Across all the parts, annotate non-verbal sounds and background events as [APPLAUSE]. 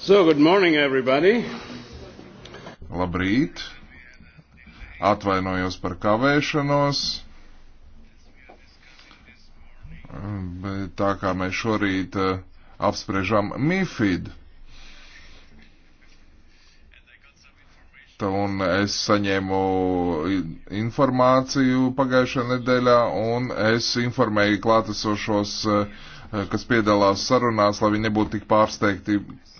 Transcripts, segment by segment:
So, good morning, everybody. Labrīt. Atvainojos par kavēšanos. Bet tā kā mēs šorīt eh, apspriežam MIFID, un es saņēmu informāciju pagājušajā nedēļā, un es informēju klātesošos uh, Eh, kas piedalās sarunās, lai viņi nebūtu tik pārsteigti,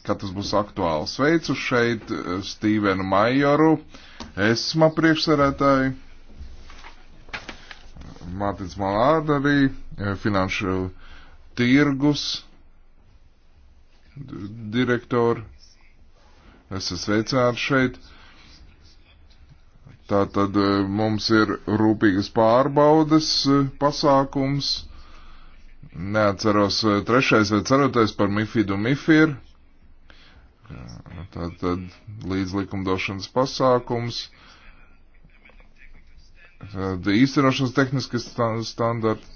ka tas būs aktuāli. Sveicu šeit eh, Stīvenu Majoru, ESMA priekšsarētāju, Mārtiņš Malārda arī, eh, finanšu tirgus direktoru. Es esmu sveicināts šeit. Tātad mums ir rūpīgas pārbaudas pasākums Neatceros eh, trešais vai ceturtais par Mifidu Mifir. Tātad līdzlikumdošanas pasākums. Tad īstenošanas tehniskas standarti.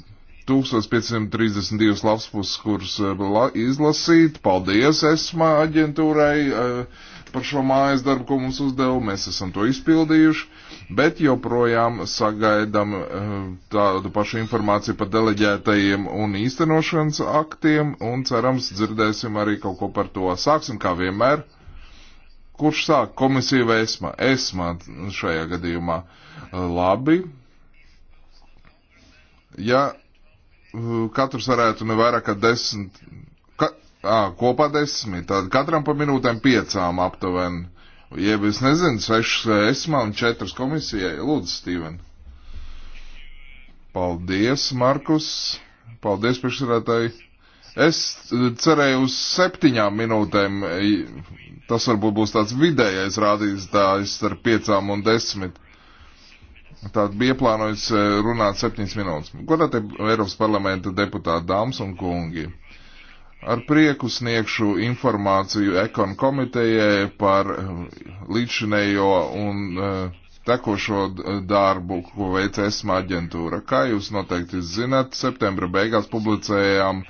1532 lapspuses, kuras eh, la, izlasīt. Paldies ESMA aģentūrai eh, par šo mājas darbu, ko mums uzdeva. Mēs esam to izpildījuši, bet joprojām sagaidam eh, tādu pašu informāciju par deleģētajiem un īstenošanas aktiem un cerams dzirdēsim arī kaut ko par to. Sāksim kā vienmēr. Kurš sāk komisiju vai ESMA? ESMA šajā gadījumā. Labi. Ja Eh, katrs varētu ne vairāk kā desmit, ka, à, kopā desmit, tad katram pa minūtēm piecām aptuveni. Jeb es nezinu, sešas esmā un četras komisijai. Lūdzu, Stīven. Paldies, Markus. Paldies, priekšsēdētāji. Es eh, cerēju uz septiņām minūtēm. Eh, tas varbūt būs tāds vidējais rādītājs starp piecām un desmit. Tātad bija plānojis eh, runāt septiņas minūtes. Godātie Eiropas parlamenta deputāti, dāmas un kungi, ar prieku sniegšu informāciju ekon komitejai par eh, līdzinējo un eh, tekošo darbu, ko veic ESMA aģentūra. Kā jūs noteikti zinat, septembra beigās publicējām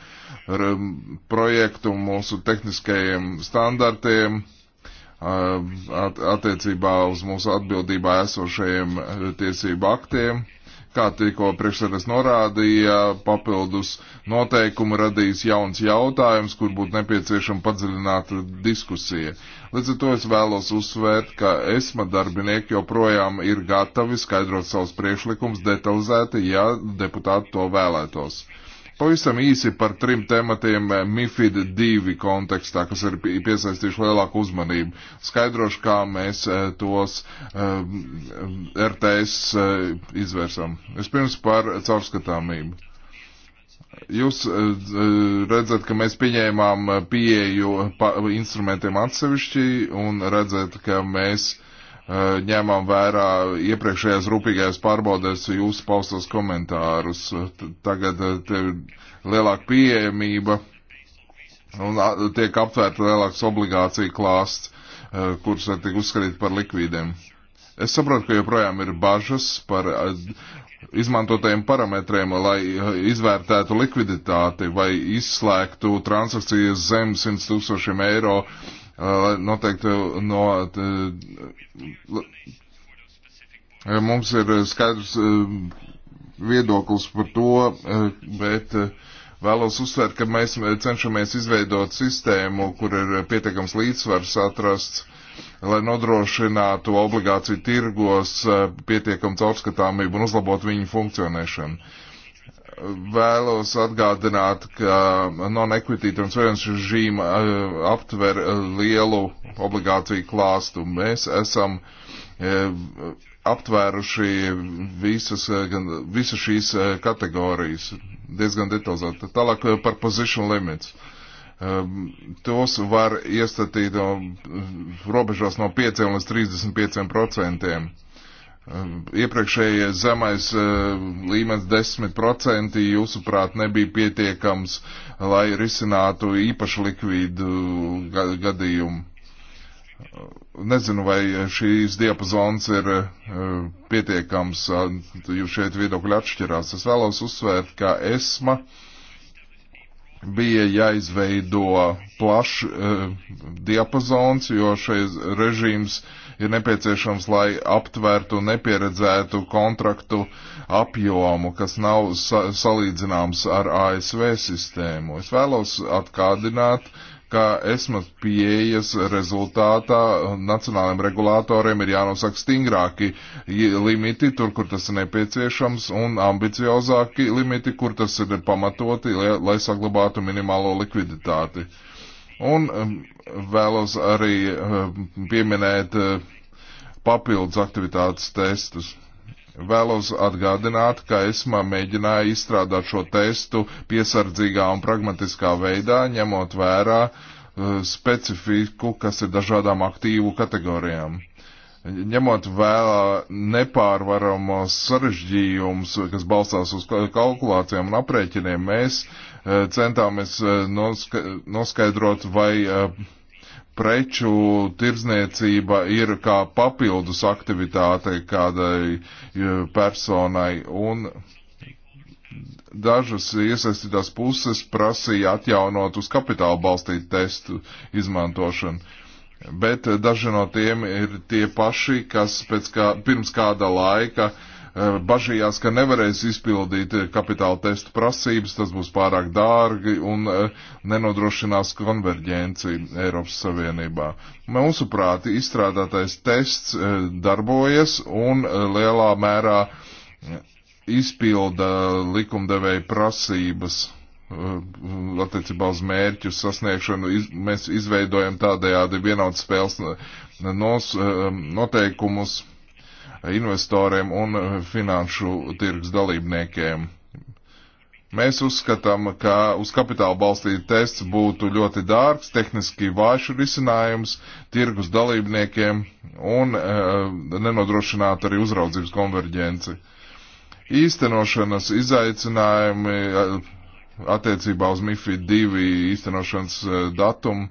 projektu mūsu tehniskajiem standartiem Uh, attiecībā uz mūsu atbildībā esošajiem uh, tiesību aktiem. Kā tikko priekšsēdētājs norādīja, papildus noteikumu radīs jauns jautājums, kur būtu nepieciešama padziļināta diskusija. Līdz ar to es vēlos uzsvērt, ka ESMA darbinieki joprojām ir gatavi skaidrot savus priekšlikumus detalizēti, ja deputāti to vēlētos. Uh, Pavisam īsi par trim tematiem eh, MIFID 2 kontekstā, kas ir piesaistījuši lielāku uzmanību. Skaidrošu, kā mēs eh, tos um, eh, RTS izvērsam. Vispirms par caurskatāmību. Jūs redzat, ka mēs pieņēmām pieeju instrumentiem atsevišķi un redzat, ka mēs Eh, ņemam vērā iepriekšējās rūpīgajās pārbaudēs jūsu paustos komentārus. Tagad eh, lielāka pieejamība un tiek aptvērta lielāks obligācija klāsts, eh, kurus tiek uzskatīt par likvīdiem. Es saprotu, ka joprojām ir bažas par izmantotajiem parametriem, lai izvērtētu likviditāti vai izslēgtu transakcijas zem 100 tūkstošiem eiro Eh, noteikti no. Eh, mums ir skaidrs eh, viedoklis par to, bet vēlos uzsvērt, ka mēs cenšamies izveidot sistēmu, kur ir pietiekams līdzsvars atrasts, lai nodrošinātu obligāciju tirgos pietiekamu caurskatāmību un uzlabotu viņu funkcionēšanu vēlos atgādināt, ka non-equity transference režīma eh, aptver eh, lielu obligāciju klāstu. Mēs esam eh, aptvēruši visas, gan, visas šīs kategorijas diezgan detalizēti. Tālāk par position limits. Tos var iestatīt no, robežās no 5 līdz 35 procentiem Ehm, Iepriekšējais zemais ehm, līmenis 10% jūsuprāt nebija pietiekams, lai risinātu īpaši likvīdu gadījumu. Ehm, nezinu, vai šīs diapazons ir pietiekams, jūs šeit viedokļi atšķirās. Es vēlos uzsvērt, ka ESMA bija jāizveido plašs diapazons, jo šais režīms uh, ir nepieciešams, lai aptvērtu nepieredzētu kontraktu apjomu, kas nav sa salīdzināms ar ASV sistēmu. Es vēlos atkādināt, ka esmas pieejas rezultātā nacionālajiem regulātoriem ir jānosaka stingrāki limiti, tur, kur tas ir nepieciešams, un ambiciozāki limiti, kur tas ir pamatoti, lai, lai saglabātu minimālo likviditāti. Un um, vēlos arī eh, pieminēt eh, papildus aktivitātes testus. Vēlos atgādināt, ka ESMA mēģināja izstrādāt šo testu piesardzīgā un pragmatiskā veidā, ņemot vērā eh, specifiku, kas ir dažādām aktīvu kategorijām. Ņemot vērā nepārvaramos sarežģījumus, kas balstās uz kalkulācijām un aprēķiniem, mēs uh, centāmies eh, noska noskaidrot, vai eh, preču tirdzniecība ir kā papildus aktivitāte kādai eh, personai. Un dažas iesaistītās puses prasīja atjaunot uz kapitāla balstītu testu izmantošanu. Bet daži no tiem ir tie paši, kas pēc kā, pirms kāda laika uh, Eh, bažījās, ka nevarēs izpildīt eh, kapitāla testu prasības, tas būs pārāk dārgi un eh, nenodrošinās konverģenci Eiropas Savienībā. Mūsuprāt, izstrādātais tests darbojas un lielā mērā izpilda likumdevēja prasības attiecībā uz mērķu sasniegšanu. Iz, mēs izveidojam tādējādi vienaudas spēles nos, noteikumus investoriem un eh, finanšu tirgus dalībniekiem. Mēs uzskatām, ka uz kapitāla balstīta tests būtu ļoti dārgs, tehniski vājš risinājums tirgus dalībniekiem un e, nenodrošinātu arī uzraudzības konverģenci. Īstenošanas izaicinājumi eh, attiecībā uz MIFID 2 īstenošanas datumu. E,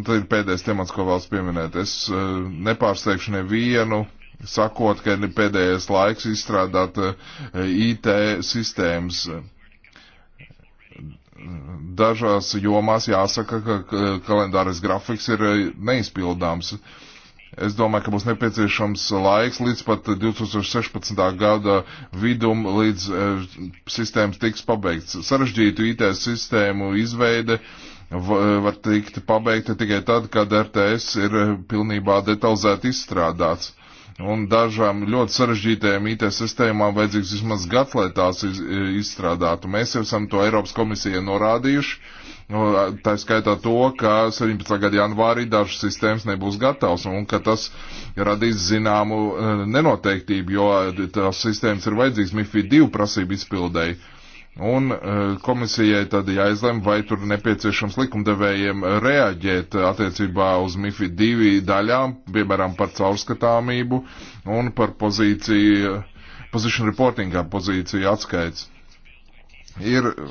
tad ir pēdējais temats, ko vēlas pieminēt. Es e, nepārsteigšu nevienu sakot, ka ir pēdējais laiks izstrādāt eh, IT sistēmas. Dažās jomās jāsaka, ka kalendāris grafiks ir eh, neizpildāms. Es domāju, ka būs nepieciešams laiks līdz pat 2016. gada vidum, līdz e, sistēmas tiks pabeigts. Sarežģītu IT sistēmu izveide var tikt pabeigta tikai tad, kad RTS ir pilnībā detalizēti izstrādāts. Un dažām ļoti sarežģītajām IT sistēmām vajadzīgs vismaz gads, lai tās e, izstrādātu. Mēs jau esam to Eiropas komisijai norādījuši. Tā skaitā to, ka 17. gada janvārī dažas sistēmas nebūs gatavas un ka tas radīs zināmu e, nenoteiktību, jo tās sistēmas ir vajadzīgas MIFI 2 prasību izpildēji. Un e, komisijai tad jāizlem, vai tur nepieciešams likumdevējiem reaģēt attiecībā uz MIFI divi daļām, piemēram, par caurskatāmību un par pozīciju, position reportingā pozīciju atskaits. Ir e,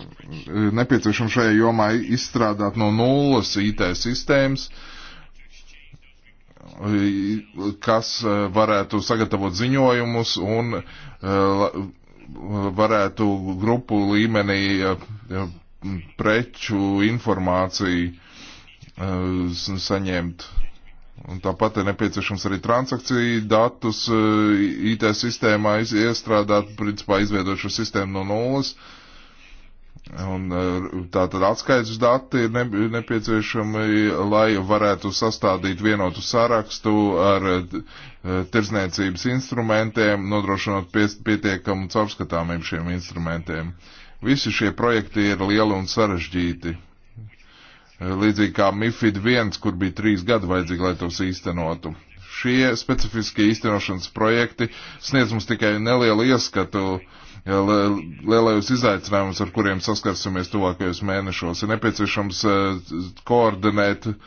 nepieciešams šajā jomā izstrādāt no nulles IT sistēmas, kas e, varētu sagatavot ziņojumus un varētu grupu līmenī preču informāciju eh, saņemt. Un tāpat ir nepieciešams arī transakciju datus eh, IT sistēmā iestrādāt, principā izveidot šo sistēmu no nulles. Un eh, tā tad atskaits dati ir nepieciešami, lai varētu sastādīt vienotu sarakstu ar Eh, tirzniecības instrumentiem, nodrošinot pietiekamu caurskatāmību šiem instrumentiem. Visi šie projekti ir lieli un sarežģīti. Eh, līdzīgi kā MIFID 1, kur bija trīs gadi vajadzīgi, lai tos īstenotu. Šie specifiskie īstenošanas projekti sniedz mums tikai nelielu ieskatu eh, lielajos izaicinājumus, ar kuriem saskarsimies tuvākajos mēnešos. Ir nepieciešams koordinēt uh,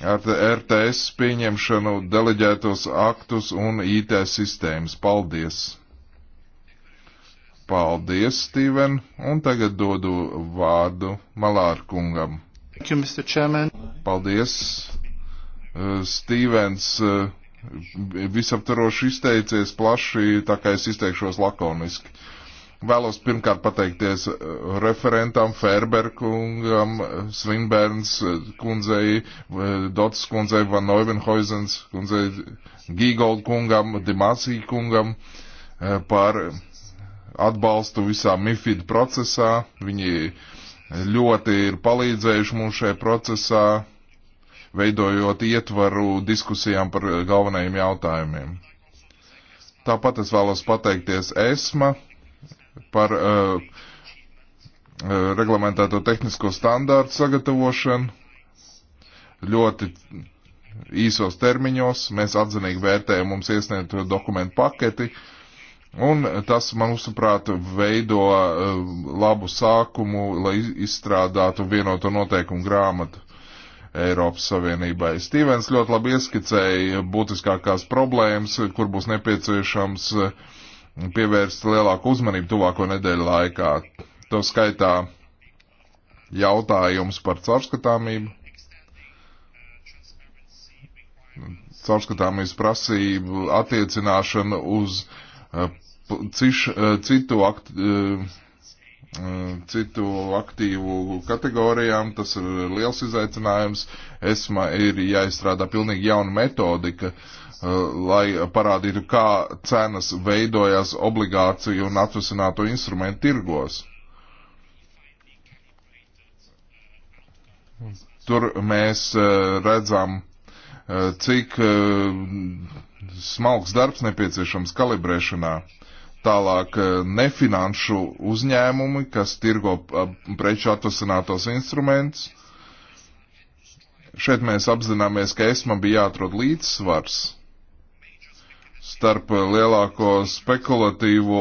ar RTS pieņemšanu, deleģētos aktus un IT sistēmas. Paldies! Paldies, Steven, un tagad dodu vārdu Malārkungam. Paldies, uh, Stevens, uh, visaptaroši izteicies plaši, tā kā es izteikšos lakoniski. Vēlos pirmkārt pateikties eh, referentam Ferberkungam, Svinbērns eh, kundzei, eh, Dots kundzei, Van Neuvenhoizens kundzei, Gīgold kungam, Dimasī kungam par atbalstu visā MIFID procesā. Viņi ļoti ir palīdzējuši mums šajā procesā, veidojot ietvaru diskusijām par galvenajiem jautājumiem. Tāpat es vēlos pateikties ESMA par uh, uh, reglamentēto tehnisko standārtu sagatavošanu. Ļoti īsos termiņos mēs atzinīgi vērtējam mums iesniegto dokumentu paketi, un tas, manuprāt, veido uh, labu sākumu, lai izstrādātu vienoto noteikumu grāmatu. Eiropas Savienībai. Stīvens ļoti labi ieskicēja būtiskākās problēmas, kur būs nepieciešams uh, pievērst lielāku uzmanību tuvāko nedēļu laikā. To skaitā jautājums par caurskatāmību. Caurskatāmības prasību attiecināšana uz eh, ciš, eh, citu, akt, eh, citu aktīvu kategorijām. Tas ir liels izaicinājums. ESMA ir jāizstrādā pilnīgi jauna metodika, uh, Eh, lai parādītu, kā cenas veidojās obligāciju un atvesināto instrumentu tirgos. Tur mēs eh, redzam, eh, cik smalks darbs nepieciešams kalibrēšanā. Tālāk nefinanšu uzņēmumi, kas tirgo preču atvasinātos instrumentus. Šeit mēs apzināmies, ka esma bija jāatrod līdzsvars starp eh, lielāko spekulatīvo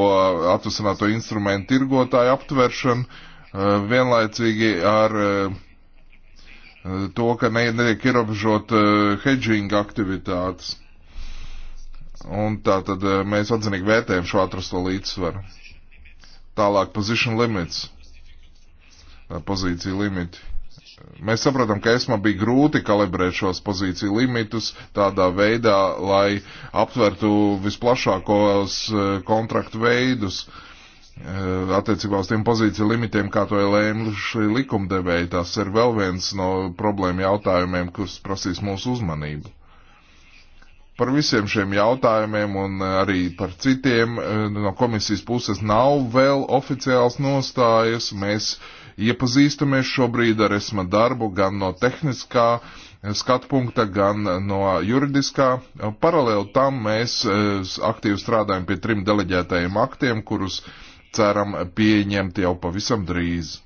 atvasināto instrumentu tirgotāju aptveršanu, eh, vienlaicīgi ar eh, to, ka netiek ierobežot hedging aktivitātes. Un tā tad mēs atzinīgi vērtējam šo atrasto līdzsvaru. Tālāk position limits, pozīcija limiti Mēs saprotam, ka ESMA bija grūti kalibrēt šos pozīciju limitus tādā veidā, lai aptvertu visplašākos eh, kontraktu veidus eh, attiecībā uz tiem pozīciju limitiem, kā to lēmuši likumdevēji. Tas ir vēl viens no problēma jautājumiem, kurus prasīs mūsu uzmanību. Par visiem šiem jautājumiem un eh, arī par citiem no komisijas puses nav vēl oficiāls nostājas. Mēs uh, Iepazīstamies šobrīd ar esma darbu gan no tehniskā eh, skatu punkta, gan no juridiskā. Paralēli tam mēs eh, aktīvi strādājam pie trim deleģētajiem aktiem, kurus ceram pieņemt jau pavisam drīz.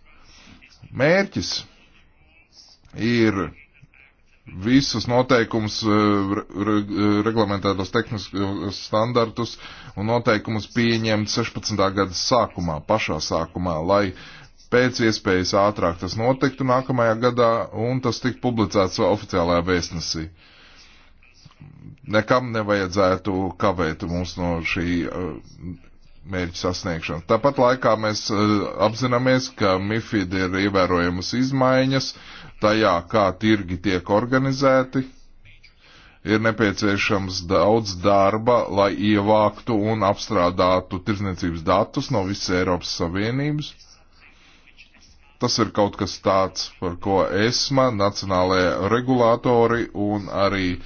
Mērķis ir visus noteikumus, eh, re, reglamentētos tehniskos standartus un noteikumus pieņemt 16. gada sākumā, pašā sākumā, lai pēc iespējas ātrāk tas notiktu nākamajā gadā, un tas tika publicēts oficiālajā vēstnesī. Nekam nevajadzētu kavēt mums no šī uh, mērķa sasniegšana. Tāpat laikā mēs uh, apzināmies, ka MIFID ir ievērojamas izmaiņas tajā, kā tirgi tiek organizēti. Ir nepieciešams daudz darba, lai ievāktu un apstrādātu tirdzniecības datus no visas Eiropas Savienības Tas ir kaut kas tāds, par ko ESMA, nacionālajie regulātori un arī e,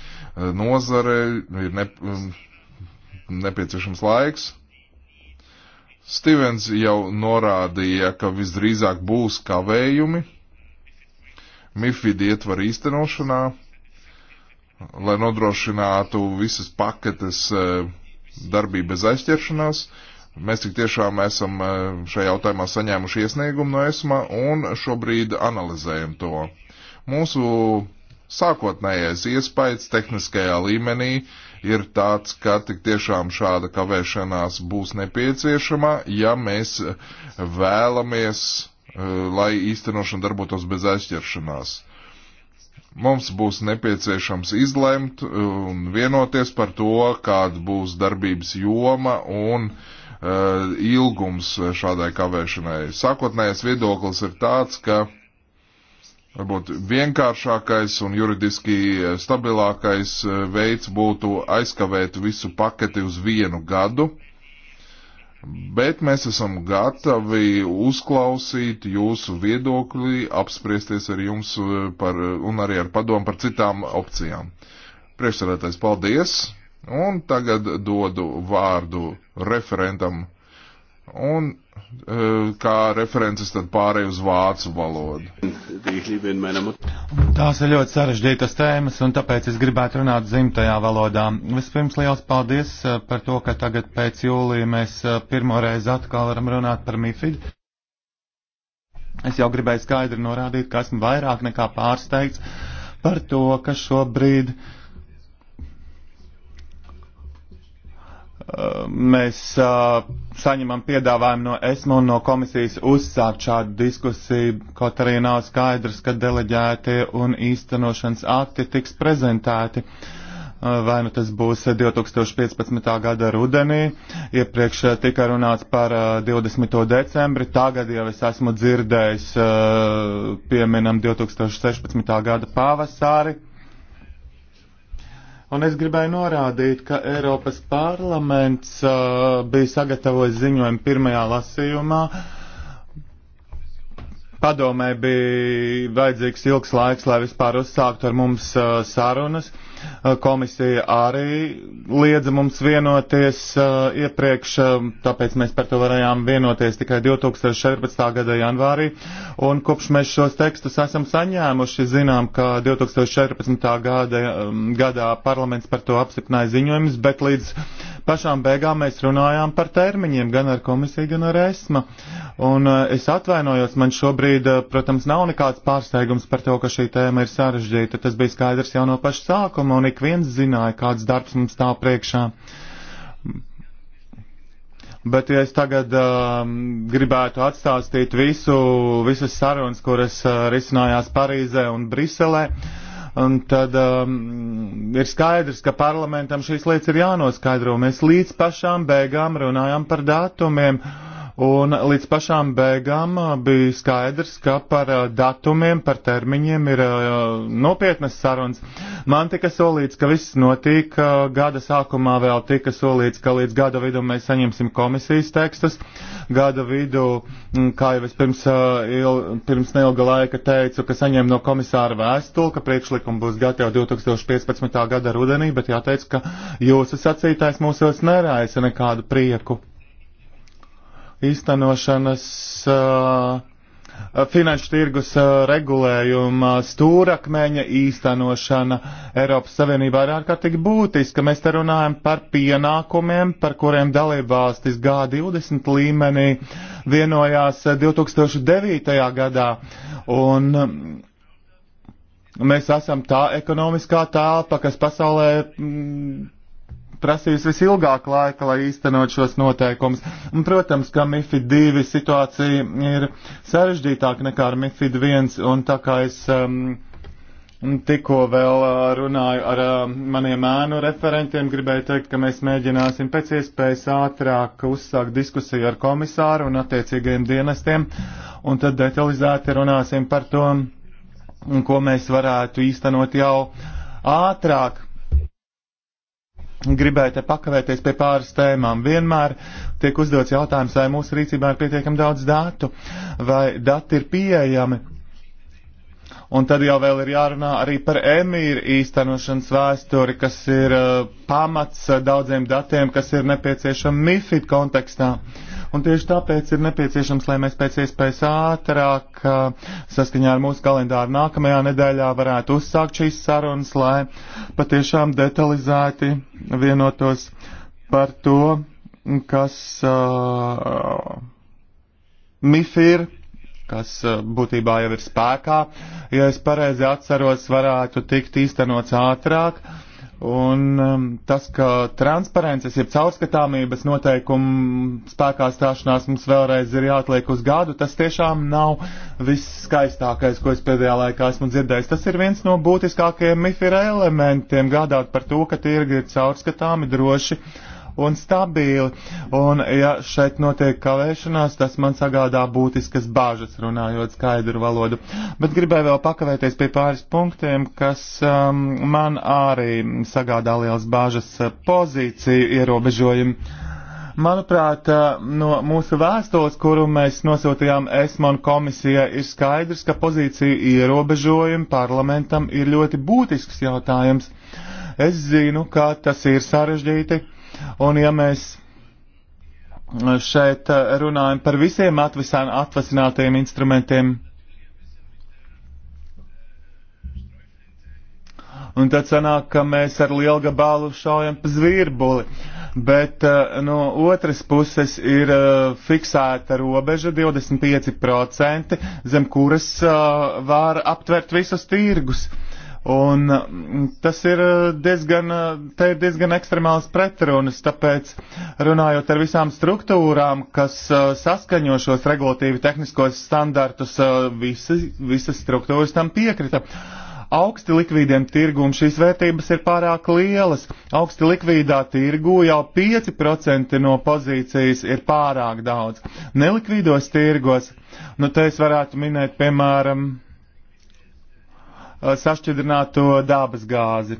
nozare ir ne, nepieciešams laiks. Stevens jau norādīja, ka visdrīzāk būs kavējumi MIFID ietvaru īstenošanā, lai nodrošinātu visas paketes e, darbību bez aizķeršanās. Uh, Mēs tik tiešām esam eh, šajā jautājumā saņēmuši iesniegumu no ESMA un šobrīd analizējam to. Mūsu sākotnējais iespējas tehniskajā līmenī ir tāds, ka tik tiešām šāda kavēšanās būs nepieciešama, ja mēs eh, vēlamies, eh, lai īstenošana darbotos bez aizķeršanās. Mums būs nepieciešams izlemt un vienoties par to, kāda būs darbības joma un uh, Eh, ilgums šādai kavēšanai. Sākotnējais viedoklis ir tāds, ka varbūt vienkāršākais un juridiski stabilākais eh, veids būtu aizkavēt visu paketi uz vienu gadu, bet mēs esam gatavi uzklausīt jūsu viedokli, apspriesties ar jums eh, par, un arī ar padomu par citām opcijām. Priekšsēdētājs, paldies! Un tagad dodu vārdu referentam, un e, kā references tad pārēju uz vācu valodu. Tās ir ļoti sarežģītas tēmas, un tāpēc es gribētu runāt dzimtajā valodā. Vispirms liels paldies e, par to, ka tagad pēc jūlija mēs e, pirmoreiz atkal varam runāt par MIFID. Es jau gribēju skaidri norādīt, ka esmu vairāk nekā pārsteigts par to, ka šobrīd uh, mēs saņemam piedāvājumu no ESMU un no komisijas uzsākt šādu diskusiju, kaut arī nav skaidrs, ka deleģētie un īstenošanas akti tiks prezentēti. Vai nu tas būs 2015. gada rudenī, iepriekš tika runāts par 20. decembri, tagad jau es esmu dzirdējis pieminam 2016. gada pavasāri Un es gribēju norādīt, ka Eiropas parlaments uh, bija sagatavojis ziņojumu pirmajā lasījumā. Padomē bija vajadzīgs ilgs laiks, lai vispār uzsāktu ar mums uh, sarunas. Uh, Komisija arī liedza mums vienoties iepriekš, tāpēc mēs par to varējām vienoties tikai 2014. gada janvārī. Un kopš mēs šos tekstus esam saņēmuši, zinām, ka 2014. Gada, gadā parlaments par to apstiprināja ziņojumus, bet līdz pašām beigām mēs runājām par termiņiem gan ar komisiju, gan ar ESMA. Un es atvainojos, man šobrīd, protams, nav nekāds pārsteigums par to, ka šī tēma ir sarežģīta. Tas bija skaidrs jau no paša sākuma darām, un ik viens zināja, kāds darbs mums tā priekšā. Bet, ja es tagad um, gribētu atstāstīt visu, visas sarunas, kuras uh, risinājās Parīzē un Briselē, un tad um, ir skaidrs, ka parlamentam šīs lietas ir jānoskaidro. Mēs līdz pašām beigām runājam par datumiem. Uh, Un līdz pašām beigām uh, bija skaidrs, ka par uh, datumiem, par termiņiem ir uh, nopietnas sarunas. Man tika solīts, ka viss notiek. Gada sākumā vēl tika solīts, ka līdz gada vidu mēs saņemsim komisijas tekstus. Gada vidu, mm, kā jau es pirms, il, pirms neilga laika teicu, ka saņem no komisāra vēstuli, ka priekšlikumi būs gatavi 2015. gada rudenī, bet jāteic, ka jūsu sacītais mūsos neraisa nekādu prieku īstenošanas uh, finanšu tirgus uh, regulējuma stūrakmeņa īstenošana Eiropas Savienībā ir ārkārtīgi būtiska. Mēs te runājam par pienākumiem, par kuriem dalībvalstis G20 līmenī vienojās 2009. Uh, gadā. Un um, mēs esam tā ekonomiskā tālpa, kas pasaulē. Mm, prasījis visilgāk laika, lai īstenot šos noteikumus. Un, protams, ka MIFID 2 situācija ir sarežģītāka nekā ar MIFID 1, un tā kā es um, tikko vēl uh, runāju ar um, maniem ēnu referentiem, gribēju teikt, ka mēs mēģināsim pēc iespējas ātrāk uzsākt diskusiju ar komisāru un attiecīgajiem dienestiem, un tad detalizēti runāsim par to, ko mēs varētu īstenot jau ātrāk gribēju te pakavēties pie pāris tēmām. Vienmēr tiek uzdots jautājums, vai mūsu rīcībā ir pietiekami daudz datu, vai dati ir pieejami. Un tad jau vēl ir jārunā arī par emīru īstenošanas vēsturi, kas ir uh, pamats uh, daudziem datiem, kas ir nepieciešami MIFID kontekstā. Uh, Un tieši tāpēc ir nepieciešams, lai mēs pēc iespējas ātrāk, saskaņā ar mūsu kalendāru nākamajā nedēļā, varētu uzsākt šīs sarunas, lai patiešām detalizēti vienotos par to, kas uh, MIFIR kas būtībā jau ir spēkā, ja es pareizi atceros, varētu tikt īstenots ātrāk, uh, Un um, tas, ka transparences, jeb caurskatāmības noteikumu spēkā stāšanās mums vēlreiz ir jāatliek uz gadu, tas tiešām nav viss skaistākais, ko es pēdējā laikā esmu dzirdējis. Tas ir viens no būtiskākajiem MIFIR elementiem - gādāt par to, ka tirgi ir caurskatāmi, droši un stabili. Un, ja šeit notiek kavēšanās, tas man sagādā būtiskas bāžas, runājot skaidru valodu. Bet gribēju vēl pakavēties pie pāris punktiem, kas um, man arī sagādā liels bāžas uh, pozīciju ierobežojumi. Manuprāt, uh, no mūsu vēstules, kuru mēs nosūtījām ESMON komisijai, ir skaidrs, ka pozīciju ierobežojumi parlamentam ir ļoti būtisks jautājums. Es zinu, ka tas ir sarežģīti Un ja mēs šeit runājam par visiem atvasinātajiem instrumentiem, un tad sanāk, ka mēs ar lielu gabalu šaujam pa zvirbuli. Bet uh, no otras puses ir uh, fiksēta robeža 25%, zem kuras uh, var aptvert visus tirgus. Uh, Un mm, tas ir eh, diezgan, eh, te ir diezgan ekstremāls pretrunas, tāpēc runājot ar visām struktūrām, kas eh, saskaņo šos regulatīvi tehniskos standartus, visi, visas struktūras tam piekrita. Augsti likvīdiem tirgum šīs vērtības ir pārāk lielas. Augsti likvīdā tirgu jau 5% no pozīcijas ir pārāk daudz. Nelikvīdos tirgos, nu te es varētu minēt, piemēram, Uh, sašķidrināto dabas gāzi,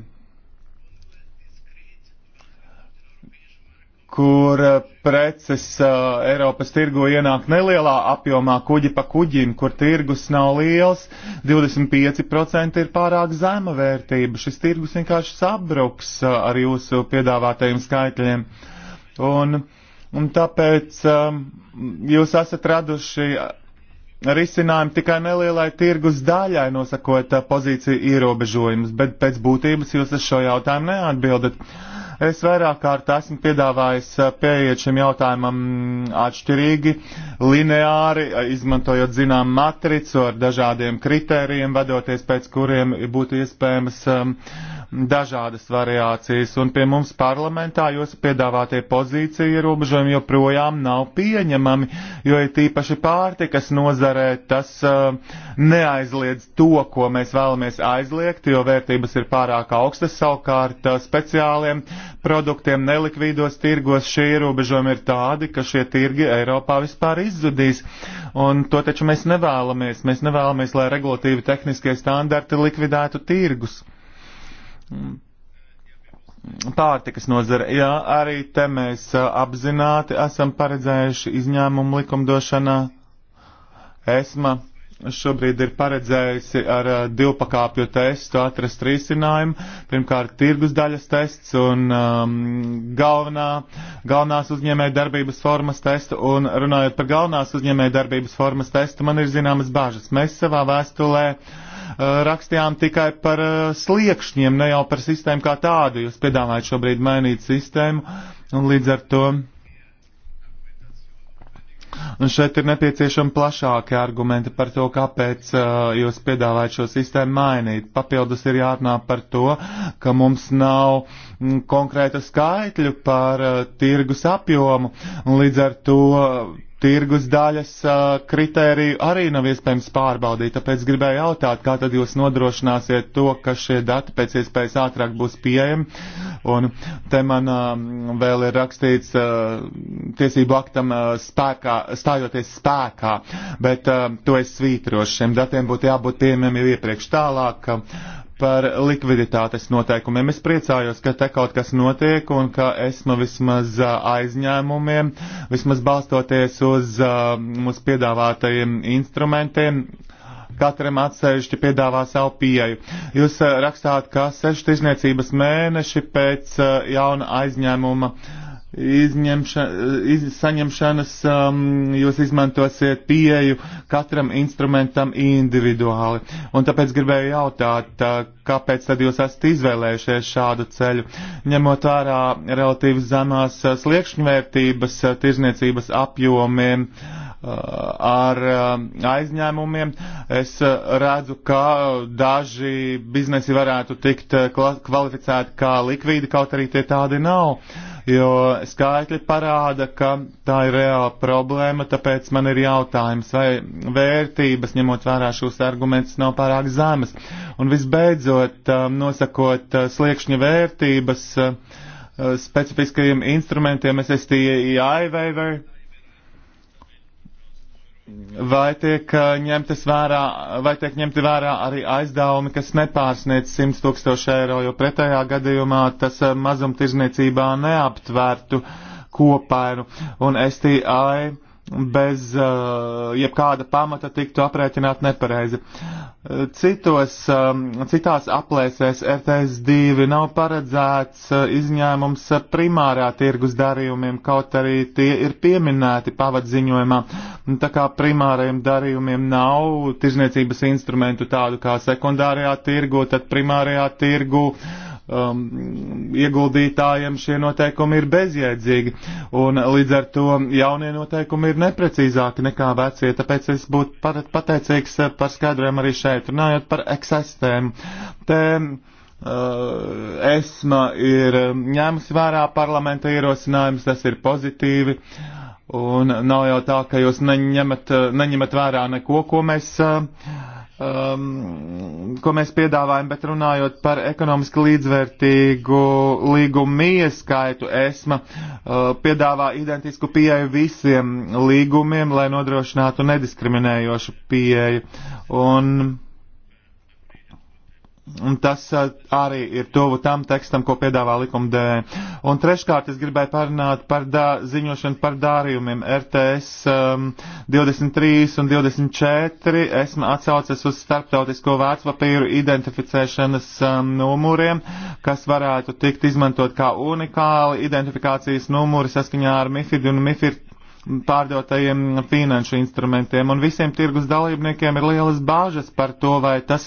kur uh, preces uh, Eiropas tirgu ienāk nelielā apjomā kuģi pa kuģim, kur tirgus nav liels, 25% ir pārāk zema vērtība. Šis tirgus vienkārši sabruks ar jūsu piedāvātajiem skaitļiem. Un, un tāpēc um, jūs esat raduši risinājumu tikai nelielai tirgus daļai, nosakot pozīciju ierobežojumus, bet pēc būtības jūs uz šo jautājumu neatbildat. Es vairāk kārt esmu piedāvājis pieiet šim jautājumam atšķirīgi, lineāri, izmantojot zinām matricu ar dažādiem kritērijiem, vadoties pēc kuriem būtu iespējams um, dažādas variācijas, un pie mums parlamentā jūsu piedāvātie pozīcija ierobežojumi joprojām nav pieņemami, jo ir tīpaši pārtikas nozarē tas uh, neaizliedz to, ko mēs vēlamies aizliegt, jo vērtības ir pārāk augstas savukārt uh, speciāliem produktiem nelikvīdos tirgos šie ierobežojumi ir tādi, ka šie tirgi Eiropā vispār izzudīs. Un to taču mēs nevēlamies. Mēs nevēlamies, lai regulatīvi tehniskie standarti likvidētu tirgus. Mm. Pārtikas nozara. Jā, arī te mēs apzināti esam paredzējuši izņēmumu likumdošanā. ESMA šobrīd ir paredzējusi ar divpakāpju testu atrast risinājumu. Pirmkārt, tirgus daļas tests un um, galvenā, galvenās uzņēmēja darbības formas testu. Un runājot par galvenās uzņēmēja darbības formas testu, man ir zināmas bāžas. Mēs savā vēstulē uh, Eh, rakstījām tikai par eh, sliekšņiem, ne jau par sistēmu kā tādu. Jūs piedāvājat šobrīd mainīt sistēmu un līdz ar to. Un šeit ir nepieciešami plašāki argumenti par to, kāpēc uh, jūs piedāvājat šo sistēmu mainīt. Papildus ir jārunā par to, ka mums nav mm, konkrētu skaitļu par uh, tirgus apjomu, un līdz ar to uh, tirgus daļas kritēriju arī nav iespējams pārbaudīt, tāpēc gribēju jautāt, kā tad jūs nodrošināsiet to, ka šie dati pēc iespējas ātrāk būs pieejami. Un te man vēl ir rakstīts tiesību aktam spēkā, stājoties spēkā, bet to es svītrošu. Šiem datiem būtu jābūt pieejamiem jau iepriekš tālāk par likviditātes noteikumiem. Es priecājos, ka te kaut kas notiek un ka esmu vismaz aizņēmumiem, vismaz balstoties uz mūsu piedāvātajiem instrumentiem. Katram atsevišķi piedāvā savu pieeju. Jūs rakstāt, ka seši tirzniecības mēneši pēc jauna aizņēmuma uh, iz, saņemšanas um, jūs izmantosiet pieeju katram instrumentam individuāli. Un tāpēc gribēju jautāt, uh, kāpēc tad jūs esat izvēlējušies šādu ceļu, ņemot vērā relatīvi zemās uh, sliekšņvērtības uh, tirzniecības apjomiem ar aizņēmumiem. Es redzu, ka daži biznesi varētu tikt kvalificēti kā likvīdi, kaut arī tie tādi nav jo skaitļi parāda, ka tā ir reāla problēma, tāpēc man ir jautājums, vai vērtības, ņemot vērā šos argumentus, nav pārāk zemas. Un visbeidzot, um, nosakot uh, sliekšņa vērtības uh, uh, specifiskajiem instrumentiem, SSTI waiver, Vai tiek, uh, ņemtas vērā, vai tiek ņemti vērā arī aizdevumi, kas nepārsniec 100 tūkstoši eiro, jo pretējā gadījumā tas uh, mazumtirzniecībā neaptvērtu kopēnu un STI bez uh, jebkāda pamata tiktu aprēķināt nepareizi. Eh, citos, um, citās aplēsēs FS2 nav paredzēts uh, izņēmums primārā tirgus darījumiem, kaut arī tie ir pieminēti pavadziņojumā. Tā kā primārajiem darījumiem nav tirzniecības instrumentu tādu kā sekundārajā tirgu, tad primārajā tirgu uh, um, ieguldītājiem šie noteikumi ir bezjēdzīgi, un līdz ar to jaunie noteikumi ir neprecīzāki nekā vecie, tāpēc es būtu pateicīgs eh, par skaidrojumu arī šeit, runājot par eksistēm. Te, Uh, esma ir eh, ņēmusi vērā parlamenta ierosinājums, tas ir pozitīvi. Un nav jau tā, ka jūs neņemat, neņemat vērā neko, ko mēs uh, um, ko mēs piedāvājam, bet runājot par ekonomiski līdzvērtīgu līgumu ieskaitu, ESMA uh, piedāvā identisku pieeju visiem līgumiem, lai nodrošinātu nediskriminējošu pieeju. Un, Un tas uh, arī ir tuvu tam tekstam, ko piedāvā likumdevēja. Un treškārt es gribēju parunāt par dā, ziņošanu par dārījumiem. RTS um, 23 un 24 esmu atsaucies uz starptautisko vērtspapīru identificēšanas um, numuriem, kas varētu tikt izmantot kā unikāli identifikācijas numuri saskaņā ar MIFID un MIFID pārdotajiem finanšu instrumentiem, un visiem tirgus dalībniekiem ir lielas bāžas par to, vai tas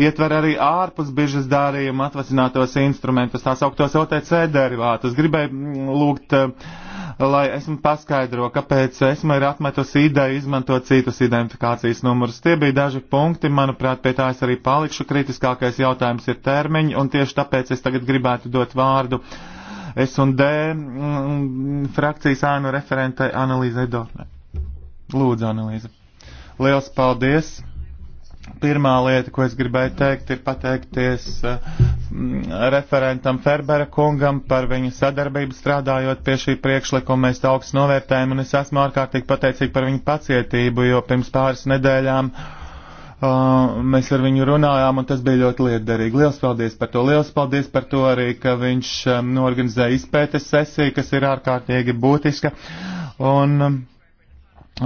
ietver arī ārpus biržas dārījuma atvasinātos instrumentus, tās augtos OTC derivātus. Gribēju mm, lūgt, eh, lai esmu paskaidro, kāpēc esmu ir atmetusi ideju izmantot citus identifikācijas numurus. Tie bija daži punkti, manuprāt, pie tā es arī palikšu. Kritiskākais jautājums ir termiņi, un tieši tāpēc es tagad gribētu dot vārdu S&D mm, frakcijas ēnu referentai Analīzei Dornē. Lūdzu, Analīze. Liels paldies! Pirmā lieta, ko es gribēju teikt, ir pateikties mm, referentam Ferbera kungam par viņa sadarbību strādājot pie šī priekšlikuma. Mēs augstu novērtējam un es esmu ārkārtīgi pateicīgi par viņa pacietību, jo pirms pāris nedēļām uh, Uh, mēs ar viņu runājām, un tas bija ļoti liederīgi. Lielas paldies par to. Lielas paldies par to arī, ka viņš um, norganizēja izpētes sesiju, kas ir ārkārtīgi būtiska. Un um,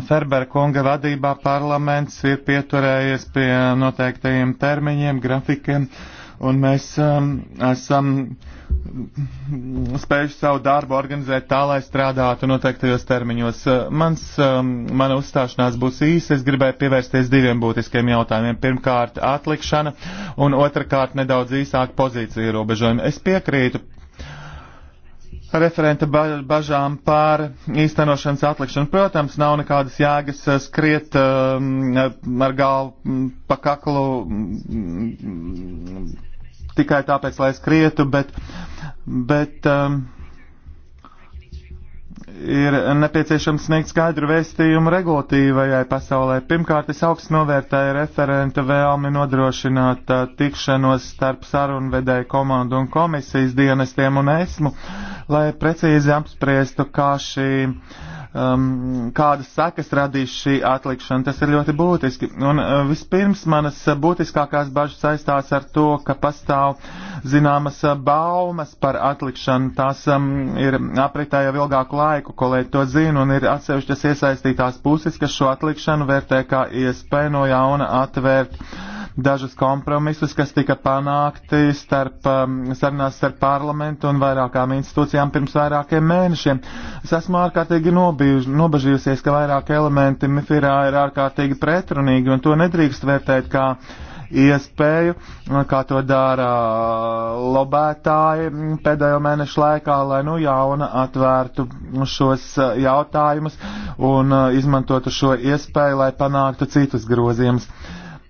Ferbera konga vadībā parlaments ir pieturējies pie noteiktajiem termiņiem, grafikiem, un mēs um, esam. Um, spējuši savu darbu organizēt tā, lai strādātu noteiktajos termiņos. Eh, mans, ehm, mana uzstāšanās būs īsa, es gribēju pievērsties diviem būtiskiem jautājumiem. Pirmkārt, atlikšana un otrkārt nedaudz īsāk pozīcija ierobežojumi. Es piekrītu referenta ba bažām par īstenošanas atlikšanu. Protams, nav nekādas jēgas eh, skriet um, ar galvu mm, pa kaklu. Um, tikai tāpēc, lai es krietu, bet, bet um, ir nepieciešams sniegt skaidru vēstījumu regulatīvajai pasaulē. Pirmkārt, es augstu novērtēju referenta vēlmi nodrošināt uh, tikšanos starp sarunvedēju komandu un komisijas dienestiem un esmu, lai precīzi apspriestu, kā šī uh, um, kādas sekas radīs šī atlikšana. Tas ir ļoti būtiski. Un uh, vispirms manas uh, būtiskākās bažas saistās ar to, ka pastāv zināmas uh, baumas par atlikšanu. Tās um, ir apritē jau ilgāku laiku, kolēģi to zina, un ir atsevišķas iesaistītās puses, kas šo atlikšanu vērtē kā iespēju no jauna atvērt dažus kompromisus, kas tika panākti starp um, sarunās starp parlamentu un vairākām institūcijām pirms vairākiem mēnešiem. Es esmu ārkārtīgi nobīž, nobažījusies, ka vairāk elementi MIFIRā ir ārkārtīgi pretrunīgi un to nedrīkst vērtēt kā iespēju, kā to dara uh, lobētāji pēdējo mēnešu laikā, lai nu jauna atvērtu šos uh, jautājumus un uh, izmantotu šo iespēju, lai panāktu citus grozījumus.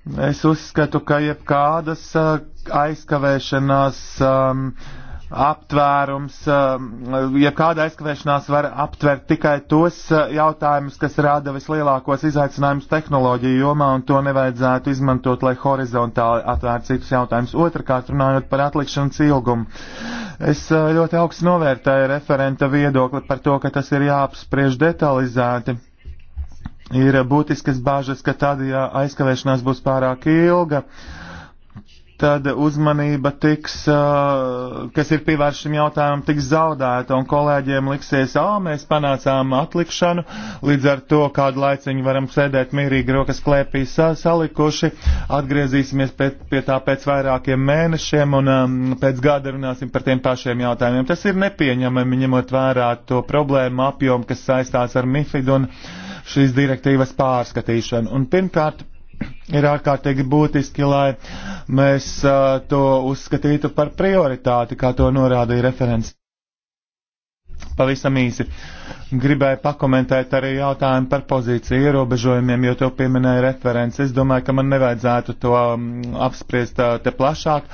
Es uzskatu, ka jebkādas eh, aizkavēšanās um, aptvērums, ehm, jebkāda aizkavēšanās var aptvert tikai tos eh, jautājumus, kas rada vislielākos izaicinājumus tehnoloģiju jomā, un to nevajadzētu izmantot, lai horizontāli atvērtu citus jautājumus. Otrakārt, runājot par atlikšanas ilgumu, es eh, ļoti augstu novērtēju referenta viedokli par to, ka tas ir jāapspriež detalizēti ir būtiskas bāžas, ka tad, ja aizkavēšanās būs pārāk ilga, tad uzmanība tiks, kas ir pievērsta šim jautājumam, tiks zaudēta, un kolēģiem liksies, ā, mēs panācām atlikšanu, līdz ar to kādu laiciņu varam sēdēt mierīgi rokas klēpī salikuši, atgriezīsimies pie, pie tā pēc vairākiem mēnešiem, un um, pēc gada runāsim par tiem pašiem jautājumiem. Tas ir nepieņemami, ņemot vērā to problēmu apjomu, kas saistās ar MIFID un. Uh, šīs direktīvas pārskatīšanu. Un pirmkārt, ir ārkārtīgi būtiski, lai mēs uh, to uzskatītu par prioritāti, kā to norādīja referents. Pavisam īsi. Uh, gribēju pakomentēt arī jautājumu par pozīciju ierobežojumiem, jo to pieminēja referents. Es domāju, ka man nevajadzētu to um, apspriest uh, te plašāk,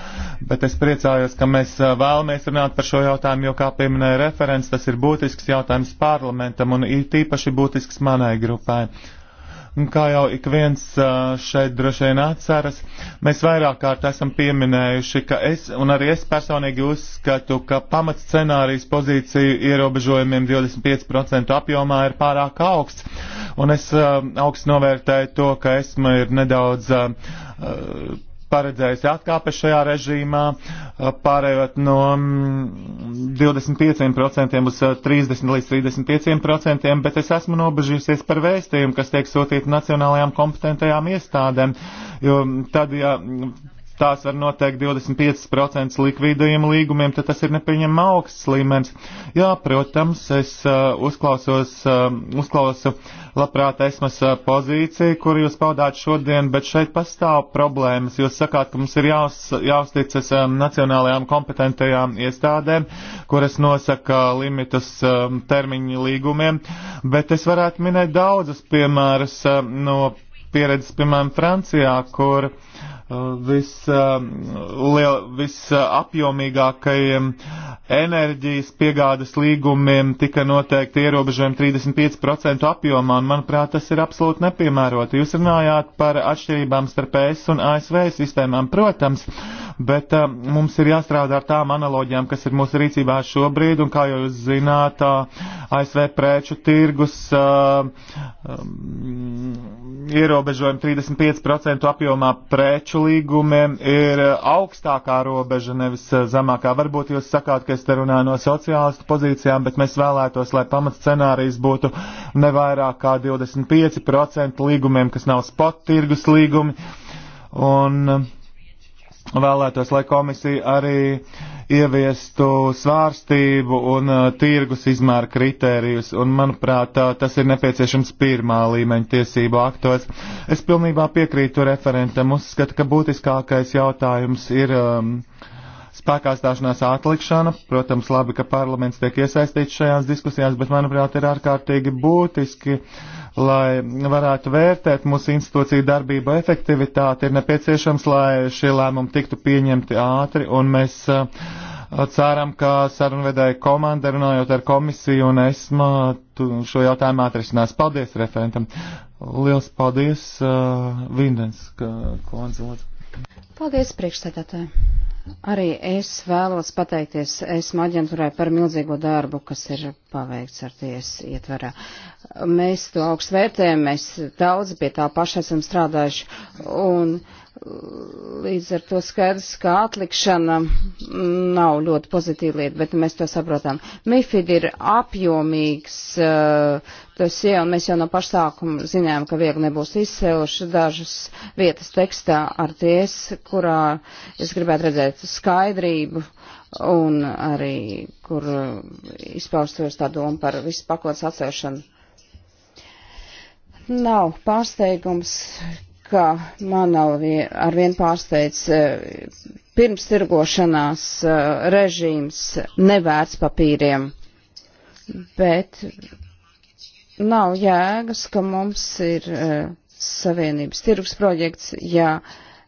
bet es priecājos, ka mēs uh, vēlamies runāt par šo jautājumu, jo, kā pieminēja referents, tas ir būtisks jautājums parlamentam un ir tīpaši būtisks manai grupai. Un kā jau ik viens šeit droši vien atceras, mēs vairāk kārt esam pieminējuši, ka es un arī es personīgi uzskatu, ka pamats scenārijas pozīciju ierobežojumiem 25% apjomā ir pārāk augsts. Un es augsts novērtēju to, ka esmu ir nedaudz. Uh, paredzējusi atkāpes šajā režīmā, pārējot no 25% mm, uz 30 līdz 35%, bet es esmu nobežījusies par vēstījumu, kas tiek sūtīti nacionālajām kompetentajām iestādēm, jo tad, ja tās var noteikt 25% likvidējiem līgumiem, tad tas ir nepieņem augsts līmenis. Jā, protams, es uh, uzklausos, uh, uzklausu labprāt esmas uh, pozīciju, kur jūs paudāt šodien, bet šeit pastāv problēmas. Jūs sakāt, ka mums ir jāuz, jāuzticas um, nacionālajām kompetentajām iestādēm, kuras nosaka limitus um, termiņu līgumiem, bet es varētu minēt daudzas piemēras um, no pieredzes, piemēram, Francijā, kur uh, Um, visapjomīgākajiem enerģijas piegādes līgumiem tika noteikti ierobežojumi 35% apjomā, un manuprāt, tas ir absolūti nepiemēroti. Jūs runājāt par atšķirībām starp ES un ASV sistēmām, protams, bet uh, mums ir jāstrādā ar tām analoģijām, kas ir mūsu rīcībā šobrīd, un kā jūs zināt, uh, eh, ASV preču tirgus uh, um, ierobežojumi 35% apjomā preču līgumiem ir augstākā robeža, nevis zemākā. Varbūt jūs sakāt, ka es te runāju no sociālistu pozīcijām, bet mēs vēlētos, lai pamats scenārijs būtu nevairāk kā 25% līgumiem, kas nav spot tirgus līgumi. Un, uh, vēlētos, lai komisija arī ieviestu svārstību un uh, tirgus izmēra kritērijus, un, manuprāt, tā, uh, tas ir nepieciešams pirmā līmeņa tiesību aktos. Es pilnībā piekrītu referentam, uzskatu, ka būtiskākais jautājums ir um, spēkā stāšanās atlikšana. Protams, labi, ka parlaments tiek iesaistīts šajās diskusijās, bet, manuprāt, ir ārkārtīgi būtiski. Uh, lai varētu vērtēt mūsu institūciju darbību efektivitāti, ir nepieciešams, lai šie lēmumi tiktu pieņemti ātri, un mēs uh, ceram, ka sarunvedēja komanda, runājot ar komisiju un esmu, šo jautājumu atrisinās. Paldies referentam. Liels paldies, uh, Vindens, ka konsultants. Paldies, priekšsēdētāji. Arī es vēlos pateikties ESMA aģentūrai par milzīgo darbu, kas ir paveikts ar tiesu ietvarā. Mēs to augstu vērtējam, mēs daudz pie tā paša esam strādājuši, un līdz ar to skaidrs, ka atlikšana nav ļoti pozitīva lieta, bet mēs to saprotam. MIFID ir apjomīgs uh, dosie, un mēs jau no pašsākuma zinājām, ka viegli nebūs izsevuši dažas vietas tekstā ar ties, kurā es gribētu redzēt skaidrību un arī, kur uh, izpaustos tā doma par visu pakotas atcelšanu. Nav pārsteigums, ka man nav ar vien pārsteidz uh, pirms tirgošanās uh, režīms nevērts papīriem, bet nav jēgas, ka mums ir uh, savienības tirgus projekts, ja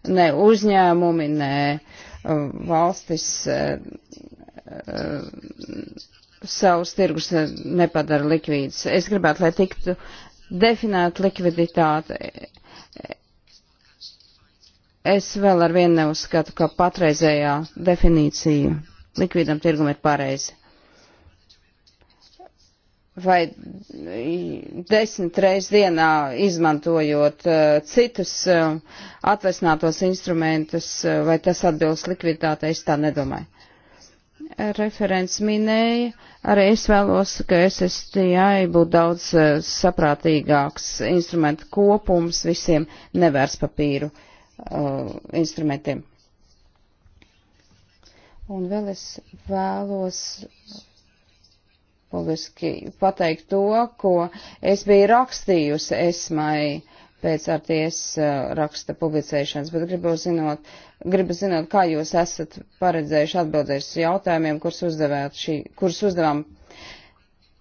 ne uzņēmumi, ne uh, valstis uh, uh, savus tirgus nepadara likvīdus. Es gribētu, lai tiktu definēta likviditāte. Es vēl ar vienu neuzskatu, ka patreizējā definīcija likvīdam tirgum ir pareizi vai desmit reizes dienā izmantojot uh, citus uh, atvesinātos instrumentus, uh, vai tas atbilst likviditātei, es tā nedomāju. Referents minēja, arī es vēlos, ka SSTI būtu daudz uh, saprātīgāks instrumentu kopums visiem nevērspapīru uh, instrumentiem. Un vēl es vēlos publiski pateikt to, ko es biju rakstījusi esmai pēc ar ties uh, raksta publicēšanas, bet gribu zinot, gribu zinot, kā jūs esat paredzējuši atbildēt uz jautājumiem, kurus uzdevāt šī, kurus uzdevām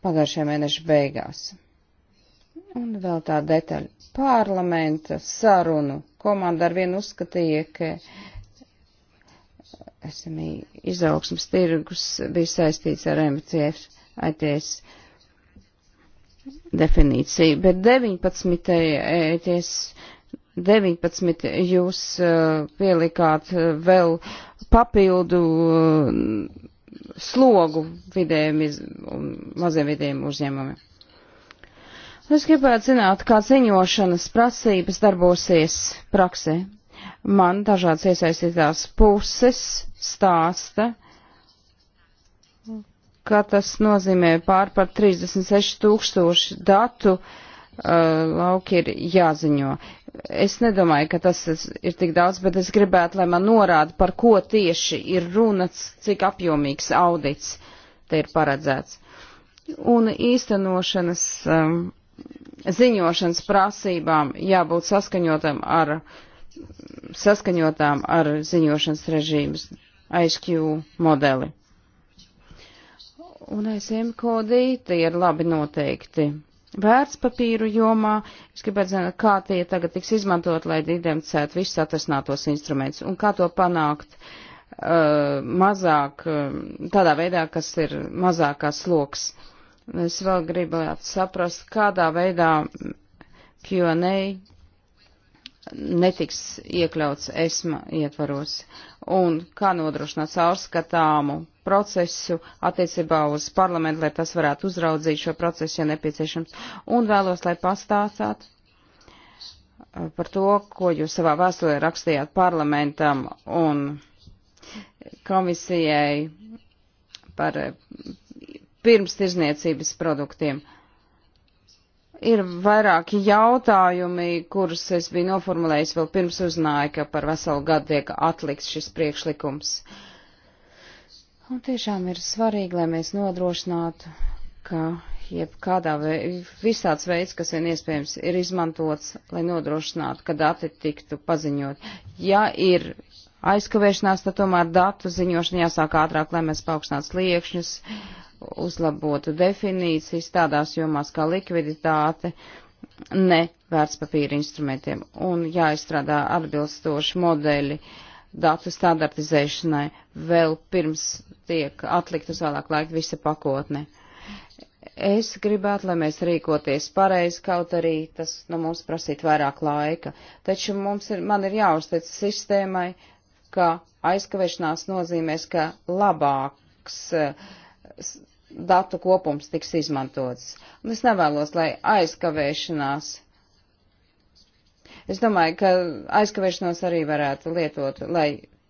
pagājušajā mēneša beigās. Un vēl tā detaļa. Parlamenta sarunu komanda ar vienu uzskatīja, ka SMI izaugsmas tirgus bija saistīts ar MCF ETS definīciju, bet 19. ETS 19 jūs e, pielikāt e, vēl papildu e, slogu vidējiem un maziem vidējiem uzņēmumiem. Es gribētu zināt, kā ziņošanas prasības darbosies praksē. Man dažādas iesaistītās puses stāsta, uh, ka tas nozīmē pār par 36 tūkstoši datu uh, lauki ir jāziņo. Es nedomāju, ka tas ir tik daudz, bet es gribētu, lai man norāda, par ko tieši ir runats, cik apjomīgs audits te ir paredzēts. Un īstenošanas um, ziņošanas prasībām jābūt saskaņotam ar, saskaņotām ar ziņošanas režīmas ISQ modeli un ESM kodīti ir labi noteikti. Vērtspapīru jomā es gribētu zināt, kā tie tagad tiks izmantot, lai identificētu visus atrasinātos instrumentus un kā to panākt uh, mazāk, uh, tādā veidā, kas ir mazākā sloks. Es vēl gribētu saprast, kādā veidā Q&A netiks iekļauts ESMA ietvaros un kā nodrošināt caurskatāmu procesu attiecībā uz parlamentu, lai tas varētu uzraudzīt šo procesu, ja nepieciešams. Un vēlos, lai pastāstāt uh, par to, ko jūs savā vēstulē rakstījāt parlamentam un komisijai par uh, pirms tirzniecības produktiem. Ir vairāki jautājumi, kurus es biju noformulējis vēl pirms uzzināju, ka par veselu gadu tiek atlikts šis priekšlikums. Uh, Un tiešām ir svarīgi, lai mēs nodrošinātu, ka jebkādā visāds veids, kas vien iespējams ir izmantots, lai nodrošinātu, ka dati tiktu paziņot. Ja ir aizkavēšanās, tad tomēr datu ziņošana jāsāk ātrāk, lai mēs paaugstinātu sliekšņus, uzlabotu definīcijas tādās jomās kā likviditāte, ne vērtspapīra instrumentiem un jāizstrādā atbilstoši modeļi. Uh, datu standartizēšanai vēl pirms tiek atlikt uz vēlāk laika visa pakotne. Es gribētu, lai mēs rīkoties pareizi, kaut arī tas no nu, mums prasīt vairāk laika, taču mums ir, man ir jāuztic sistēmai, ka aizkavēšanās nozīmēs, ka labāks eh, datu kopums tiks izmantots. Un es nevēlos, lai aizkavēšanās Es domāju, ka aizkavēšanos arī varētu lietot, lai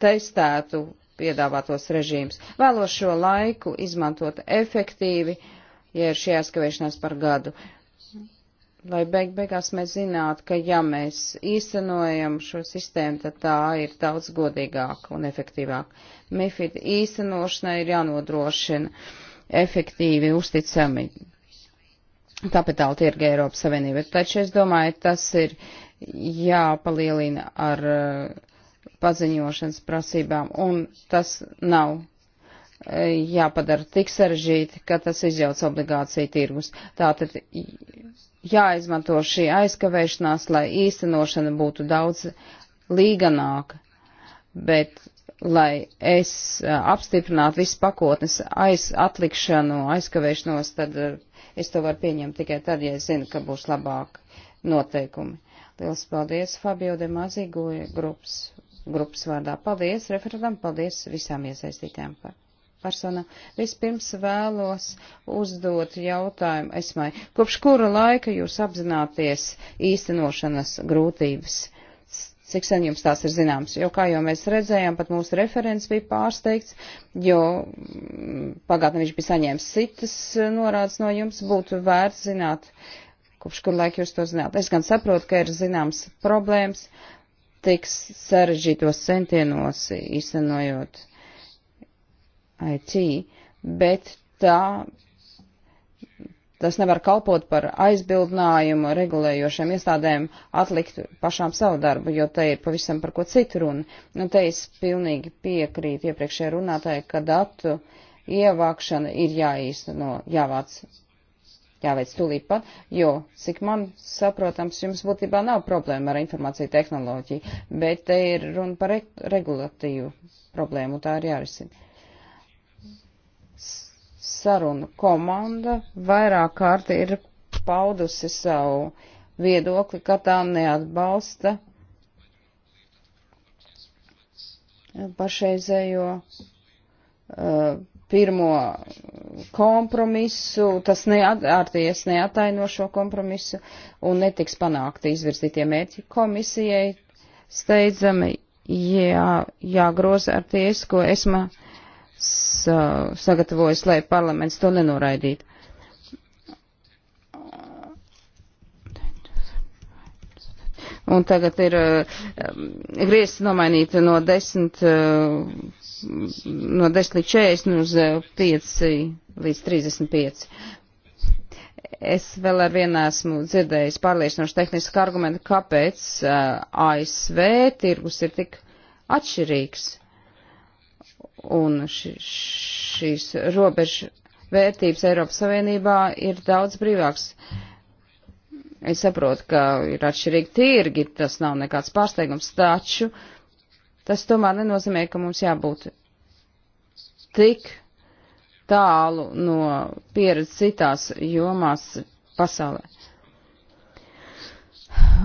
testētu piedāvātos režīmus. Vēlos šo laiku izmantot efektīvi, ja ir šī aizkavēšanās par gadu. Lai beig beigās mēs zinātu, ka ja mēs īstenojam šo sistēmu, tad tā ir daudz godīgāka un efektīvāka. MIFID īstenošanai ir jānodrošina efektīvi, uzticami kapitāla tirgi Eiropas Savienībai. Taču es domāju, tas ir jāpalielina ar eh, paziņošanas prasībām, un tas nav eh, jāpadara tik sarežģīti, ka tas izjauc obligāciju tirgus. Tātad jāizmanto šī aizkavēšanās, lai īstenošana būtu daudz līganāka, bet lai es eh, apstiprinātu visu pakotnes aiz atlikšanu, aizkavēšanos, tad es to varu pieņemt tikai tad, ja es zinu, ka būs labāk noteikumi. Liels paldies Fabio de Mazigoja grupas, grupas vārdā. Paldies referentam, paldies visām iesaistītām par persona. Vispirms vēlos uzdot jautājumu Esmai. Kopš kura laika jūs apzināties īstenošanas grūtības? Cik sen jums tās ir zināms? Jo, kā jau mēs redzējām, pat mūsu referents bija pārsteigts, jo mm, pagātnē viņš bija saņēmis citas norādes no jums, būtu vērts zināt, uh, kopš kur laik jūs to zināt. Es gan saprotu, ka ir zināms problēmas, tiks sarežģītos centienos īstenojot IT, bet tā, tas nevar kalpot par aizbildinājumu regulējošiem iestādēm atlikt pašām savu darbu, jo te ir pavisam par ko citu runa. Nu, te es pilnīgi piekrītu iepriekšējai runātāji, ka datu ievākšana ir jāīsteno, jāvāc jāveic tūlīt pat, jo, cik man saprotams, jums būtībā nav problēma ar informāciju tehnoloģiju, bet te ir runa par re regulatīvu problēmu, tā ir jārisina. Sarunu komanda vairāk kārt ir paudusi savu viedokli, ka tā neatbalsta pašreizējo uh, pirmo kompromisu, tas neatārties neataino šo kompromisu un netiks panākti izvirzītie mērķi komisijai steidzami jā, jāgroza ar tiesu, ko esmu sagatavojis, lai parlaments to nenoraidītu. un tagad ir eh, griezts nomainīt no 10, eh, no 10 līdz 40 nu, uz 5 eh, līdz 35. Es vēl ar vienu esmu dzirdējis pārliecinošu tehnisku argumentu, kāpēc ASV tirgus ir tik atšķirīgs un ši, šīs robežu vērtības Eiropas Savienībā ir daudz brīvāks. Uh, Es saprotu, ka ir atšķirīgi tirgi, tas nav nekāds pārsteigums, taču tas tomēr nenozīmē, ka mums jābūt tik tālu no pieredzes citās jomās pasaulē.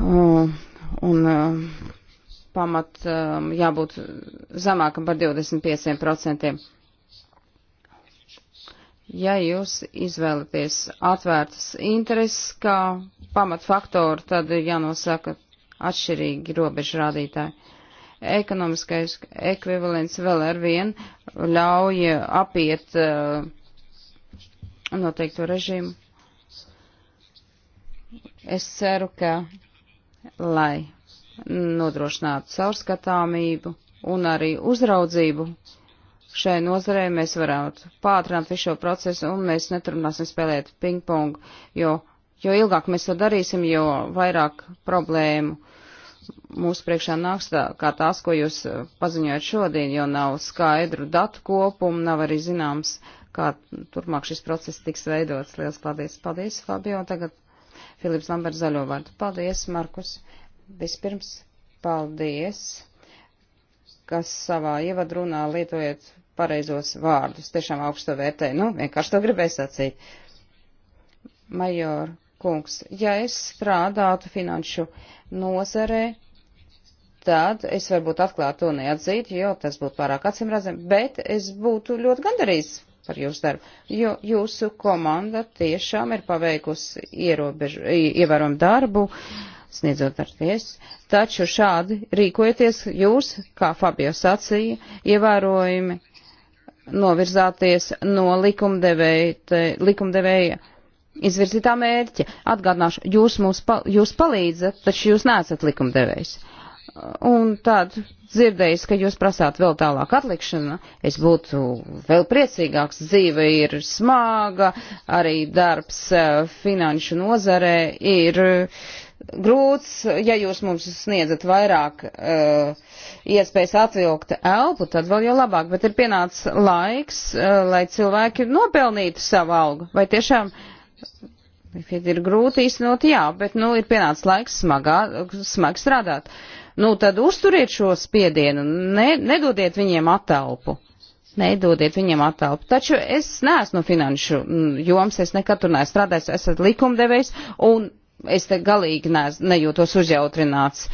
Un, un pamat um, jābūt zemākam par 25% ja jūs izvēlaties atvērtas intereses kā pamatfaktoru, tad ir jānosaka atšķirīgi robežu rādītāji. Ekonomiskais ekvivalents vēl ar vienu ļauj apiet uh, noteikto režīmu. Es ceru, ka, lai nodrošinātu caurskatāmību un arī uzraudzību, uh, šai nozarei, mēs varētu pātrināt visu šo procesu un mēs neturpināsim spēlēt ping-pong, jo, jo ilgāk mēs to darīsim, jo vairāk problēmu mūsu priekšā nāks tā, kā tās, ko jūs uh, paziņojat šodien, jo nav skaidru datu kopumu, nav arī zināms, kā turpmāk šis process tiks veidots. Liels paldies! Paldies, Fabio! Tagad Filips Lamberts zaļo vārdu. Paldies, Markus! Vispirms, paldies, kas savā ievadrunā lietojat pareizos vārdus. Tiešām augstu vērtē. Nu, vienkārši to gribēju sacīt. Major kungs, ja es strādātu finanšu nozarē, tad es varbūt atklāt to neatzītu, jo tas būtu pārāk acimredzami, bet es būtu ļoti gandarīts par jūsu darbu, jo jūsu komanda tiešām ir paveikusi ierobežu, ievērojumu darbu, sniedzot ar tiesu, taču šādi rīkojoties jūs, kā Fabio sacīja, ievērojumi novirzāties no likumdevēja, likumdevēja izvirzītā mērķa. Atgādināšu, jūs mums pa, jūs palīdzat, taču jūs neesat likumdevējs. Un tad dzirdējis, ka jūs prasāt vēl tālāk atlikšanu, es būtu vēl priecīgāks. Dzīve ir smaga, arī darbs eh, finanšu nozarē ir uh, grūts, ja jūs mums sniedzat vairāk uh, iespējas atvilkt elpu, tad vēl jau labāk, bet ir pienācis laiks, uh, lai cilvēki nopelnītu savu algu. Vai tiešām, ja ir grūti īstenot, jā, bet, nu, ir pienācis laiks smagā, smag strādāt. Nu, tad uzturiet šo spiedienu, ne, nedodiet viņiem atelpu. Nedodiet viņiem atelpu. Taču es neesmu finanšu mm, joms, es nekad tur neesmu strādājis, esat likumdevējs un es te galīgi ne, nejūtos uzjautrināts.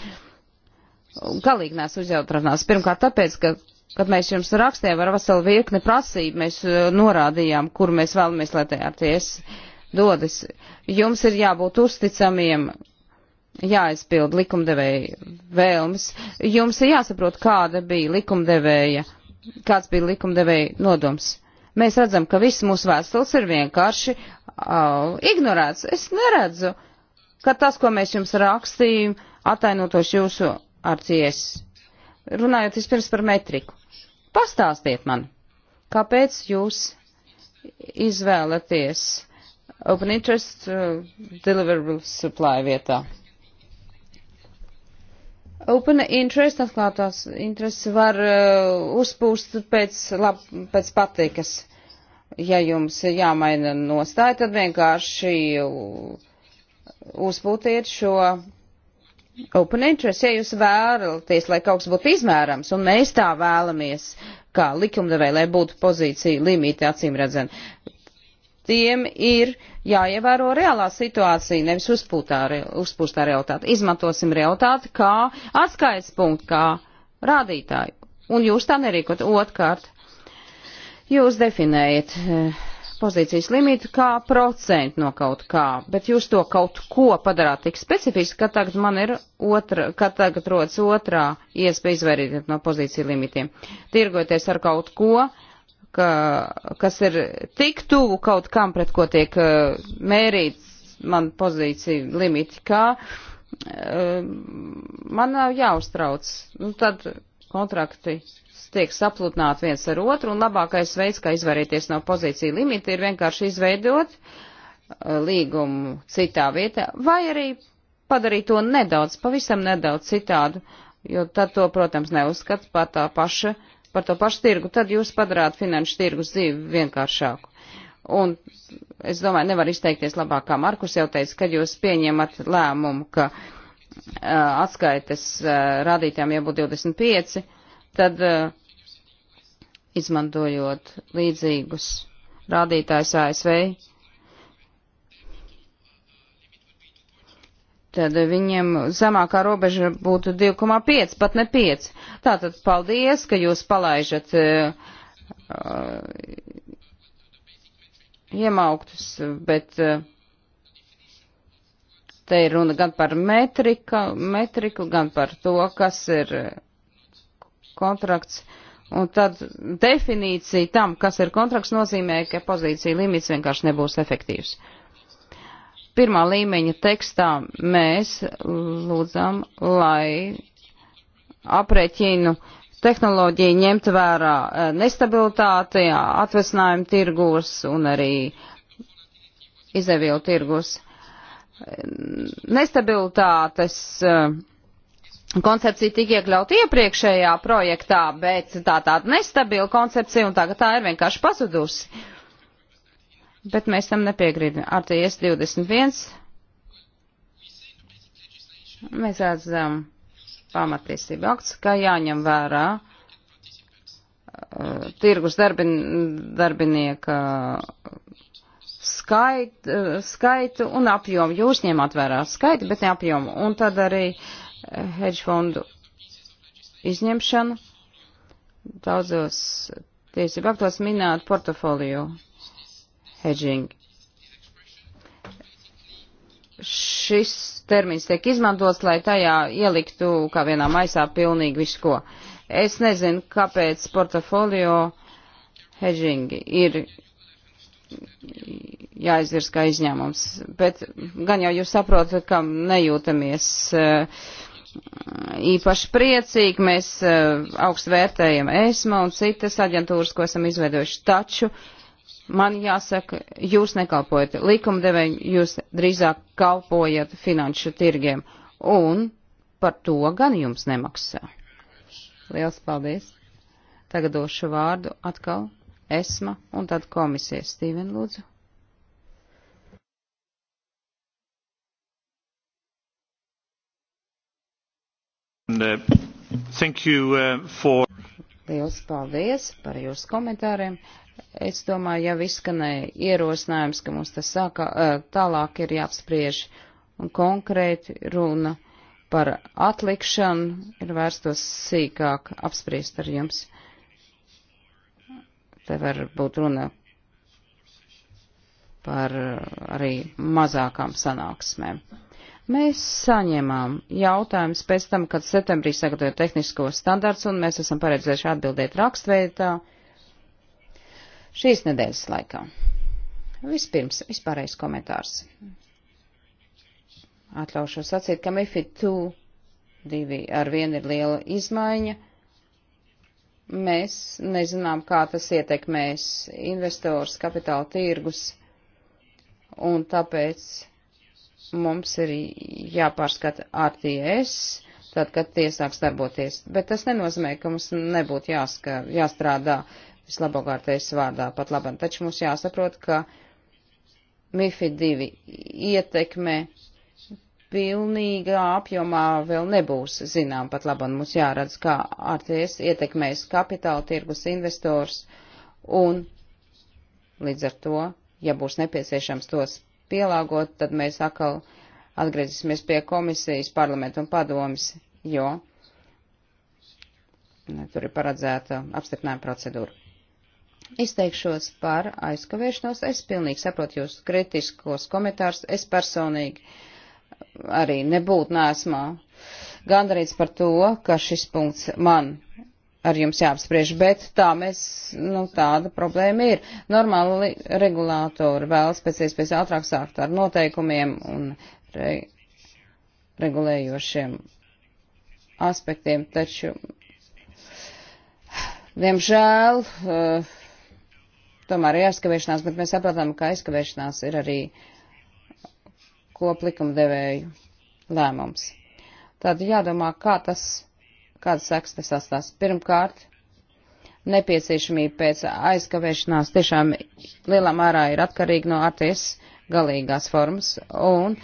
Galīgi neesmu uzjautrināts. Pirmkārt, tāpēc, ka, kad mēs jums rakstījām ar veselu virkni prasību, mēs uh, norādījām, kur mēs vēlamies, lai tajā tiesa dodas. Jums ir jābūt uzticamiem, jāizpild likumdevēja vēlmes. Jums ir jāsaprot, kāda bija likumdevēja, kāds bija likumdevēja nodoms. Mēs redzam, ka viss mūsu vēstules ir vienkārši uh, ignorēts. Es neredzu. Uh, ka tas, ko mēs jums rakstījām, atainotos jūsu acīs. Runājot vispirms par metriku. Pastāstiet man, kāpēc jūs izvēlaties Open Interest uh, Deliverable Supply vietā? Open interest, atklātās intereses var uh, uzpūst pēc, lab, pēc patīkas. Ja jums jāmaina nostāja, tad vienkārši uh, uzpūtiet šo open interest, ja jūs vēlaties, lai kaut kas būtu izmērams, un mēs tā vēlamies, kā likumdevēja, lai būtu pozīcija limīti acīm redzami. Tiem ir jāievēro reālā situācija, nevis uzpūtā, uzpūstā realitāte. Izmantosim realitāti kā atskaits punktu, kā rādītāju. Un jūs tā nerīkot. Otkārt, jūs definējat. Eh, pozīcijas limitu kā procentu no kaut kā, bet jūs to kaut ko padarāt tik specifiski, ka tagad man ir otra, ka tagad rodas otrā iespēja izvairīties no pozīciju limitiem. Tirgoties ar kaut ko, ka, kas ir tik tuvu kaut kam, pret ko tiek uh, mērīts man pozīcija limiti, kā uh, man nav jāuztrauc. Nu, tad kontrakti tiek sapludināti viens ar otru, un labākais veids, kā izvairīties no pozīcija limita, ir vienkārši izveidot uh, līgumu citā vietā, vai arī padarīt to nedaudz, pavisam nedaudz citādu, jo tad to, protams, neuzskata par tā paša, par to pašu tirgu, tad jūs padarāt finanšu tirgus dzīvi vienkāršāku. Un es domāju, nevar izteikties labāk, kā Markus jau teica, kad jūs pieņemat lēmumu, ka uh, atskaites uh, rādītājiem jābūt 25, tad uh, izmantojot līdzīgus rādītājus ASV, tad viņiem zemākā robeža būtu 2,5, pat ne 5. Tātad paldies, ka jūs palaižat uh, iemauktus, bet uh, te ir runa gan par metrika, metriku, gan par to, kas ir kontrakts. Uh, Un tad definīcija tam, kas ir kontrakts, nozīmē, ka pozīcija limits vienkārši nebūs efektīvs. Pirmā līmeņa tekstā mēs lūdzam, lai aprēķinu tehnoloģija ņemt vērā eh, nestabilitāti, atvesinājumu tirgos un arī izēvielu tirgos. Nestabilitātes uh, koncepcija tika iekļauta iepriekšējā projektā, bet tā tāda nestabila koncepcija un tagad tā ir vienkārši pazudusi. Bet mēs tam nepiegribam. Ar TS 21 mēs redzam pamatiesību akts, ka jāņem vērā uh, tirgus darbin, darbinieka uh, skait, uh, skaitu un apjomu. Jūs ņemat vērā skaitu, bet ne apjomu. Un tad arī uh, hedžfondu izņemšanu. Daudzos tiesību aktos minēt portfolio hedging. Šis termins tiek izmantots, lai tajā ieliktu kā vienā maisā pilnīgi visu ko. Es nezinu, kāpēc portfolio hedging ir jāizvirs kā izņēmums, bet gan jau jūs saprotat, ka nejūtamies uh, īpaši priecīgi. Mēs eh, augstu vērtējam ESMA un citas aģentūras, ko esam izveidojuši. Taču man jāsaka, jūs nekalpojat likumdevēju, jūs drīzāk kalpojat finanšu tirgiem. Un par to gan jums nemaksā. Liels paldies! Tagad došu vārdu atkal ESMA un tad komisija. Stīven, lūdzu. Uh, uh, for... Liels paldies par jūsu komentāriem. Es domāju, jau izskanēja ierosinājums, ka mums tas sākā, uh, tālāk ir jāapspriež un konkrēti runa par atlikšanu ir vērstos sīkāk apspriest ar jums. Te var būt runa par arī mazākām sanāksmēm. Mēs saņemām jautājumus pēc tam, kad septembrī sagatavoja tehnisko standarts, un mēs esam paredzējuši atbildēt rakstveidā šīs nedēļas laikā. Vispirms, vispārējais komentārs. Atļaušos sacīt, ka MIFID 2 divi ar vienu ir liela izmaiņa. Mēs nezinām, kā tas ietekmēs investors, kapitāla tirgus, un tāpēc mums ir jāpārskata RTS, tad, kad tie sāks darboties. Bet tas nenozīmē, ka mums nebūtu jāska, jāstrādā vislabākārtējas vārdā pat labam. Taču mums jāsaprot, ka MIFID 2 ietekme pilnīgā apjomā vēl nebūs zinām pat labam. Mums jāredz, kā RTS ietekmēs kapitāla tirgus investors un līdz ar to, ja būs nepieciešams tos pielāgot, tad mēs atkal atgriezīsimies pie komisijas, parlamentu un padomis, jo nu, tur ir paredzēta apstiprinājuma procedūra. Izteikšos par aizkavēšanos. Es pilnīgi saprotu jūs kritiskos komentārus. Es personīgi arī nebūtu nesmā gandarīts par to, ka šis punkts man ar jums jāapspriež, bet tā mēs, nu, tāda problēma ir. Normāli regulātori vēlas pēc iespējas ātrāk sākt ar noteikumiem un re, regulējošiem aspektiem, taču, diemžēl, uh, tomēr ir aizkavēšanās, bet mēs saprotam, ka aizkavēšanās ir arī koplikumdevēju lēmums. Tad jādomā, kā tas Kādas sekas tas atstās? Pirmkārt, nepieciešamība pēc aizkavēšanās tiešām lielā mērā ir atkarīga no arties galīgās formas, un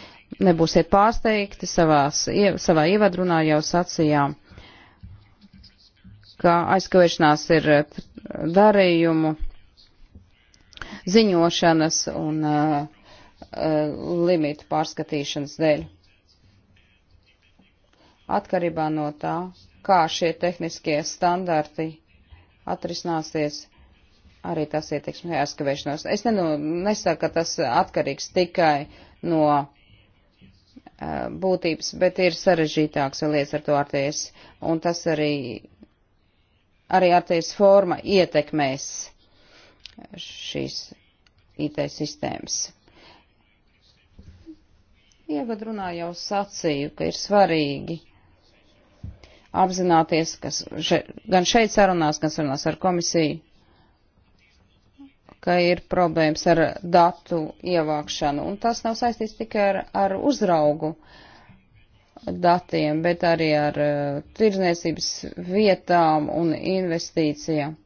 nebūsiet pārsteigti savās, savā ievadrunā jau sacījām, ka aizkavēšanās ir darījumu ziņošanas un uh, uh, limitu pārskatīšanas dēļ. Atkarībā no tā, kā šie tehniskie standarti atrisināsies arī tas ieteiksmē aizskavēšanos. Es nenu, nesaku, ka tas atkarīgs tikai no uh, būtības, bet ir sarežģītāks lietas ar to ārties, un tas arī, arī ārties forma ietekmēs šīs IT sistēmas. Ievadrunā jau sacīju, ka ir svarīgi apzināties, kas še, gan šeit sarunās, gan sarunās ar komisiju, ka ir problēmas ar datu ievākšanu. Un tas nav saistīts tikai ar, ar uzraugu datiem, bet arī ar uh, eh, tirzniecības vietām un investīcijām.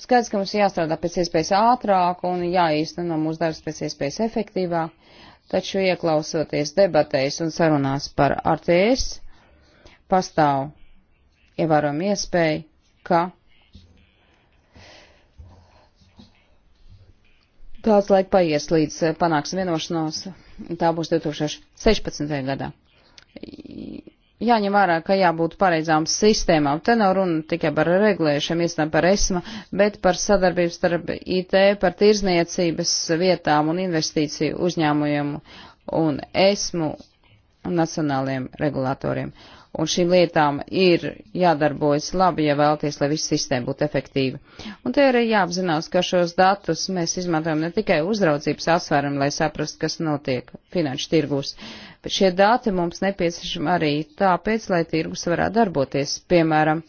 Skaidrs, ka mums jāstrādā pēc iespējas ātrāk un jāīsteno mūsu darbs pēc iespējas efektīvāk, taču ieklausoties debatēs un sarunās par RTS, pastāv ievērojama iespēja, ka daudz laika paies līdz eh, panāksim vienošanos, tā būs 2016. gadā. Jāņem vērā, ka jābūt pareizām sistēmām. Te nav runa tikai par regulējušiem iestādēm par esma, bet par sadarbību starp IT, par tirzniecības vietām un investīciju uzņēmumiem un esmu un nacionāliem regulātoriem. Uh, un šīm lietām ir jādarbojas labi, ja vēlties, lai viss sistēma būtu efektīva. Un te arī jāapzinās, ka šos datus mēs izmantojam ne tikai uzraudzības asvēram, lai saprastu, kas notiek finanšu tirgus, bet šie dati mums nepieciešami arī tāpēc, lai tirgus varētu darboties. Piemēram,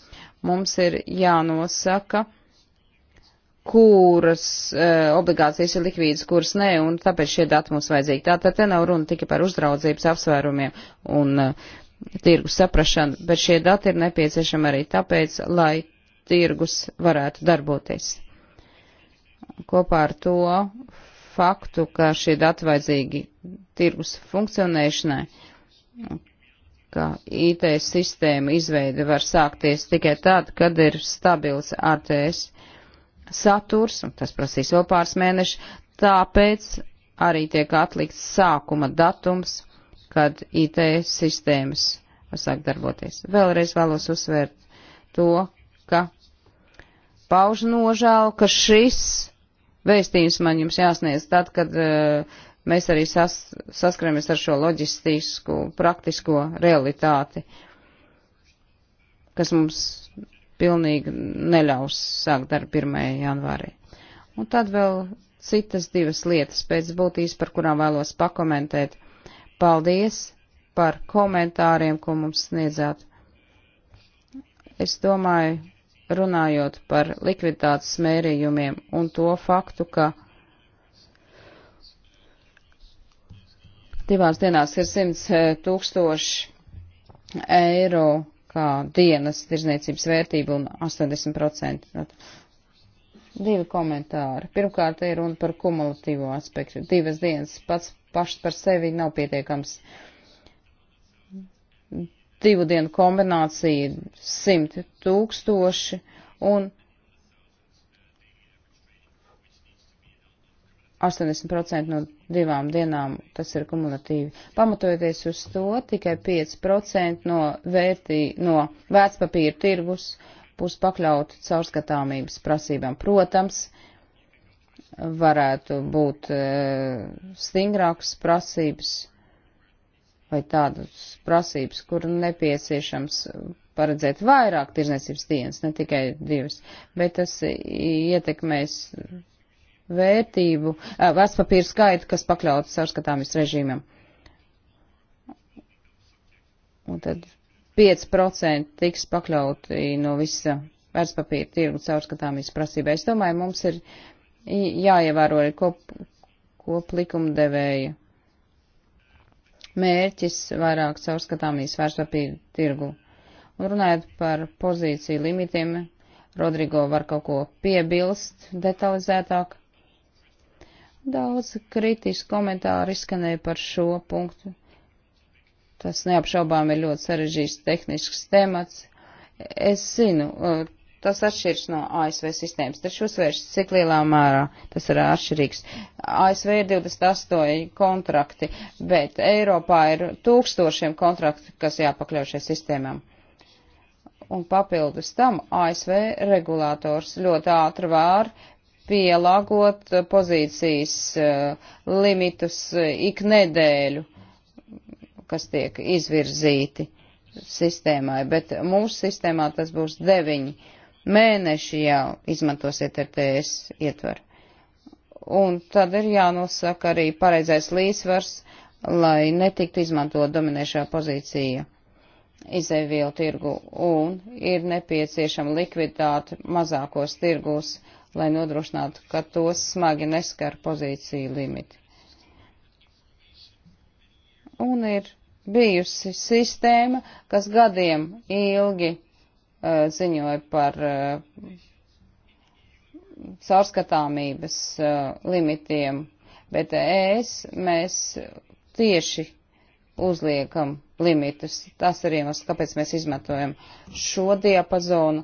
mums ir jānosaka, kuras e, obligācijas ir likvīdas, kuras nē, un tāpēc šie dati mums vajadzīgi. Tātad te nav runa tikai par uzraudzības apsvērumiem un uh, tirgus saprašanu, bet šie dati ir nepieciešami arī tāpēc, lai tirgus varētu darboties. Kopā ar to faktu, ka šie dati vajadzīgi tirgus funkcionēšanai, ka IT sistēma izveide var sākties tikai tad, kad ir stabils RTS saturs, un tas prasīs vēl pāris mēnešus, tāpēc arī tiek atlikts sākuma datums kad IT sistēmas sāk darboties. Vēlreiz vēlos uzsvērt to, ka pauž nožēlu, ka šis vēstījums man jums jāsniedz tad, kad uh, mēs arī sas, saskaramies ar šo loģistisku, praktisko realitāti, kas mums pilnīgi neļaus sākt darbu 1. janvārī. Un tad vēl citas divas lietas pēc būtības, par kurām vēlos pakomentēt. Paldies par komentāriem, ko mums sniedzāt. Es domāju, runājot par likviditātes mērījumiem un to faktu, ka divās dienās ir 100 eh, tūkstoši eiro kā dienas tirzniecības vērtība un 80%. Divi komentāri. Pirmkārt, ir runa par kumulatīvo aspektu. Divas dienas pats pašas par sevi nav pietiekams. Divu dienu kombinācija - simt tūkstoši un 80% no divām dienām tas ir kumulatīvi. Pamatojoties uz to, tikai 5% no, vērtī, no vērtspapīra tirgus būs pakļauti caurskatāmības prasībām. Protams, uh, varētu būt e, stingrākas prasības vai tādas prasības, kur nepieciešams paredzēt vairāk tirzniecības dienas, ne tikai divas, bet tas ietekmēs vērtību, e, vērtspapīru skaitu, kas pakļauts sarskatāmis režīmam. Un tad 5% tiks pakļauti no visa vērtspapīra tirgu caurskatāmības prasībai. Es domāju, mums ir uh, jāievēro arī kop, kop likumdevēja mērķis vairāk caurskatāmīs vērtspapīru tirgu. Un runājot par pozīciju limitiem, Rodrigo var kaut ko piebilst detalizētāk. Daudz kritisku komentāru izskanēja par šo punktu. Tas neapšaubām ir ļoti sarežģīts tehnisks temats. Es zinu, tas atšķirs no ASV sistēmas. Taču uzsvērš, cik lielā mērā tas ir atšķirīgs. ASV ir 28 kontrakti, bet Eiropā ir tūkstošiem kontraktu, kas jāpakļauj šai sistēmām. Un papildus tam ASV regulators ļoti ātri var pielāgot pozīcijas uh, limitus eh, ik nedēļu, kas tiek izvirzīti sistēmai, bet mūsu sistēmā tas būs deviņi mēneši jau izmantosiet RTS ietvaru. Un tad ir jānosaka arī pareizais līdzsvars, lai netiktu izmantot dominēšā pozīcija izēvielu tirgu un ir nepieciešama likviditāte mazākos tirgos, lai nodrošinātu, ka tos smagi neskar pozīciju limiti. Un ir bijusi sistēma, kas gadiem ilgi Eh, ziņoja par eh, caurskatāmības eh, limitiem, bet ES mēs tieši uzliekam limitus. Tas ir iemesls, kāpēc mēs izmantojam šo diapazonu.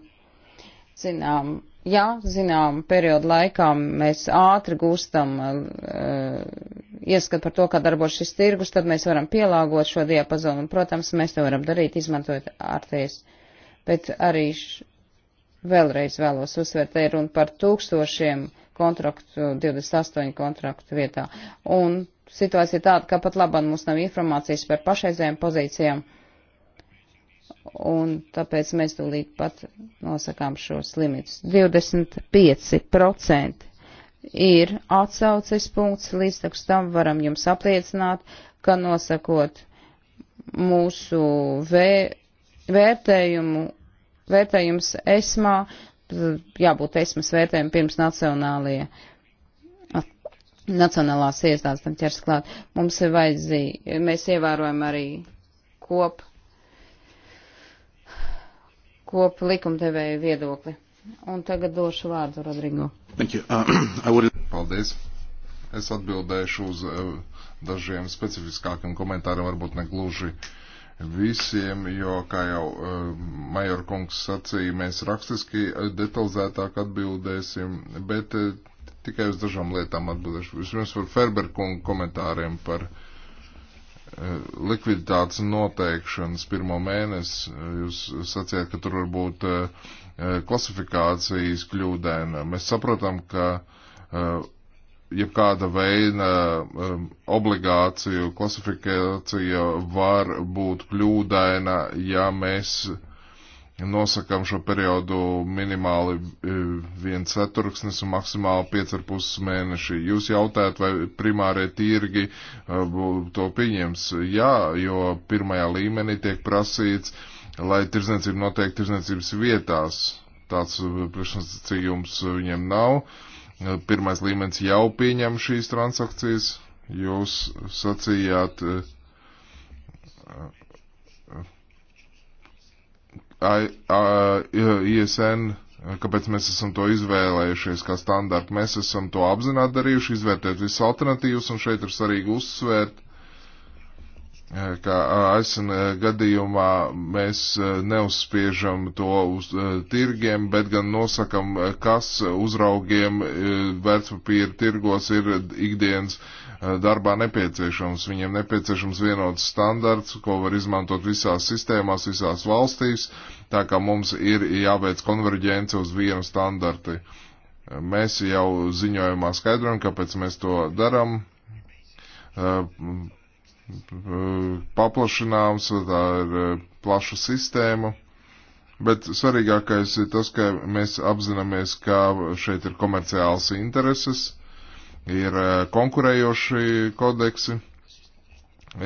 Zinām, jā, zinām, periodu laikā mēs ātri gūstam uh, ieskat par to, kā darbojas šis tirgus, tad mēs varam pielāgot šo diapazonu. Un, protams, mēs to varam darīt, izmantojot ārties. Uh, bet arī š... vēlreiz vēlos uzsvērt, te ir runa par tūkstošiem kontraktu, 28 kontraktu vietā. Un situācija ir tāda, ka pat labāk mums nav informācijas par pašreizējām pozīcijām, un tāpēc mēs tūlīt pat nosakām šos limitus. 25% ir atsauces punkts, līdz tam varam jums apliecināt, ka nosakot mūsu vē, vērtējumu vērtējums esmā, jābūt esmas vērtējumu pirms nacionālajie. Nacionālās iestādes tam ķers klāt. Mums ir vajadzīgi, mēs ievērojam arī kop, kop likumdevēju viedokli. Un tagad došu vārdu Rodrigo. Uh, [CLEARS THROAT] would... Paldies. Es atbildēšu uz uh, dažiem specifiskākiem komentāriem, varbūt ne gluži uh, visiem, jo, kā jau uh, eh, Major kungs sacīja, mēs rakstiski eh, detalizētāk atbildēsim, bet uh, tikai uz dažām lietām atbildēšu. Vispirms par Ferber kungu komentāriem par uh, likviditātes noteikšanas pirmo mēnesi. Jūs sacījāt, ka tur var būt klasifikācijas kļūdēna. Mēs saprotam, ka jebkāda veida um, obligāciju klasifikācija var būt kļūdaina, ja mēs nosakam šo periodu minimāli eh, viens ceturksnis un maksimāli 5,5 mēneši. Jūs jautājat, vai primārie tirgi eh, to pieņems? Jā, jo pirmajā līmenī tiek prasīts, lai tirdzniecība notiek tirdzniecības vietās. Tāds eh, priekšnosacījums viņiem nav. Uh, Pirmais līmenis jau pieņem šīs transakcijas. Jūs sacījāt, eh, eh, ISN, kāpēc mēs esam to izvēlējušies kā standartu. Mēs esam to apzināti darījuši, izvērtēt visas alternatīvas, un šeit ir svarīgi uzsvērt, Eh, ka eh, ASN eh, gadījumā mēs neuzspiežam to uz tirgiem, bet gan nosakam, kas uzraugiem vērtspapīra tirgos ir ikdienas darbā nepieciešams. Viņiem nepieciešams vienots standarts, ko var izmantot visās sistēmās, visās valstīs, tā kā mums ir jāveic konverģence uz vienu standarti. Mēs jau ziņojumā skaidrojam, kāpēc mēs to darām paplašināms, tā ir eh, plaša sistēma. Bet svarīgākais ir tas, ka mēs apzināmies, ka šeit ir komerciāls intereses, ir eh, konkurējoši kodeksi.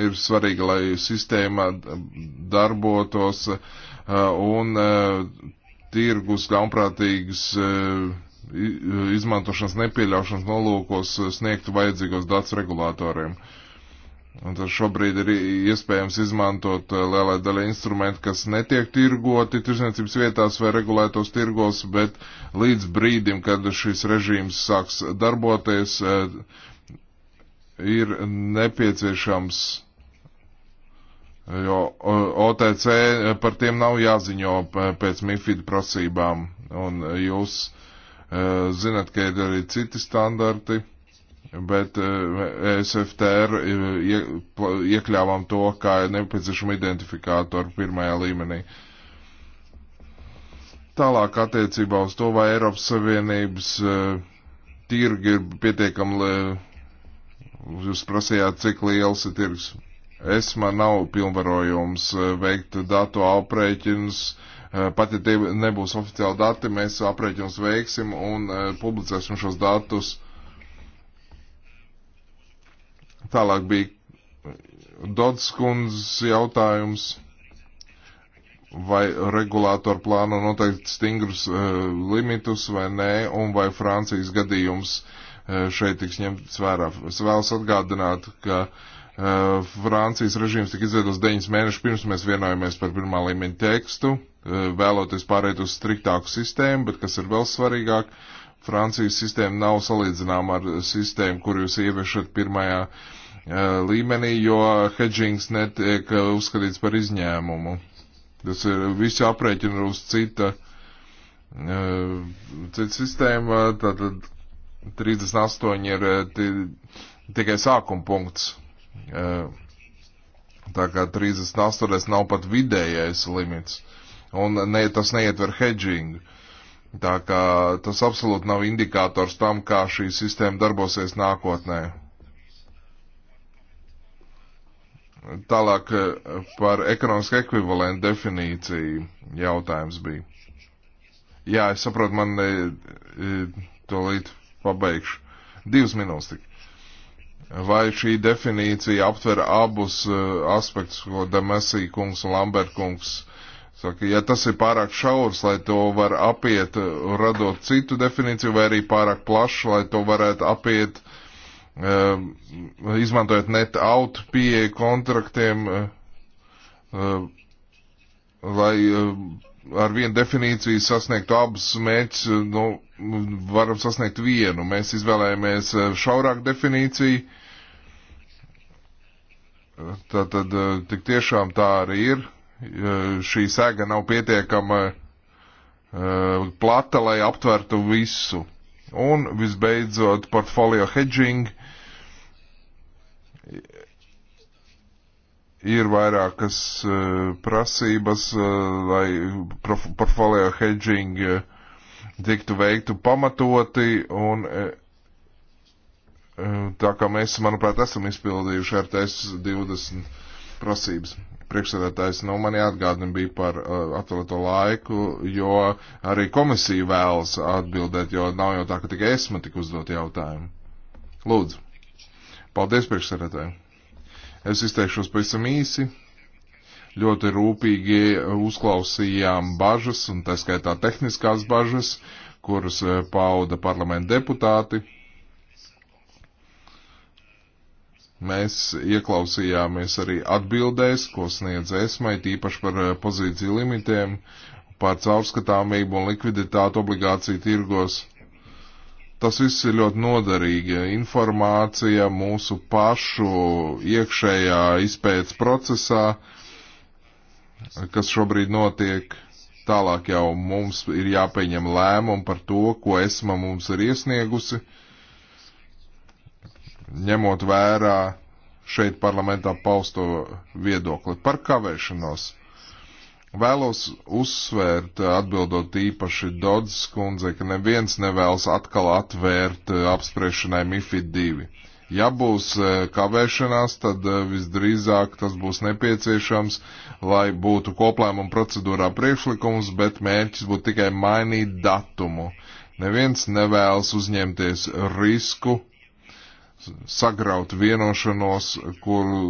Ir svarīgi, lai sistēma darbotos eh, un tirgus ļaunprātīgas izmantošanas nepieļaušanas nolūkos sniegtu vajadzīgos datus regulātoriem. Uh, Un tad šobrīd ir iespējams izmantot eh, lielā daļa instrumentu, kas netiek tirgoti tirzniecības vietās vai regulētos tirgos, bet līdz brīdim, kad šis režīms sāks darboties, eh, ir nepieciešams, jo eh, OTC par tiem nav jāziņo pēc MIFID prasībām, un jūs zinat, ka ir arī citi standarti Bet eh, SFTR eh, iekļāvām to, kā nepieciešama identifikātoru pirmajā līmenī. Tālāk attiecībā uz to, vai Eiropas Savienības eh, tirgi ir pietiekami, jūs prasījāt, cik liels ir tirgs. ESMA nav pilnvarojums veikt datu aprēķinus. Pat ja tie nebūs oficiāli dati, mēs aprēķinus veiksim un publicēsim šos datus Tālāk bija Dodskundzes jautājums, vai regulātori plāno noteikt stingrus uh, limitus vai nē, un vai Francijas gadījums uh, šeit tiks ņemts vērā. Es vēlos atgādināt, ka uh, Francijas režīms tika izveidots 9 mēnešus pirms mēs vienojāmies par pirmā līmeņa tekstu, uh, vēloties pārēt uz striktāku sistēmu, bet kas ir vēl svarīgāk, Francijas sistēma nav salīdzināma ar sistēmu, kur jūs ievešat pirmajā uh, līmenī, jo hedžings netiek uzskatīts par izņēmumu. Tas ir visu aprēķinu uz cita, cita sistēma, tātad 38 ir tikai sākuma punkts. Tā kā 38 nav pat vidējais limits. Un ne, tas neietver hedžingu. Tā kā tas absolūti nav indikators tam, kā šī sistēma darbosies nākotnē. Tālāk eh, par ekonomisku ekvivalentu definīciju jautājums bija. Jā, es saprotu, man eh, eh, to līdz pabeigšu. Divas minūtes tik. Vai šī definīcija aptver abus aspektus, ko Demesī kungs un Lambert kungs saka? Ja tas ir pārāk šaurs, lai to var apiet, radot citu definīciju, vai arī pārāk plašs, lai to varētu apiet Ehm, izmantojot net out pieeju kontraktiem, eh, eh, lai eh, ar vienu definīciju sasniegtu abus mērķus, nu, varam sasniegt vienu. Mēs izvēlējāmies šaurāku definīciju. Tātad tik tiešām tā arī ir. Šī sēga nav pietiekama plata, lai aptvertu visu. Un visbeidzot portfolio hedging ir vairākas uh, prasības, uh, lai portfolio hedging eh, tiktu veiktu pamatoti, un uh, tā kā mēs, manuprāt, esam izpildījuši ar TS20 prasības. Priekšsēdētājs no nu, mani atgādina bija par uh, atvēlēto laiku, jo arī komisija vēlas atbildēt, jo nav jau tā, ka tikai es man tik uzdot jautājumu. Lūdzu. Paldies priekšsēdētājiem. Es izteikšos pavisam īsi. Ļoti rūpīgi uzklausījām bažas, un tā skaitā tehniskās bažas, kuras eh, pauda parlamenta deputāti. Mēs ieklausījāmies arī atbildēs, ko sniedz esmai, tīpaši par eh, pozīciju limitiem, par caurskatāmību un likviditātu obligāciju tirgos. Tas viss ir ļoti noderīgi. Informācija mūsu pašu iekšējā izpētes procesā, kas šobrīd notiek, tālāk jau mums ir jāpieņem lēmumu par to, ko esma mums ir iesniegusi, ņemot vērā šeit parlamentā pausto viedokli par kavēšanos. Vēlos uzsvērt, atbildot īpaši Dodas kundze, ka neviens nevēlas atkal atvērt eh, apspriešanai MIFID 2. Ja būs eh, kavēšanās, tad eh, visdrīzāk tas būs nepieciešams, lai būtu koplēmuma procedūrā priekšlikums, bet mērķis būtu tikai mainīt datumu. Neviens nevēlas uzņemties risku sagraut vienošanos, kuru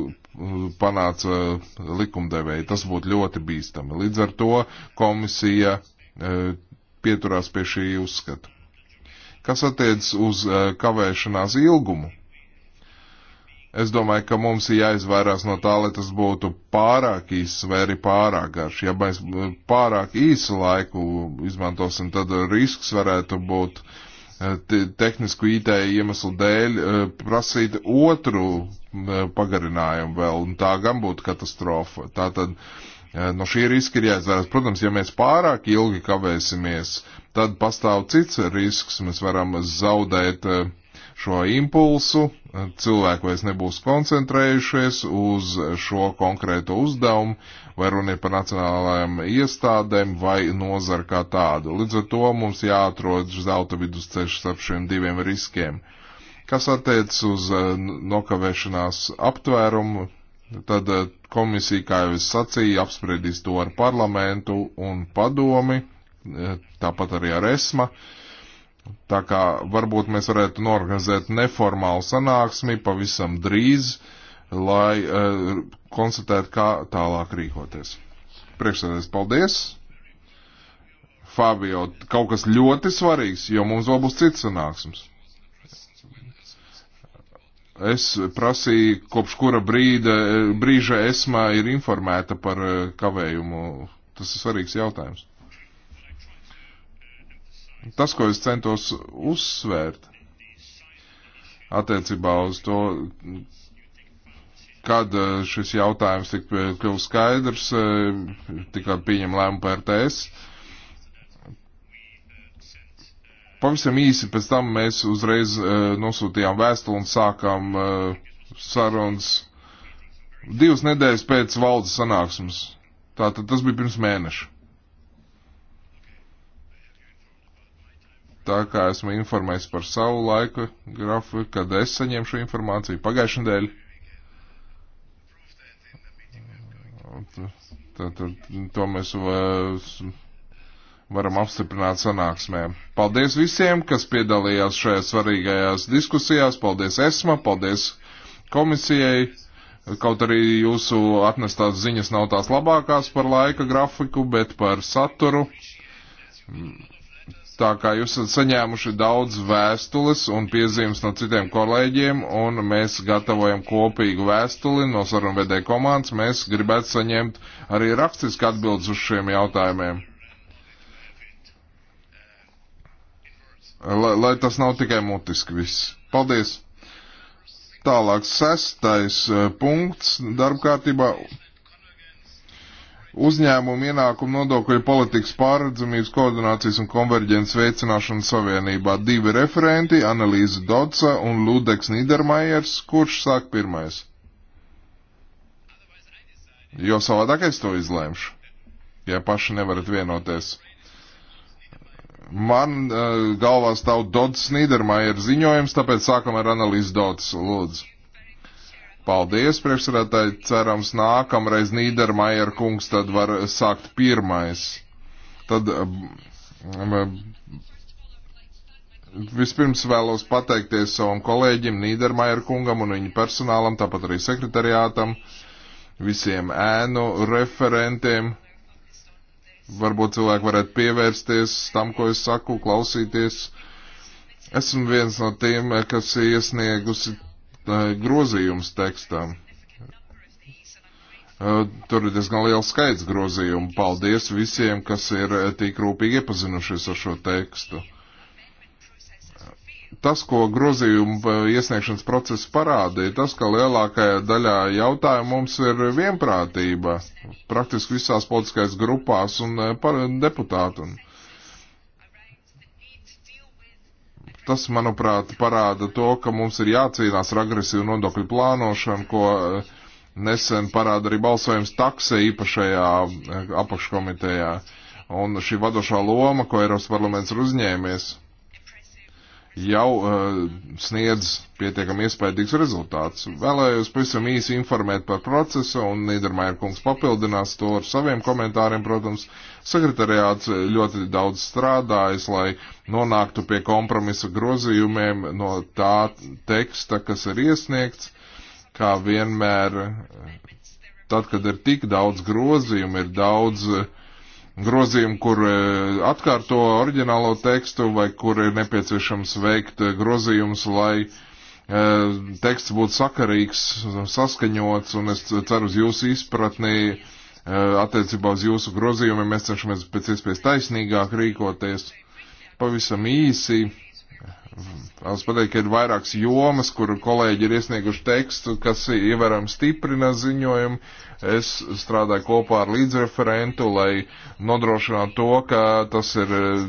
panāca likumdevēji. Tas būtu ļoti bīstami. Līdz ar to komisija e, pieturās pie šī uzskata. Kas attiec uz e, kavēšanās ilgumu? Es domāju, ka mums ir jāizvairās no tā, lai tas būtu pārāk īss vai arī pārāk garš. Ja mēs e, pārāk īsu laiku izmantosim, tad risks varētu būt uh, Eh, tehnisku IT iemeslu dēļ eh, prasīt otru eh, pagarinājumu vēl, un tā gan būtu katastrofa. Tātad no šī riska ir jāizvērās. Protams, ja mēs pārāk ilgi kavēsimies, tad pastāv cits risks. Mēs varam zaudēt šo impulsu, cilvēku vairs nebūs koncentrējušies uz šo konkrēto uzdevumu, vai runa ir par nacionālajām iestādēm vai nozar kā tādu. Līdz ar to mums jāatrod zelta vidusceļš starp šiem diviem riskiem. Kas attiec uz eh, nokavēšanās aptvērumu, tad eh, komisija, kā jau es sacīju, apspriedīs to ar parlamentu un padomi, eh, tāpat arī ar ESMA. Tā kā varbūt mēs varētu norganizēt neformālu sanāksmi pavisam drīz, uh, lai uh, konstatētu, kā tālāk rīkoties. Priekšsēdēs, paldies! Fabio, kaut kas ļoti svarīgs, jo mums vēl būs cits sanāksums. Es prasīju, kopš kura brīda, brīža esmā ir informēta par eh, kavējumu. Tas ir svarīgs jautājums. Tas, ko es centos uzsvērt attiecībā uz to, kad eh, šis jautājums tika eh, kļuvis skaidrs, eh, tika pieņem lēmumu par RTS. Pavisam īsi pēc tam mēs uzreiz nosūtījām vēstuli un sākām sarunas divas nedēļas pēc valdes sanāksmes. Tātad tas bija pirms mēneša. Tā kā esmu informējis par savu laiku grafiku, kad es saņemšu informāciju pagājušajā nedēļā. Tad, tad, to mēs varam apstiprināt sanāksmē. Paldies visiem, kas piedalījās šajās svarīgajās diskusijās. Paldies ESMA, paldies komisijai. Kaut arī jūsu atnestās ziņas nav tās labākās par laika grafiku, bet par saturu tā kā jūs esat saņēmuši daudz vēstules un piezīmes no citiem kolēģiem, un mēs gatavojam kopīgu vēstuli no sarunvedēja komandas, mēs gribētu saņemt arī rakstiski atbildes uz šiem jautājumiem. Lai, lai tas nav tikai mutiski viss. Paldies! Tālāk sestais eh, punkts darbkārtībā uzņēmumu ienākumu nodokļu politikas pārredzamības koordinācijas un konverģences veicināšanas savienībā. Divi referenti - Analīze Dodsa un Ludeks Nīdermajers, kurš sāk pirmais. Jo savādāk es to izlēmšu, ja paši nevarat vienoties. Man uh, galvā stāv Dods Nīdermajer ziņojums, tāpēc sākam ar Analīze Dods, lūdzu. Paldies, priekšsarētāji. Cerams, nākamreiz Nīdermajer kungs tad var sākt pirmais. Tad mm, mm, vispirms vēlos pateikties savam kolēģim Nīdermajer kungam un viņa personālam, tāpat arī sekretariātam, visiem ēnu referentiem. Varbūt cilvēki varētu pievērsties tam, ko es saku, klausīties. Esmu viens no tiem, kas iesniegusi E, grozījums tekstam. E, tur ir diezgan liels skaits grozījumu. Paldies visiem, kas ir e, tik rūpīgi iepazinušies ar šo tekstu. Tas, ko grozījumu iesniegšanas process parādīja, tas, ka lielākajā daļā jautājumu mums ir vienprātība praktiski visās politiskais grupās un deputātu. Un Tas, manuprāt, parāda to, ka mums ir jācīnās ar agresīvu nodokļu plānošanu, ko eh, nesen parāda arī balsojums taksē īpašajā eh, apakškomitejā. Un šī vadošā loma, ko Eiropas parlaments ir uzņēmies, jau uh, sniedz pietiekami iespaidīgs rezultāts. Vēlējos pavisam īsi informēt par procesu, un Nīdermaier kungs papildinās to ar saviem komentāriem, protams. Sekretariāts eh, ļoti daudz strādājis, lai nonāktu pie kompromisa grozījumiem no tā teksta, kas ir iesniegts, kā vienmēr, eh, tad, kad ir tik daudz grozījumu, ir daudz uh, grozījumu, kur e, atkārto oriģinālo tekstu vai kur ir nepieciešams veikt e, grozījumus, lai e, teksts būtu sakarīgs, saskaņots, un es ceru uz jūsu izpratni attiecībā uz jūsu grozījumiem. Mēs cenšamies pēc iespējas taisnīgāk rīkoties. Pavisam īsi Es pateiktu, ka ir vairākas jomas, kur kolēģi ir iesnieguši tekstu, kas ievērām stiprina ziņojumu. Es strādāju kopā ar līdzreferentu, lai nodrošinātu to, ka tas ir eh,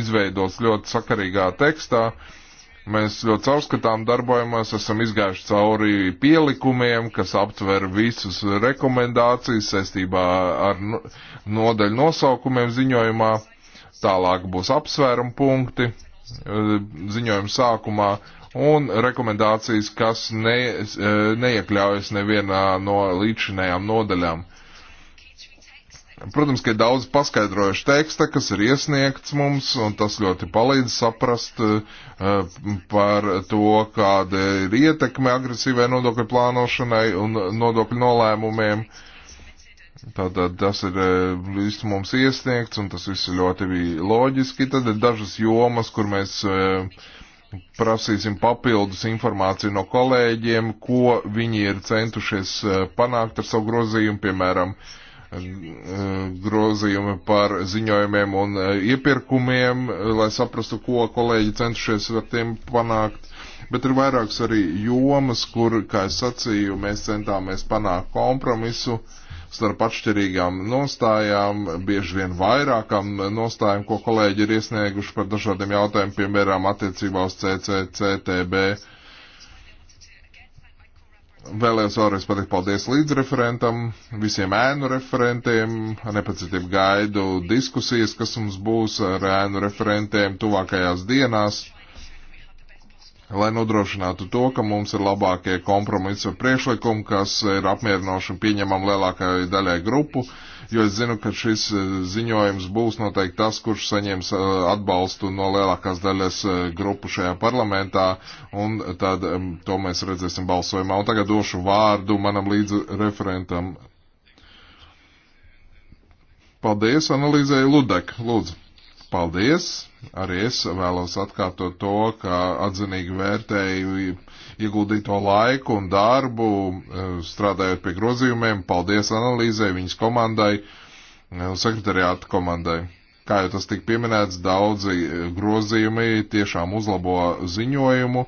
izveidots ļoti sakarīgā tekstā. Mēs ļoti caurskatām darbojamies, esam izgājuši cauri pielikumiem, kas aptver visus rekomendācijas saistībā ar nodaļu nosaukumiem ziņojumā. Tālāk būs apsvērumu punkti Eh, ziņojuma sākumā un rekomendācijas, kas ne, eh, neiekļaujas nevienā no līdzinējām nodaļām. Protams, ka ir daudz paskaidrojuši teksta, kas ir iesniegts mums, un tas ļoti palīdz saprast uh, par to, kāda ir ietekme agresīvai nodokļu plānošanai un nodokļu nolēmumiem. Uh, Tātad tas ir viss e, mums iesniegts, un tas viss ļoti bija loģiski. Tad ir dažas jomas, kur mēs e, prasīsim papildus informāciju no kolēģiem, ko viņi ir centušies e, panākt ar savu grozījumu, piemēram, grozījumi par ziņojumiem un iepirkumiem, lai saprastu, ko kolēģi centušies ar tiem panākt. Bet ir vairākas arī jomas, kur, kā es sacīju, mēs centāmies panākt kompromisu. Uh, starp atšķirīgām nostājām, bieži vien vairākām nostājām, ko kolēģi ir iesnieguši par dažādiem jautājumiem, piemēram, attiecībā uz CCCTB. Vēlējos vēlreiz pateikt paldies līdzreferentam, visiem ēnu referentiem, ar nepacietību gaidu diskusijas, kas mums būs ar ēnu referentiem tuvākajās dienās lai nodrošinātu to, ka mums ir labākie kompromisa priekšlikumi, kas ir apmierinoši un pieņemam lielākajai daļai grupu, jo es zinu, ka šis eh, ziņojums būs noteikti tas, kurš saņems eh, atbalstu no lielākās daļas eh, grupu šajā parlamentā, un tad to mēs redzēsim balsojumā. Un tagad došu vārdu manam līdzreferentam. Paldies, analīzēja Ludek, lūdzu. Paldies! Arī es vēlos atkārtot to, ka atzinīgi vērtēju ieguldīto laiku un darbu, eh, strādājot pie grozījumiem. Paldies analīzē, viņas komandai eh, un sekretariāta komandai. Kā jau tas tika pieminēts, daudzi eh, grozījumi tiešām uzlabo ziņojumu,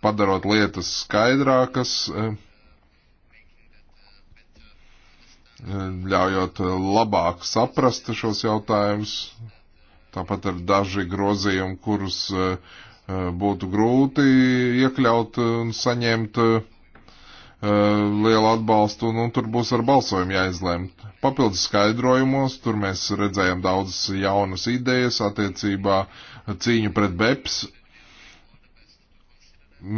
padarot lietas skaidrākas, ļaujot labāk saprast šos jautājumus, Tāpat ir daži grozījumi, kurus eh, eh, būtu grūti iekļaut un saņemt eh, lielu atbalstu, un, un tur būs ar balsojumu jāizlemt. Papildus skaidrojumos, tur mēs redzējām daudzas jaunas idejas attiecībā cīņu pret BEPS.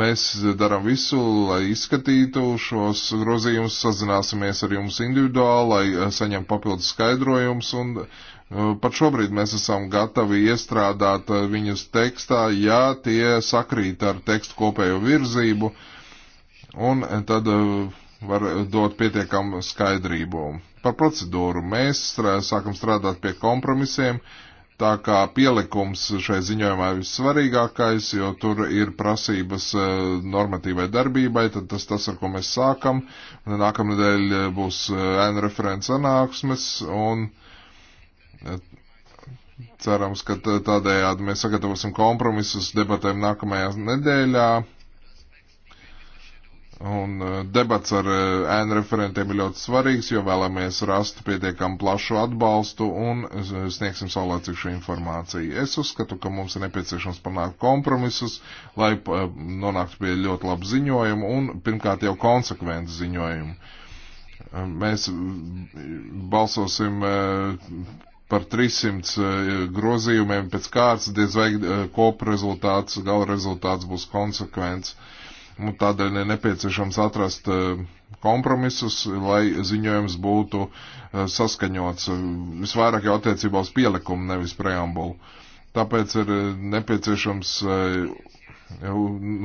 Mēs darām visu, lai izskatītu šos grozījumus, sazināsimies ar jums individuāli, lai saņemtu papildus skaidrojumus un uh, Eh, pat šobrīd mēs esam gatavi iestrādāt eh, viņus tekstā, ja tie sakrīt ar tekstu kopējo virzību, un eh, tad var dot pietiekamu skaidrību. Par procedūru mēs sākam strādāt pie kompromisiem, tā kā pielikums šai ziņojumā ir vissvarīgākais, jo tur ir prasības normatīvai darbībai, tad tas tas, ar ko mēs sākam. Nākamnedēļ būs ēnu referents sanāksmes, un Cerams, ka tādējādi mēs sagatavosim kompromisus debatēm nākamajā nedēļā. Un e, debats ar e, ēnu referentiem ir ļoti svarīgs, jo vēlamies rast pietiekam plašu atbalstu un e, sniegsim saulēcīgu informāciju. Es uzskatu, ka mums ir nepieciešams panākt kompromisus, lai nonāktu pie ļoti labu ziņojumu un pirmkārt jau konsekventu ziņojumu. Mēs balsosim par 300 eh, grozījumiem pēc kārtas, diez vai eh, kopu rezultāts, gala rezultāts būs konsekvents. Un tādēļ ir nepieciešams atrast eh, kompromisus, lai ziņojums būtu saskaņots visvairāk jau attiecībā uz pielikumu, nevis preambulu. Tāpēc ir nepieciešams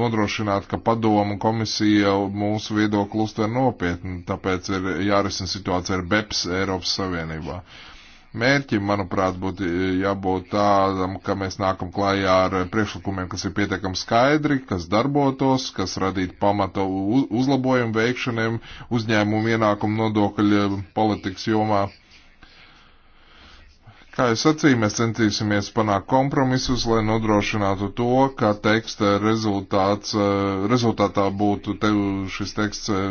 nodrošināt, ka padomu komisija mūsu viedokli uztver nopietni, tāpēc ir jārisina situācija ar BEPS Eiropas Savienībā. Uh, Mērķim, manuprāt, būtu jābūt tādam, ka mēs nākam klājā ar priekšlikumiem, kas ir pietiekami skaidri, kas darbotos, kas radītu pamata uzlabojumu veikšaniem uzņēmumu ienākumu nodokļa politikas jomā. Kā jau sacīju, mēs centīsimies panākt kompromisus, lai nodrošinātu to, ka teksta rezultāts, eh, rezultātā būtu tev šis teksts eh,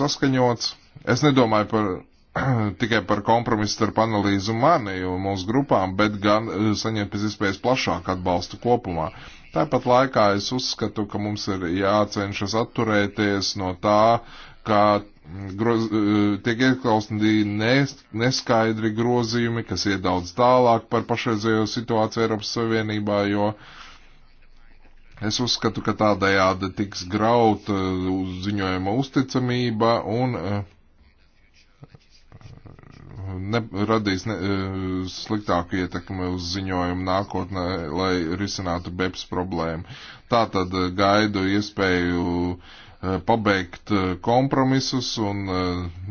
saskaņots. Es nedomāju par [CLEARS THROAT] tikai par kompromisu starp analīzu mani un mūsu grupām, bet gan eh, saņemt pēc iespējas plašāku atbalstu kopumā. Tāpat laikā es uzskatu, ka mums ir jācenšas atturēties no tā, ka mm, groz, eh, tiek ieklausni neskaidri grozījumi, kas iet daudz tālāk par pašreizējo situāciju Eiropas Savienībā, jo Es uzskatu, ka tādējādi tiks grauta eh, ziņojuma uzticamība un uh, ne, radīs ne, e, sliktāku ietekmi uz ziņojumu nākotnē, lai risinātu BEPS problēmu. Tātad e, gaidu iespēju e, pabeigt kompromisus un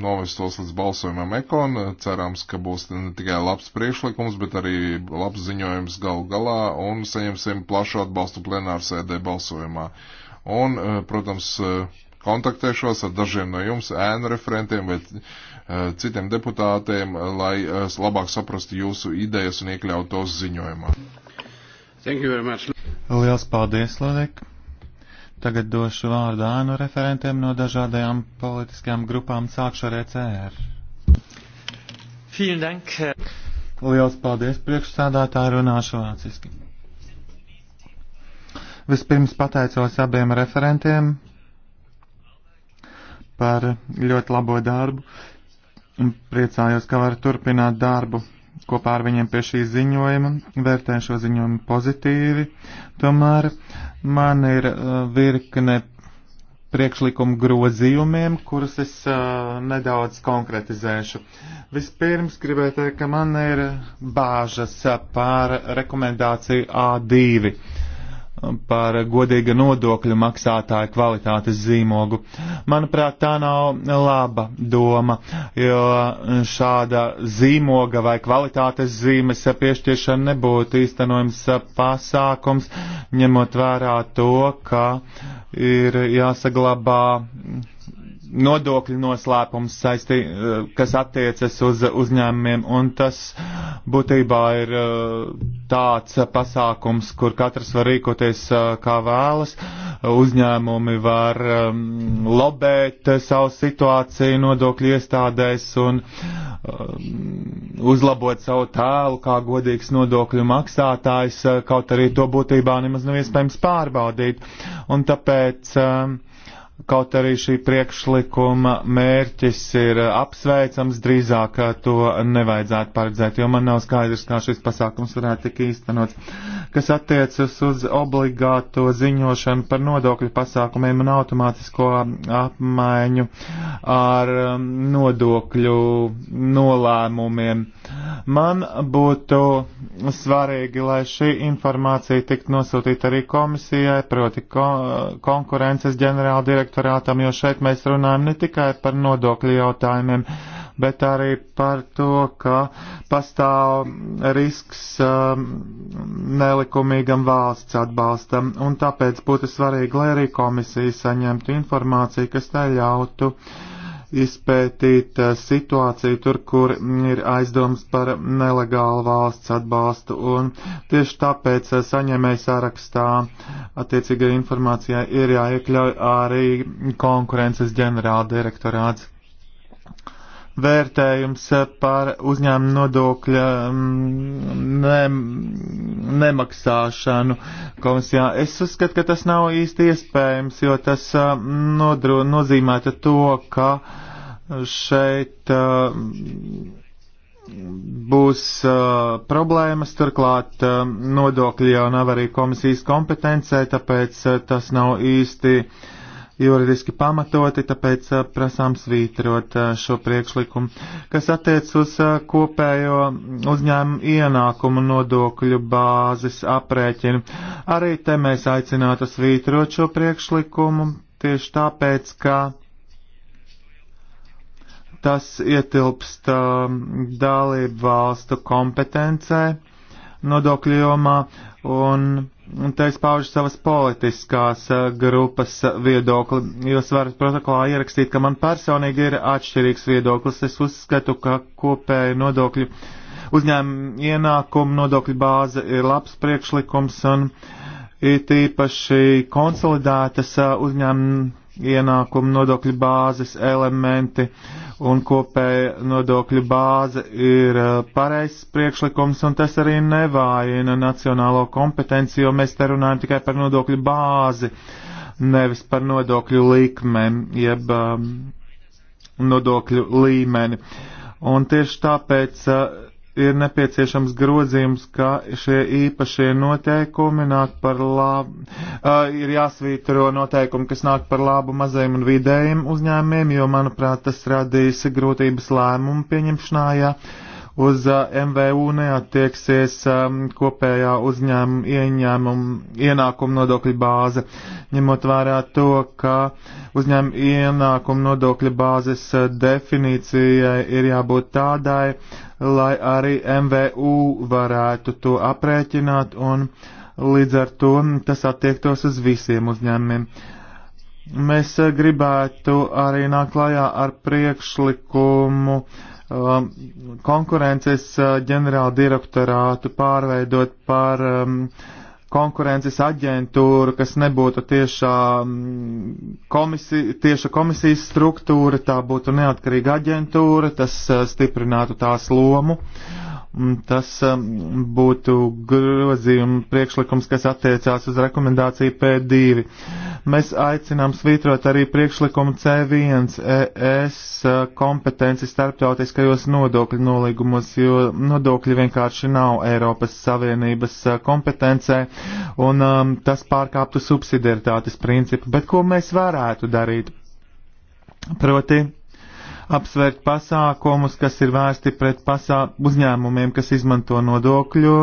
novest tos līdz balsojumam ekon. Cerams, ka būs ne tikai labs priekšlikums, bet arī labs ziņojums gal galā un saņemsim plašu atbalstu plenārsēdē balsojumā. Un, protams, kontaktēšos ar dažiem no jums, ēnu referentiem vai Eh, citiem deputātiem, eh, lai eh, labāk saprastu jūsu idejas un iekļautu tos ziņojumā. Lielas paldies, Lodek! Tagad došu vārdu ānu referentiem no dažādajām politiskajām grupām, sākšu ar ECR. Lielas paldies, priekšsādātāji, runāšu vāciski. Vispirms pateicos abiem referentiem par ļoti labo darbu, Priecājos, ka varu turpināt darbu kopā ar viņiem pie šī ziņojuma, vērtēju šo ziņojumu pozitīvi. Tomēr man ir uh, virkne priekšlikumu grozījumiem, kurus es uh, nedaudz konkretizēšu. Vispirms gribēju teikt, ka man ir uh, bāžas uh, par rekomendāciju A2. Uh, par godīga nodokļu maksātāju kvalitātes zīmogu. Manuprāt, tā nav laba doma, jo šāda zīmoga vai kvalitātes zīmes piešķiršana nebūtu īstenojams pasākums, ņemot vērā to, ka ir jāsaglabā nodokļu noslēpums, saistī, eh, kas attiecas uz uzņēmumiem, un tas būtībā ir eh, tāds pasākums, kur katrs var rīkoties eh, kā vēlas. Uzņēmumi var ehm, lobēt savu situāciju nodokļu iestādēs un ehm, uzlabot savu tēlu kā godīgs nodokļu maksātājs, kaut arī to būtībā nemaz nav iespējams pārbaudīt. Un tāpēc um, Kaut arī šī priekšlikuma mērķis ir apsveicams, drīzāk to nevajadzētu paredzēt, jo man nav skaidrs, kā šis pasākums varētu tik īstenots. Kas attiecas uz obligāto ziņošanu par nodokļu pasākumiem un automātisko apmaiņu ar um, nodokļu nolēmumiem. Man būtu svarīgi, lai šī informācija tiktu nosūtīta arī komisijai, proti ko konkurences ģenerāldirektorātam, jo šeit mēs runājam ne tikai par nodokļu jautājumiem, bet arī par to, ka pastāv risks um, nelikumīgam valsts atbalstam. Un tāpēc būtu svarīgi, lai arī komisija saņemtu informāciju, kas tai ļautu izpētīt uh, situāciju tur, kur ir aizdoms par nelegālu valsts atbalstu. Un tieši tāpēc uh, saņēmēja sarakstā attiecīgai informācijai ir jāiekļauj arī konkurences ģenerāla direktorāts vērtējums eh, par uzņēmumu nodokļa mm, ne, nemaksāšanu komisijā. Es uzskatu, ka tas nav īsti iespējams, jo tas eh, nodro, nozīmētu to, ka šeit eh, būs uh, problēmas, turklāt uh, nodokļi jau nav arī komisijas kompetencē, tāpēc uh, tas nav īsti uh, juridiski pamatoti, tāpēc prasām svītrot šo priekšlikumu, kas attiec uz kopējo uzņēmumu ienākumu nodokļu bāzes aprēķinu. Arī te mēs aicinātu svītrot šo priekšlikumu tieši tāpēc, ka tas ietilpst dalību valstu kompetencē nodokļu jomā un te spauž savas politiskās eh, grupas eh, viedokli. Jūs varat protokolā ierakstīt, ka man personīgi ir atšķirīgs viedoklis. Es uzskatu, ka kopēja nodokļu uzņēmuma ienākuma nodokļu bāze ir labs priekšlikums un it īpaši konsolidētas eh, uzņēmuma ienākumu nodokļu bāzes elementi, un kopēja nodokļu bāze ir pareizs priekšlikums, un tas arī nevājina nacionālo kompetenci, jo mēs te runājam tikai par nodokļu bāzi, nevis par nodokļu likmēm, jeb um, nodokļu līmeni. Un tieši tāpēc uh, ir nepieciešams grozījums, ka šie īpašie noteikumi nāk par labu, uh, ir jāsvītro noteikumi, kas nāk par labu mazajiem un vidējiem uzņēmiem, jo, manuprāt, tas radīs grūtības lēmumu pieņemšanā, ja uz uh, MVU neattieksies um, kopējā uzņēmuma ieņēmuma ienākuma nodokļa bāze, ņemot vērā to, ka uzņēmuma ienākuma nodokļa bāzes definīcijai ir jābūt tādai, lai arī MVU varētu to aprēķināt un līdz ar to tas attiektos uz visiem uzņēmumiem. Mēs eh, gribētu arī nākt klajā ar priekšlikumu um, konkurences eh, ģenerāldirektorātu pārveidot par um, konkurences aģentūru, kas nebūtu tiešā, mm, komisi, tieša komisijas struktūra, tā būtu neatkarīga aģentūra, tas eh, stiprinātu tās lomu. Uh, Tas um, būtu grozījuma priekšlikums, kas attiecās uz rekomendāciju P2. Mēs aicinām svītrot arī priekšlikumu C1 ES uh, kompetenci starptautiskajos nodokļu nolīgumos, jo nodokļi vienkārši nav Eiropas Savienības uh, kompetencē, un um, tas pārkāptu subsidiaritātes principu. Bet ko mēs varētu darīt? Proti, apsvērt pasākumus, kas ir vērsti pret pasā, uzņēmumiem, kas izmanto nodokļu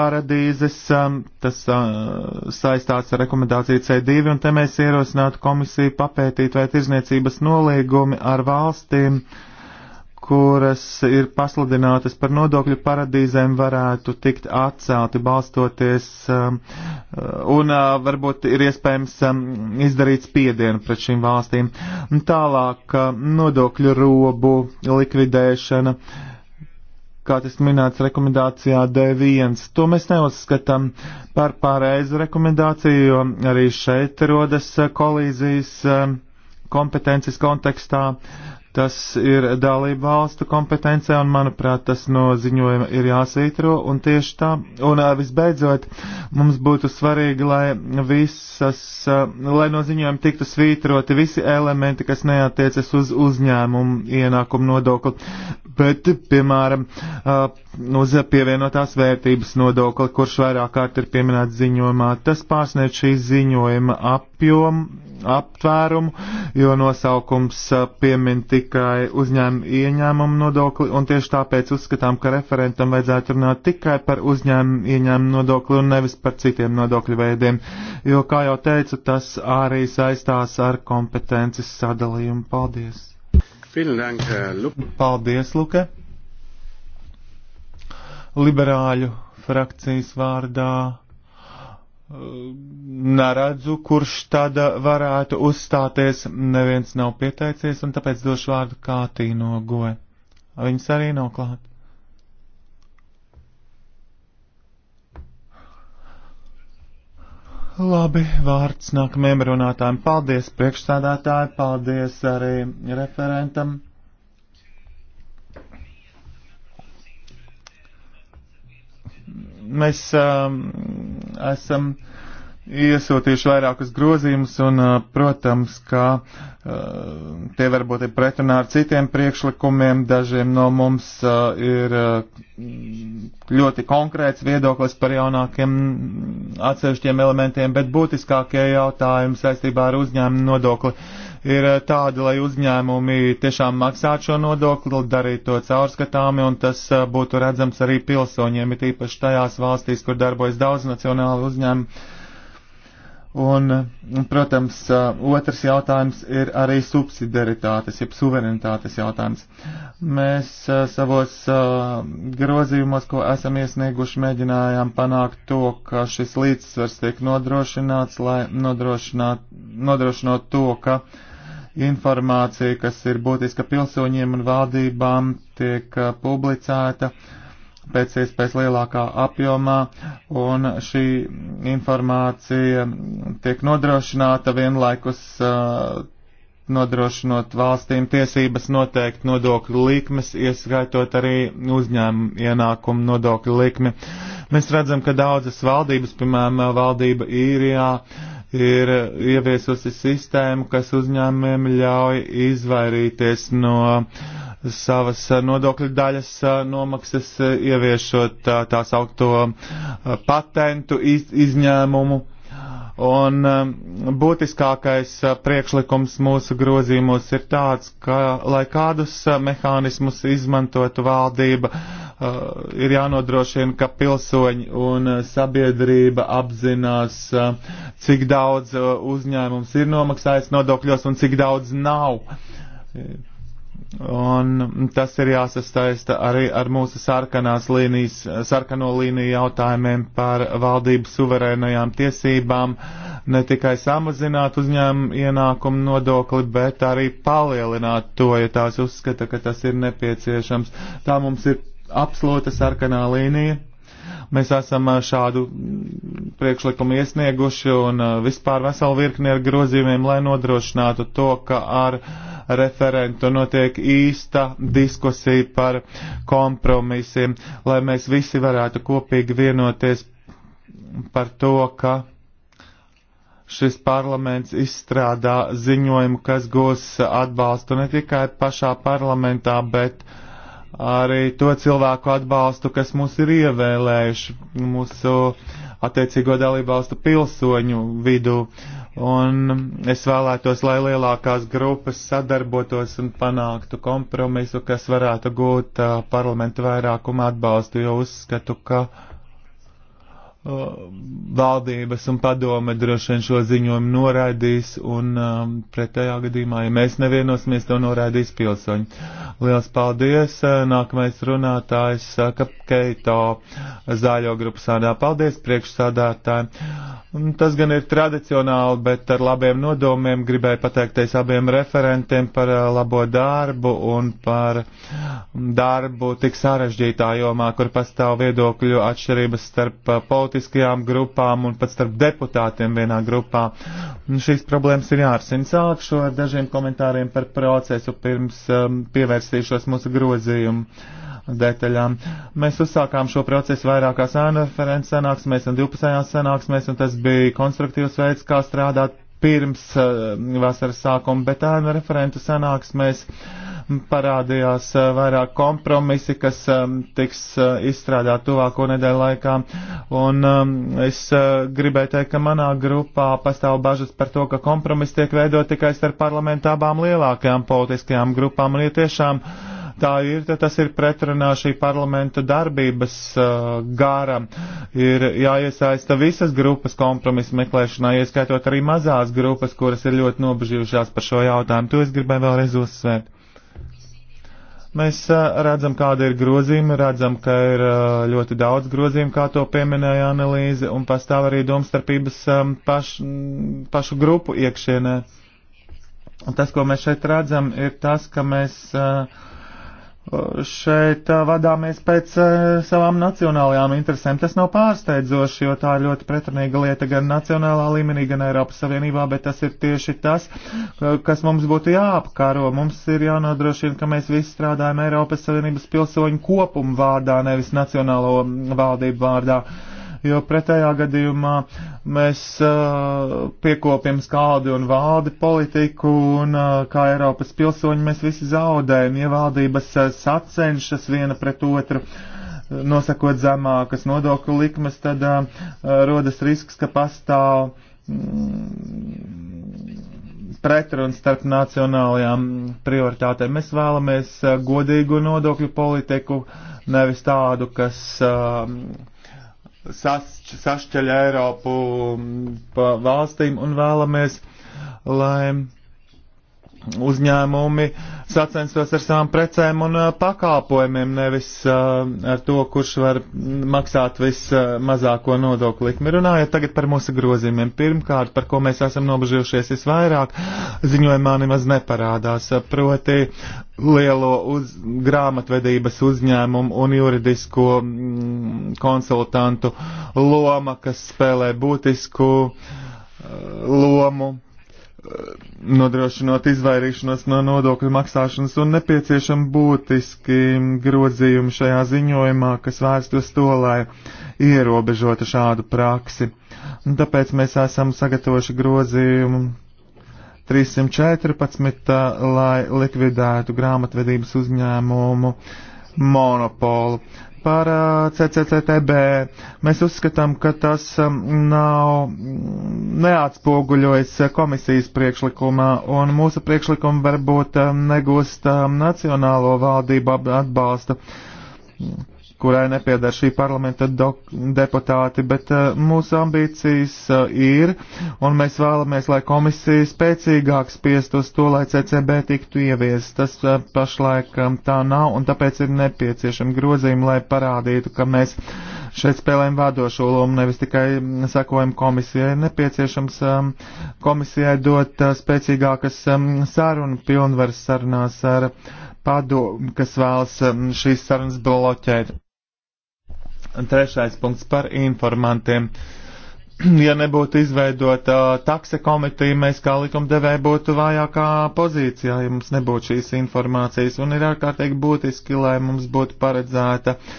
paradīzes. Um, tas uh, saistāts ar rekomendāciju C2, un te mēs ierosinātu komisiju papētīt, vai tirzniecības nolīgumi ar valstīm uh, kuras ir pasludinātas par nodokļu paradīzēm, varētu tikt atcelti balstoties um, un uh, varbūt ir iespējams um, izdarīt spiedienu pret šīm valstīm. Tālāk uh, nodokļu robu likvidēšana, kā tas minēts rekomendācijā D1. To mēs neuzskatām par pārēzu rekomendāciju, jo arī šeit rodas uh, kolīzijas um, kompetences kontekstā. Uh, Tas ir dalība valstu kompetencē, un, manuprāt, tas no ziņojuma ir jāsvītro, un tieši tā. Un visbeidzot, mums būtu svarīgi, lai visas, lai no ziņojuma tiktu svītroti visi elementi, kas neatiecas uz uzņēmumu ienākumu nodokli, bet, piemēram, uz pievienotās vērtības nodokli, kurš vairāk kārt ir pieminēts ziņojumā. Tas pārsniedz šī ziņojuma apjomu aptvērumu, jo nosaukums uh, piemin tikai uzņēmumu ieņēmumu nodokli, un tieši tāpēc uzskatām, ka referentam vajadzētu runāt tikai par uzņēmumu ieņēmumu nodokli un nevis par citiem nodokļu veidiem, jo, kā jau teicu, tas arī saistās ar kompetences sadalījumu. Paldies! Paldies, Luke! Liberāļu frakcijas vārdā neredzu, kurš tad varētu uzstāties. Neviens nav pieteicies, un tāpēc došu vārdu Kātī no Goja. Viņas arī nav klāt. Labi, vārds nākamajam runātājam. Paldies priekšstādātāji, paldies arī referentam. Mēs um, esam iesūtījuši vairākus grozījumus, un, uh, protams, ka uh, tie varbūt ir pretrunā ar citiem priekšlikumiem. Dažiem no mums uh, ir uh, ļoti konkrēts viedoklis par jaunākiem atsevišķiem elementiem, bet būtiskākie jautājumi saistībā ar uzņēmumu nodokli ir eh, tādi, lai uzņēmumi tiešām maksātu šo nodokli, darītu to caurskatāmi, un tas eh, būtu redzams arī pilsoņiem, it īpaši tajās valstīs, kur darbojas daudz nacionāli uzņēmumi. Un, eh, protams, otrs jautājums ir arī subsidiaritātes, jeb suverenitātes jautājums. Mēs savos grozījumos, ko esam iesnieguši, mēģinājām panākt to, ka šis līdzsvars tiek nodrošināts, lai nodrošinot to, ka uh, informācija, kas ir būtiska pilsoņiem un valdībām, tiek uh, publicēta pēc iespējas lielākā apjomā, un šī informācija tiek nodrošināta vienlaikus uh, nodrošinot valstīm tiesības noteikt nodokļu likmes, ieskaitot arī uzņēmumu ienākumu nodokļu likmi. Mēs redzam, ka daudzas valdības, piemēram, valdība īrijā, uh, ir ieviesusi sistēmu, kas uzņēmumiem ļauj izvairīties no savas nodokļu daļas nomaksas, ieviešot tās augto patentu iz, izņēmumu. Un būtiskākais priekšlikums mūsu grozījumos ir tāds, ka, lai kādus mehānismus izmantotu valdība, uh, Eh, ir jānodrošina, ka pilsoņi un eh, sabiedrība apzinās, eh, cik daudz uzņēmums ir nomaksājis nodokļos un cik daudz nav. Un tas ir jāsastaista arī ar mūsu sarkanās līnijas, sarkano līniju jautājumiem par valdību suverēnajām tiesībām, ne tikai samazināt uzņēmumu ienākumu nodokli, bet arī palielināt to, ja tās uzskata, ka tas ir nepieciešams. Tā mums ir absolūta sarkanā līnija. Mēs esam šādu mm, priekšlikumu iesnieguši un vispār veselu virkni ar grozījumiem, lai nodrošinātu to, ka ar referentu notiek īsta diskusija par kompromisiem, lai mēs visi varētu kopīgi vienoties par to, ka šis parlaments izstrādā ziņojumu, kas gūs atbalstu ne tikai pašā parlamentā, bet arī arī to cilvēku atbalstu, kas mūs ir ievēlējuši mūsu attiecīgo dalībvalstu pilsoņu vidū. Un es vēlētos, lai lielākās grupas sadarbotos un panāktu kompromisu, kas varētu gūt uh, parlamentu vairākumu atbalstu, jo uzskatu, ka uh, valdības un padome droši vien šo ziņojumu noraidīs, un um, pretējā gadījumā, ja mēs nevienosimies, to noraidīs pilsoņi. Liels paldies! Nākamais runātājs Kapkeito zāļo grupas sādā. Paldies priekšsādātājiem! Tas gan ir tradicionāli, bet ar labiem nodomiem gribēju pateikties abiem referentiem par uh, labo darbu un par um, darbu tik sarežģītā jomā, kur pastāv viedokļu atšķirības starp uh, politiku politiskajām grupām un pat starp deputātiem vienā grupā. Un šīs problēmas ir jārisina. Sākšu ar dažiem komentāriem par procesu pirms um, pievērsīšos mūsu grozījumu detaļām. Mēs uzsākām šo procesu vairākās ēnu referents sanāksmēs un 12. sanāksmēs, un tas bija konstruktīvs veids, kā strādāt pirms eh, vasaras sākuma, bet ēnu referentu sanāksmēs parādījās eh, vairāk kompromisi, kas eh, tiks izstrādāt tuvāko nedēļu laikā. Un es gribēju teikt, ka manā grupā pastāv bažas par to, ka kompromis tiek veidot tikai starp parlamentu abām lielākajām politiskajām grupām. Un, ja tiešām, uh, tā ir, tad tas ir pretrunā šī parlamenta darbības uh, gāram. Ir jāiesaista visas grupas kompromisu meklēšanā, ieskaitot arī mazās grupas, kuras ir ļoti nobežījušās par šo jautājumu. To es gribēju vēlreiz uzsvērt. Mēs redzam, kāda ir grozījuma, redzam, ka ir ļoti daudz grozījumu, kā to pieminēja analīze, un pastāv arī domstarpības paš, pašu grupu iekšienē. Un tas, ko mēs šeit redzam, ir tas, ka mēs uh, šeit vadāmies pēc savām nacionālajām interesēm. Tas nav pārsteidzoši, jo tā ir ļoti pretrunīga lieta gan nacionālā līmenī, gan Eiropas Savienībā, bet tas ir tieši tas, kas mums būtu jāapkaro. Mums ir jānodrošina, ka mēs visi strādājam Eiropas Savienības pilsoņu kopumu vārdā, nevis nacionālo valdību vārdā. Uh, jo pretējā gadījumā mēs uh, piekopjam skādi un vādi politiku, un uh, kā Eiropas pilsoņi mēs visi zaudējam, ja valdības uh, sacenšas viena pret otru. Nosakot zemākas nodokļu likmes, tad uh, rodas risks, ka pastāv mm, pretrunu starp nacionālajām prioritātēm. Mēs vēlamies godīgu nodokļu politiku, nevis tādu, kas uh, sasč, sašķeļ Eiropu mm, pa valstīm un vēlamies, lai uzņēmumi sacenstos ar savām precēm un pakāpojumiem, nevis ar to, kurš var maksāt vismazāko nodokļu likmi. Runājot tagad par mūsu grozījumiem. Pirmkārt, par ko mēs esam nobežījušies visvairāk, ziņojumā nemaz neparādās, proti lielo uz, grāmatvedības uzņēmumu un juridisko mm, konsultantu loma, kas spēlē būtisku lomu nodrošinot izvairīšanos no nodokļu maksāšanas un nepieciešami būtiski grozījumi šajā ziņojumā, kas vērstos to, lai ierobežotu šādu praksi. Un tāpēc mēs esam sagatavojuši grozījumu 314, lai likvidētu grāmatvedības uzņēmumu uh, monopolu. Par CCCTB mēs uzskatām, ka tas nav mm, neatspoguļojis komisijas priekšlikumā, un mūsu priekšlikumi varbūt negūst nacionālo valdību atbalstu kurai nepiedar šī parlamenta deputāti, bet uh, mūsu ambīcijas uh, ir, un mēs vēlamies, lai komisija spēcīgāk spiest uz to, lai CCB tiktu ievies. Tas uh, pašlaik um, tā nav, un tāpēc ir nepieciešami grozījumi, lai parādītu, ka mēs šeit spēlējam vadošo lomu, nevis tikai mm, sakojam komisijai. Nepieciešams um, komisijai dot uh, spēcīgākas um, sarunu pilnvaras sarunās ar. Uh, padu, kas vēlas šīs sarunas bloķēt. Trešais punkts par informantiem. [CLEARS THROAT] Ja nebūtu izveidota takse komitīja, mēs kā likumdevēja būtu vājākā pozīcijā, ja mums nebūtu šīs informācijas, un ir ārkārtīgi būtiski, lai mums būtu paredzēta uh,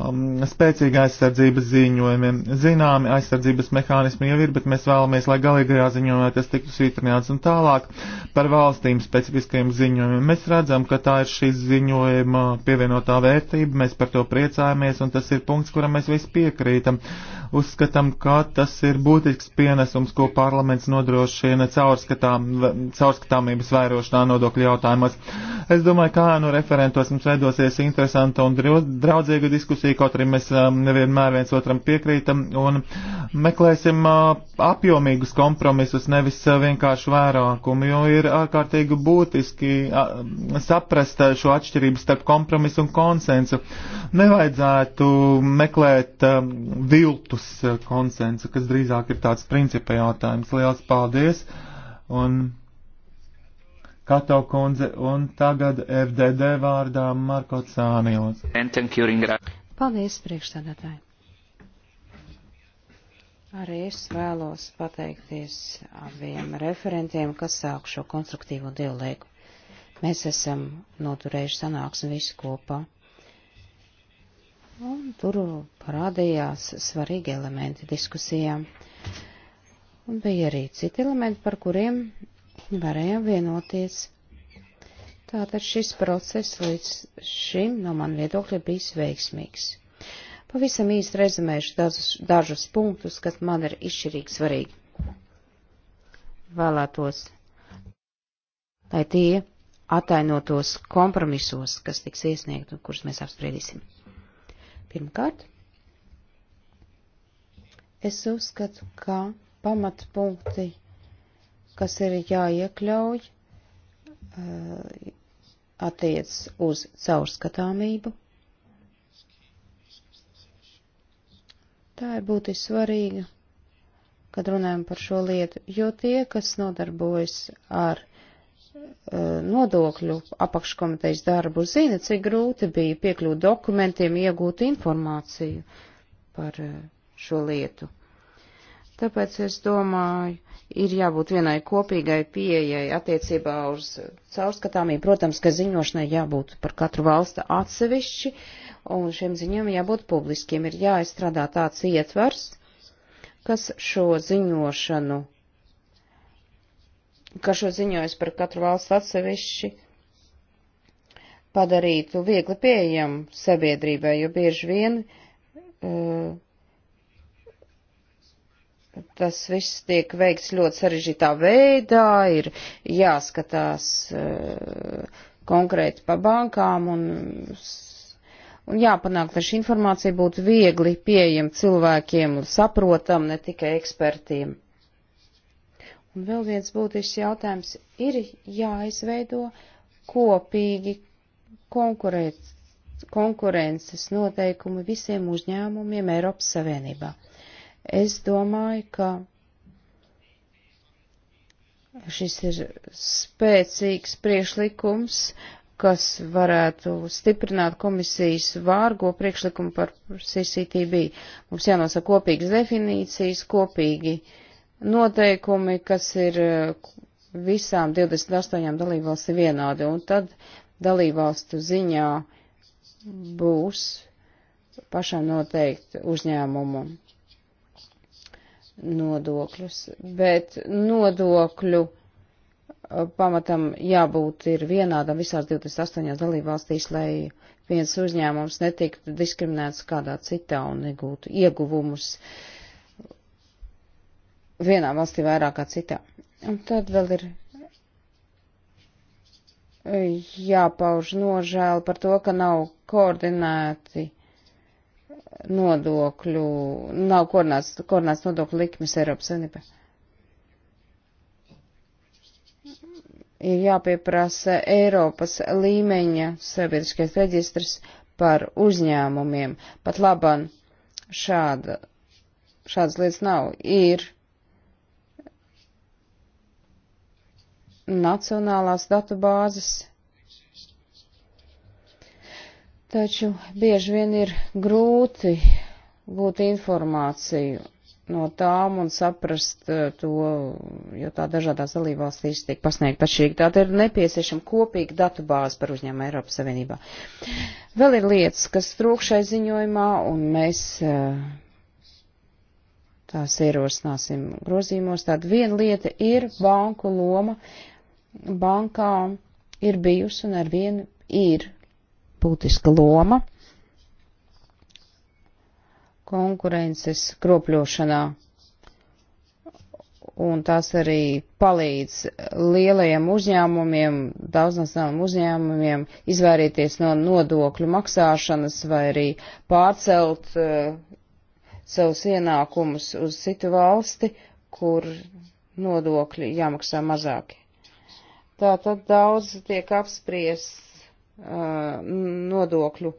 um, spēcīgi aizsardzības ziņojumiem. Zināmi aizsardzības mehānismi jau ir, bet mēs vēlamies, lai galīgajā ziņojumā tas tiktu svītrināts un tālāk par valstīm specifiskajiem ziņojumiem. Mēs redzam, ka tā ir šīs ziņojuma pievienotā vērtība, mēs par to priecājamies un tas ir punkts, kuram mēs visi piekrītam. Uzskatām, ka tas ir būtisks pienesums, ko parlaments nodrošina caurskatām, caurskatāmības vairošanā nodokļu jautājumos. Es domāju, kā nu referentos mums veidosies interesanta un draudzīga diskusija, kaut arī mēs um, nevienmēr viens otram piekrītam un meklēsim uh, apjomīgus kompromisus, nevis uh, vienkārši vairākumu, jo ir ārkārtīgi būtiski uh, saprast šo atšķirību starp kompromisu un konsensu. Nevajadzētu meklēt um, viltu ārpus eh, konsensa, kas drīzāk ir tāds principa jautājums. Liels paldies! Un Kato kundze un tagad FDD vārdā Marko Cānīlos. Paldies, priekšstādātāji! Arī es vēlos pateikties abiem referentiem, kas sāk šo konstruktīvo dialogu. Mēs esam noturējuši sanāksmi visi kopā. Un tur parādījās svarīgi elementi diskusijām. Un bija arī citi elementi, par kuriem varējām vienoties. Tātad šis process līdz šim no man viedokļa bijis veiksmīgs. Pavisam īsti rezumēšu dažus, dažus punktus, kas man ir izšķirīgi svarīgi. Vēlētos, lai tie atainotos kompromisos, kas tiks iesniegt un kurus mēs apspriedīsim. Pirmkārt, es uzskatu, ka pamatpunkti, kas ir jāiekļauj, eh, attiec uz caurskatāmību. Tā ir būtiski svarīga, kad runājam par šo lietu, jo tie, kas nodarbojas ar Eh, nodokļu apakškomitejas darbu zina, cik grūti bija piekļūt dokumentiem, iegūt informāciju par eh, šo lietu. Tāpēc es domāju, ir jābūt vienai kopīgai pieejai attiecībā uz caurskatāmību. Protams, ka ziņošanai jābūt par katru valstu atsevišķi, un šiem ziņām jābūt publiskiem. Ir jāizstrādā tāds ietvers, kas šo ziņošanu ka šo ziņojumus par katru valstu atsevišķi padarītu viegli pieejamu sabiedrībai, jo bieži vien uh, tas viss tiek veikts ļoti sarežģītā veidā, ir jāskatās uh, konkrēti pa bankām un, un jāpanāk, lai šī informācija būtu viegli pieejama cilvēkiem un saprotam, ne tikai ekspertiem. Un vēl viens būtisks jautājums ir jāizveido kopīgi konkurēt, konkurences noteikumi visiem uzņēmumiem Eiropas Savienībā. Es domāju, ka šis ir spēcīgs priekšlikums, kas varētu stiprināt komisijas vārgo priekšlikumu par CCTB. Mums jānosaka kopīgas definīcijas, kopīgi uh, noteikumi, kas ir eh, visām 28 dalībvalstīm vienādi, un tad dalībvalstu ziņā būs pašām noteikti uzņēmumu nodokļus, bet nodokļu eh, pamatam jābūt ir vienādam visās 28 dalībvalstīs, lai viens uzņēmums netiktu diskriminēts kādā citā un negūtu ieguvumus uh, vienā valstī vairāk kā citā. Un tad vēl ir e, jāpauž nožēla par to, ka nav koordinēti nodokļu, nav koordinēts, koordinēts nodokļu likmes Eiropas Savienībā. Ir jāpieprasa Eiropas līmeņa sabiedriskais reģistrs par uzņēmumiem. Pat labam šāda, šādas lietas nav. Ir nacionālās datubāzes, taču bieži vien ir grūti gūt informāciju no tām un saprast eh, to, jo tā dažādās dalībvalstīs tiek pasniegta atšķirīgi. Tātad ir nepieciešama kopīga datu bāze par uzņēmumu Eiropas Savienībā. Vēl ir lietas, kas trūkšai ziņojumā, un mēs eh, tās ierosināsim grozīmos. Tāda viena lieta ir banku loma bankām ir bijusi un arvien ir būtiska loma konkurences kropļošanā. Un tas arī palīdz lielajiem uzņēmumiem, daudznacionāliem uzņēmumiem izvairīties no nodokļu maksāšanas vai arī pārcelt uh, savus ienākumus uz citu valsti, kur nodokļi jāmaksā mazāki. Tā tad daudz tiek apspriests uh, nodokļu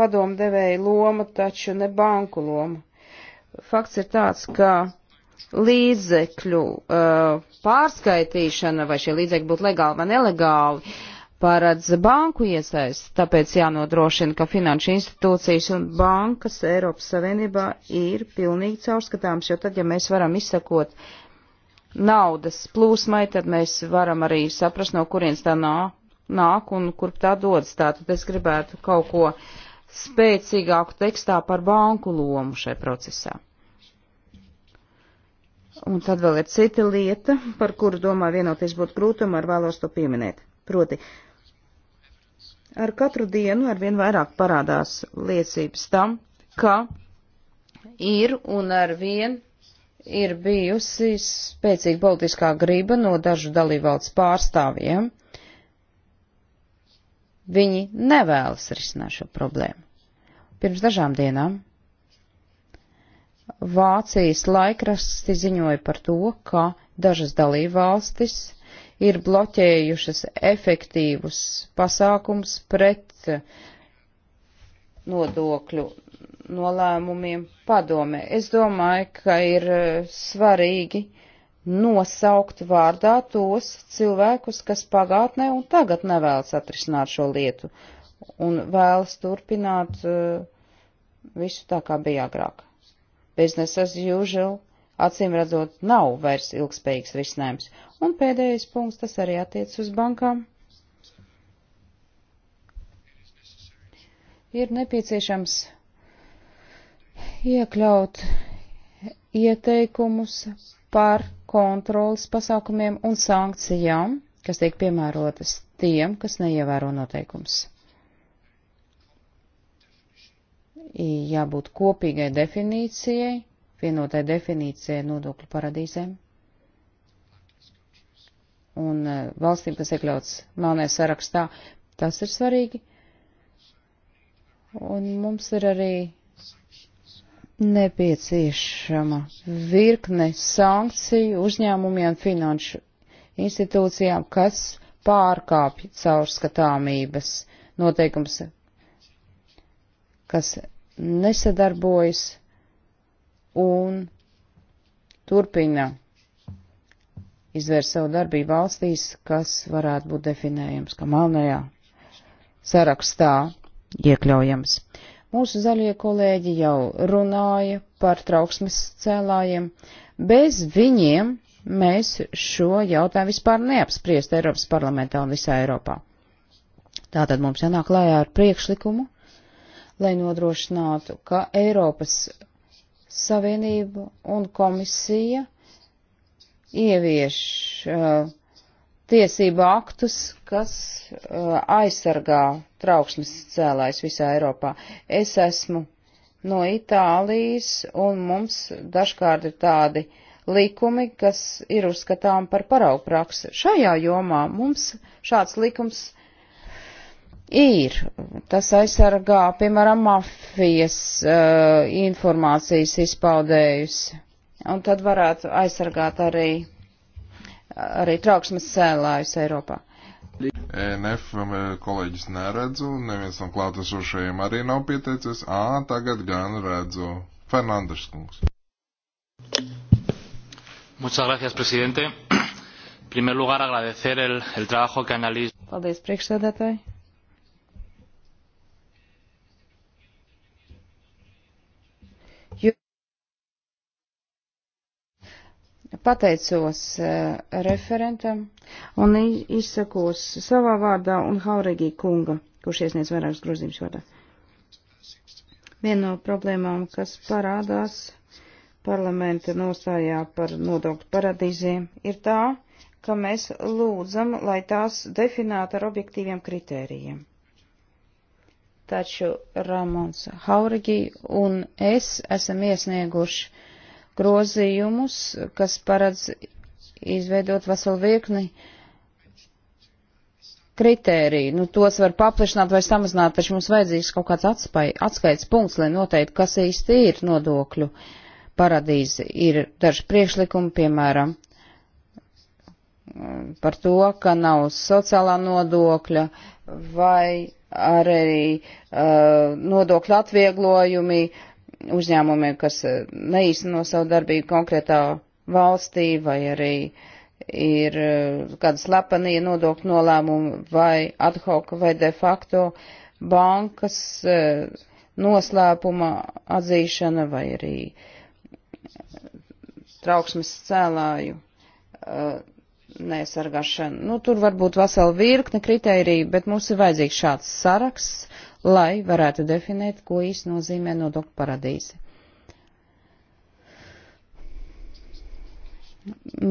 padomdevēja loma, taču ne banku loma. Fakts ir tāds, ka līdzekļu uh, pārskaitīšana, vai šie līdzekļi būtu legāli vai nelegāli, paredz banku iesaist, tāpēc jānodrošina, ka finanšu institūcijas un bankas Eiropas Savienībā ir pilnīgi caurskatāms, jo tad, ja mēs varam izsakot uh, naudas plūsmai, tad mēs varam arī saprast, no kurienes tā nāk, nāk un kurp tā dodas. Tātad es gribētu kaut ko spēcīgāku tekstā par banku lomu šajā procesā. Un tad vēl ir cita lieta, par kuru domā vienoties būtu grūtuma, ar vēlos to pieminēt. Proti, ar katru dienu arvien vairāk parādās liecības tam, ka ir un arvien ir bijusi spēcīga politiskā grība no dažu dalībvalsts pārstāvjiem. Viņi nevēlas risināt šo problēmu. Pirms dažām dienām Vācijas laikraksti ziņoja par to, ka dažas dalībvalstis ir bloķējušas efektīvus pasākums pret nodokļu nolēmumiem padomē. Es domāju, ka ir e, svarīgi nosaukt vārdā tos cilvēkus, kas pagātnē un tagad nevēlas atrisināt šo lietu un vēlas turpināt e, visu tā, kā bija agrāk. Business as usual, acīm redzot, nav vairs ilgspējīgs risinājums. Un pēdējais punkts, tas arī attiec uz bankām. Ir nepieciešams iekļaut ieteikumus par kontrolas pasākumiem un sankcijām, kas tiek piemērotas tiem, kas neievēro noteikums. Jābūt kopīgai definīcijai, vienotai definīcijai nodokļu paradīzēm. Un e, valstīm, kas iekļauts melnē sarakstā, tas ir svarīgi. Un mums ir arī nepieciešama virkne sankciju uzņēmumiem finanšu institūcijām, kas pārkāpj caurskatāmības noteikums, kas nesadarbojas un turpina izvērst savu darbību valstīs, kas varētu būt definējams kā melnajā sarakstā iekļaujams. Mūsu zaļie kolēģi jau runāja par trauksmes cēlājiem. Bez viņiem mēs šo jautājumu vispār neapspriest Eiropas parlamentā un visā Eiropā. Tātad mums jānāk lējā ar priekšlikumu, lai nodrošinātu, ka Eiropas Savienība un komisija ievieš uh, tiesību aktus, kas uh, aizsargā trauksmes cēlājs visā Eiropā. Es esmu no Itālijas, un mums dažkārt ir tādi likumi, kas ir uzskatām par paraugu praksi. Šajā jomā mums šāds likums ir. Tas aizsargā, piemēram, mafijas uh, informācijas izpaudējus, un tad varētu aizsargāt arī arī trauksmes sēlājus Eiropā. ENF um, e, kolēģis neredzu, neviens no klātesošajiem arī nav pieteicies. Ā, tagad gan redzu. Fernandes kungs. Muchas gracias, presidente. En primer lugar, agradecer el, el trabajo que analiza. Paldies, priekšsēdētāji. Pateicos uh, referentam un izsakos savā vārdā un Haurigī kunga, kurš iesniedz vairākus grozījumus vārdā. Viena no problēmām, kas parādās parlamenta nostājā par nodokļu paradīzēm, ir tā, ka mēs lūdzam, lai tās definētu ar objektīviem kritērijiem. Taču Ramons Haurigī un es esam iesnieguši grozījumus, kas paredz izveidot veselu virkni kritēriju. Nu, tos var paplašināt vai samazināt, taču mums vajadzīgs kaut kāds atspai, atskaits punkts, lai noteikti, kas īsti ir nodokļu paradīze. Ir daži priekšlikumi, piemēram, par to, ka nav sociālā nodokļa vai arī uh, nodokļu atvieglojumi uh, uzņēmumiem, kas eh, neīsteno savu darbību konkrētā valstī vai arī ir eh, kāda slepenie nodokļu nolēmumi vai ad hoc vai de facto bankas eh, noslēpuma atzīšana vai arī trauksmes cēlāju nesargāšanu. Nu, tur var būt vesela virkne kritērija, bet mums ir vajadzīgs šāds saraksts, lai varētu definēt, ko īsti nozīmē nodokļu paradīze.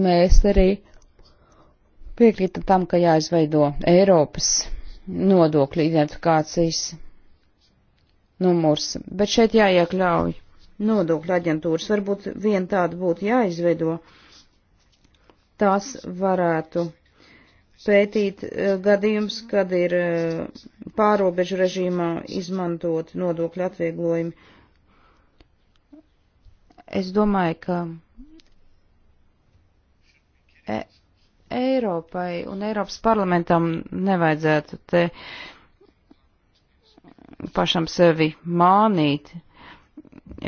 Mēs arī piekrītam tam, ka jāizveido Eiropas nodokļu identifikācijas numurs, bet šeit jāiekļauj nodokļu aģentūras. Varbūt vien tāda būtu jāizveido tās varētu pētīt eh, gadījums, kad ir eh, pārobežu režīmā izmantot nodokļu atvieglojumi. Es domāju, ka e Eiropai un Eiropas parlamentam nevajadzētu te pašam sevi mānīt.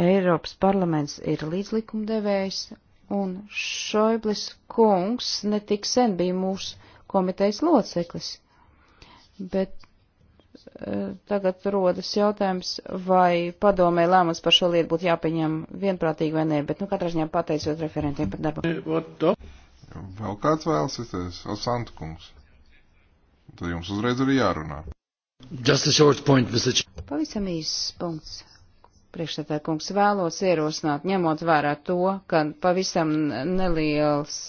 Eiropas parlaments ir līdzlikumdevējs Un Šoiblis kungs netik sen bija mūsu komitejas loceklis. Bet e, tagad rodas jautājums, vai padomē lēmums par šo lietu būtu jāpieņem vienprātīgi vai nē, bet nu katrā ziņā pateicot referentiem par darbu. Vēl kāds vēlas izteikties? Asanta kungs. Tad jums uzreiz arī jārunā. Just a short point, Mr. Ch Pavisam īsts punkts, Priekšstādā kungs vēlos ierosināt, ņemot vērā to, ka pavisam neliels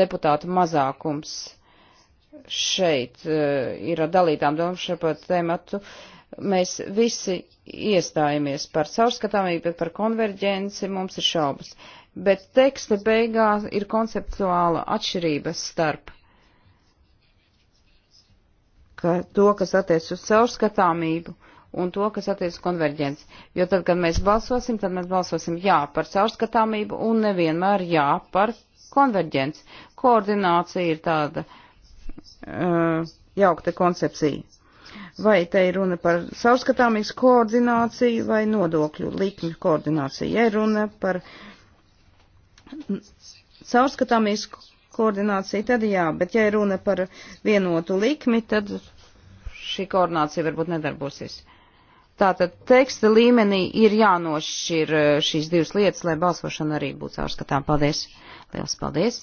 deputātu mazākums šeit e, ir dalītām domām par tematu. Mēs visi iestājamies par caurskatāmību, bet par konverģenci mums ir šaubas. Bet teksta beigās ir konceptuāla atšķirība starp ka to, kas attiec uz caurskatāmību un to, kas attiecas konverģents. Jo tad, kad mēs balsosim, tad mēs balsosim jā par caurskatāmību un nevienmēr jā par konverģents. Koordinācija ir tāda uh, jaukta koncepcija. Vai te ir runa par caurskatāmības koordināciju vai nodokļu likmi koordināciju? Ja runa par caurskatāmības koordināciju, tad jā, bet ja runa par vienotu likmi, tad šī koordinācija varbūt nedarbosies. Uh, Tātad teksta līmenī ir jānošķir eh, šīs divas lietas, lai balsošana arī būtu caurskatām. Paldies! Liels paldies!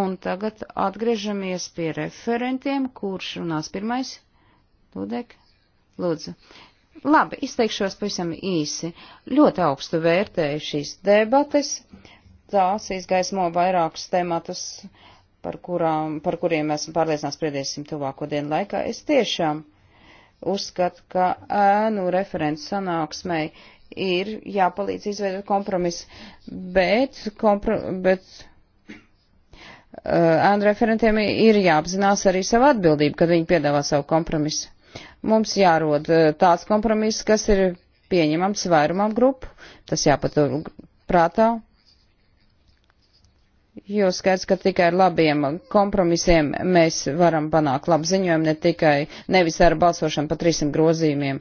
Un tagad atgriežamies pie referentiem, kurš runās pirmais. Lūdek, lūdzu. Labi, izteikšos pavisam īsi. Ļoti augstu vērtēju šīs debates. Tās izgaismo vairākus tematus, par, kurām, par kuriem esmu pārliecināts spriediesim tuvāko dienu laikā. Es tiešām uzskata, ka ēnu referents sanāksmei ir jāpalīdz izveidot kompromisu, bet, kompro, bet uh, ēnu uh, referentiem ir jāapzinās arī savu atbildību, kad viņi piedāvā savu kompromisu. Mums jārod uh, tāds kompromiss, kas ir pieņemams vairumam grupu, tas jāpatur prātā, Jo skaidrs, ka tikai ar labiem kompromisiem mēs varam panākt labu ziņojumu, ne tikai nevis ar balsošanu pa 300 grozījumiem.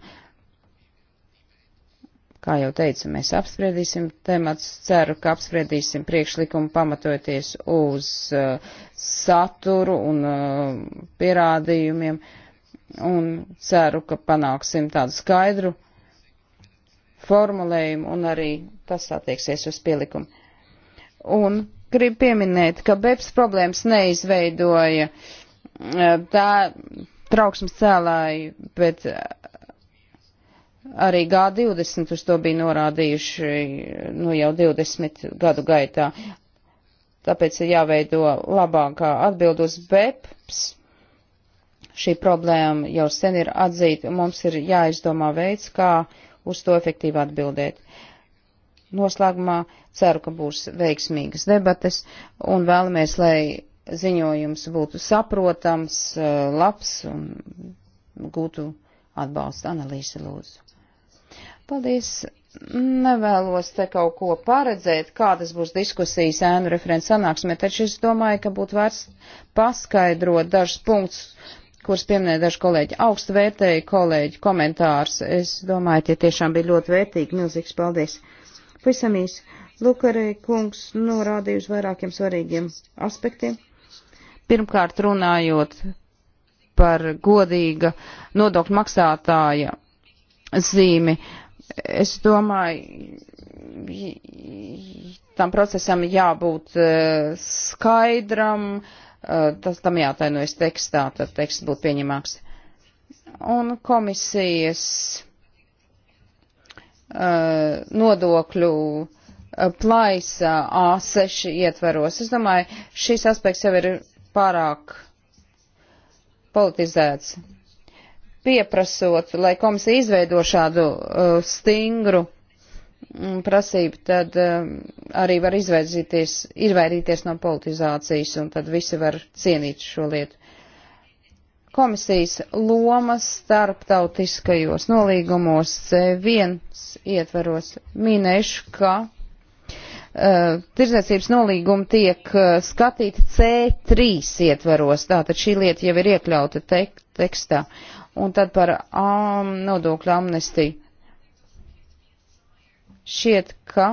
Kā jau teicu, mēs apspriedīsim temats, ceru, ka apspriedīsim priekšlikumu pamatoties uz uh, saturu un uh, pierādījumiem un ceru, ka panāksim tādu skaidru formulējumu un arī tas attieksies uz pielikumu. Un gribu pieminēt, ka BEPS problēmas neizveidoja eh, tā trauksmes cēlāji, bet eh, arī G20 uz to bija norādījuši eh, nu, jau 20 gadu gaitā. Tāpēc ir jāveido labākā atbild uz BEPS. Šī problēma jau sen ir atzīta, mums ir jāizdomā veids, kā uz to efektīvi atbildēt. Uh, noslēgumā ceru, ka būs veiksmīgas debates un vēlamies, lai ziņojums būtu saprotams, eh, labs un gūtu atbalstu analīzi lūdzu. Paldies! Nevēlos te kaut ko paredzēt, kādas būs diskusijas ēnu referents sanāksmē, taču es domāju, ka būtu vērts paskaidrot dažus punktus, kurus pieminēja daži kolēģi. Augstu vērtēju kolēģi komentārs. Es domāju, tie tiešām bija ļoti vērtīgi. Milzīgs paldies! Pavisam īsi. Lūk, arī kungs norādīja uz vairākiem svarīgiem aspektiem. Pirmkārt, runājot par godīga nodokļu maksātāja zīmi, es domāju, tam procesam jābūt e, skaidram, e, tas tam jātainojas tekstā, tad teksts būtu pieņemāks. Un komisijas Uh, nodokļu uh, plaisa A6 ietveros. Es domāju, šis aspekts jau ir pārāk politizēts. Pieprasot, lai komisija izveido šādu uh, stingru mm, prasību, tad uh, arī var izvairīties no politizācijas, un tad visi var cienīt šo lietu komisijas loma starptautiskajos nolīgumos viens ietveros minēšu, ka uh, tirdzniecības nolīgumi tiek uh, skatīti C3 ietveros, tātad šī lieta jau ir iekļauta tek tekstā. Un tad par um, nodokļu amnestiju. Šiet, ka